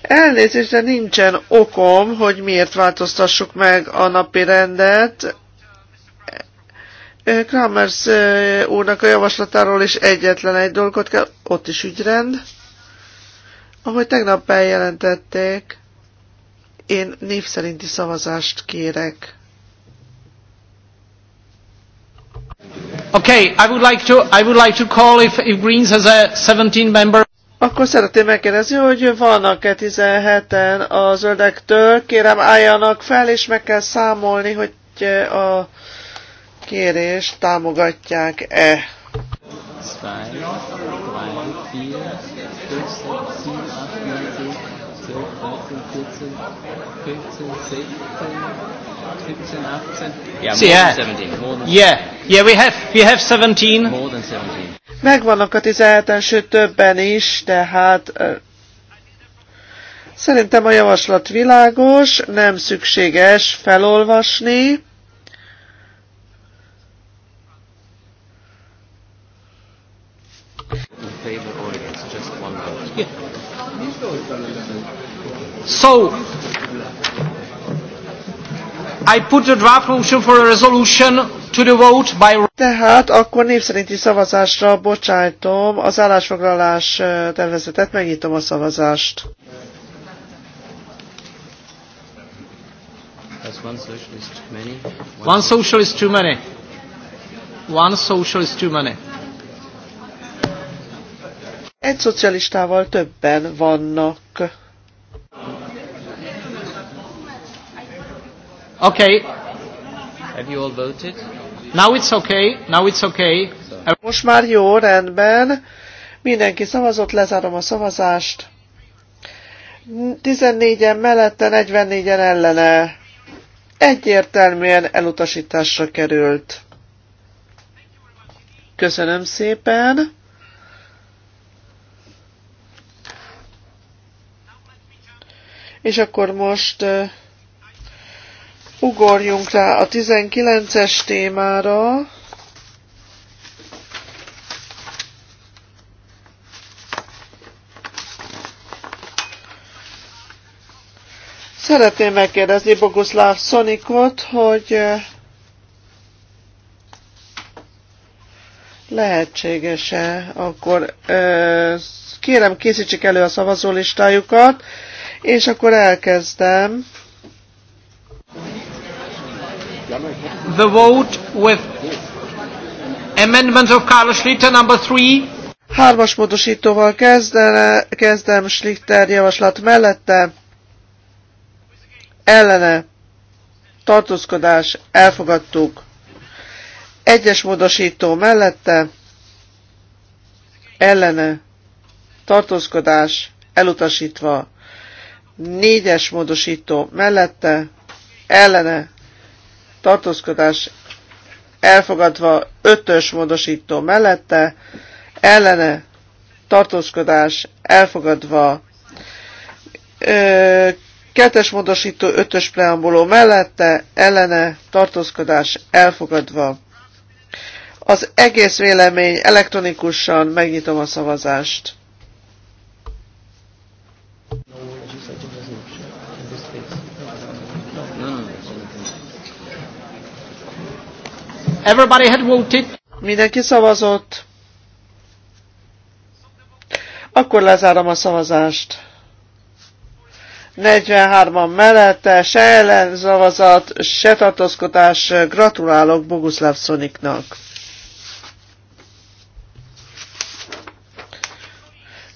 Elnézésre nincsen okom, hogy miért változtassuk meg a napi rendet. Kramers úrnak a javaslatáról is egyetlen egy dolgot kell, ott is ügyrend. Ahogy tegnap bejelentették, én név szerinti szavazást kérek. Okay, I would like to I would like to call if if Greens has a 17 member akkor szeretném megkérdezni, hogy vannak-e 17-en a zöldektől. Kérem, álljanak fel, és meg kell számolni, hogy eh, a kérést támogatják-e. Zwei, Yeah, more than 17. More than yeah, yeah, we have we have 17. More than 17. Megvannak a 17-en, sőt többen is, tehát szerintem a javaslat világos, nem szükséges felolvasni. So, I put the draft motion for a resolution to the vote by... Tehát akkor népszerinti szavazásra bocsájtom az állásfoglalás tervezetet, megnyitom a szavazást. One socialist too many. One socialist too many. One socialist too many. Egy szocialistával többen vannak. Okay. Have you all voted? Now it's okay. Now it's okay. Most már jó, rendben. Mindenki szavazott, lezárom a szavazást. 14-en mellette, 44-en ellene. Egyértelműen elutasításra került. Köszönöm szépen. És akkor most Ugorjunk rá a 19-es témára. Szeretném megkérdezni Boguszláv Szonikot, hogy eh, lehetséges-e, akkor eh, kérem készítsék elő a szavazólistájukat, és akkor elkezdem. The vote with amendments of Carlos Schlitter number three. Hármas módosítóval kezdene, kezdem Schlichter javaslat mellette. Ellene. Tartózkodás. Elfogadtuk. Egyes módosító mellette. Ellene. Tartózkodás. Elutasítva négyes módosító mellette, ellene tartózkodás elfogadva, ötös módosító mellette, ellene tartózkodás elfogadva, ö, kettes módosító ötös preambuló mellette, ellene tartózkodás elfogadva. Az egész vélemény elektronikusan megnyitom a szavazást. Everybody had voted. Mindenki szavazott. Akkor lezárom a szavazást. 43-an mellette, se szavazat, se tartózkodás. Gratulálok Boguslav Szoniknak.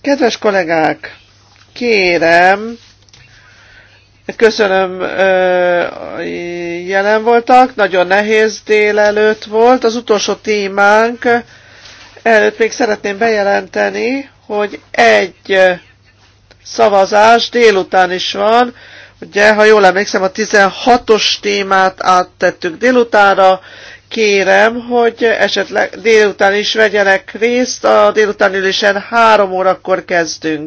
Kedves kollégák, kérem, Köszönöm, jelen voltak, nagyon nehéz délelőtt volt. Az utolsó témánk előtt még szeretném bejelenteni, hogy egy szavazás délután is van. Ugye, ha jól emlékszem, a 16-os témát áttettük délutánra. Kérem, hogy esetleg délután is vegyenek részt. A délután ülésen három órakor kezdünk.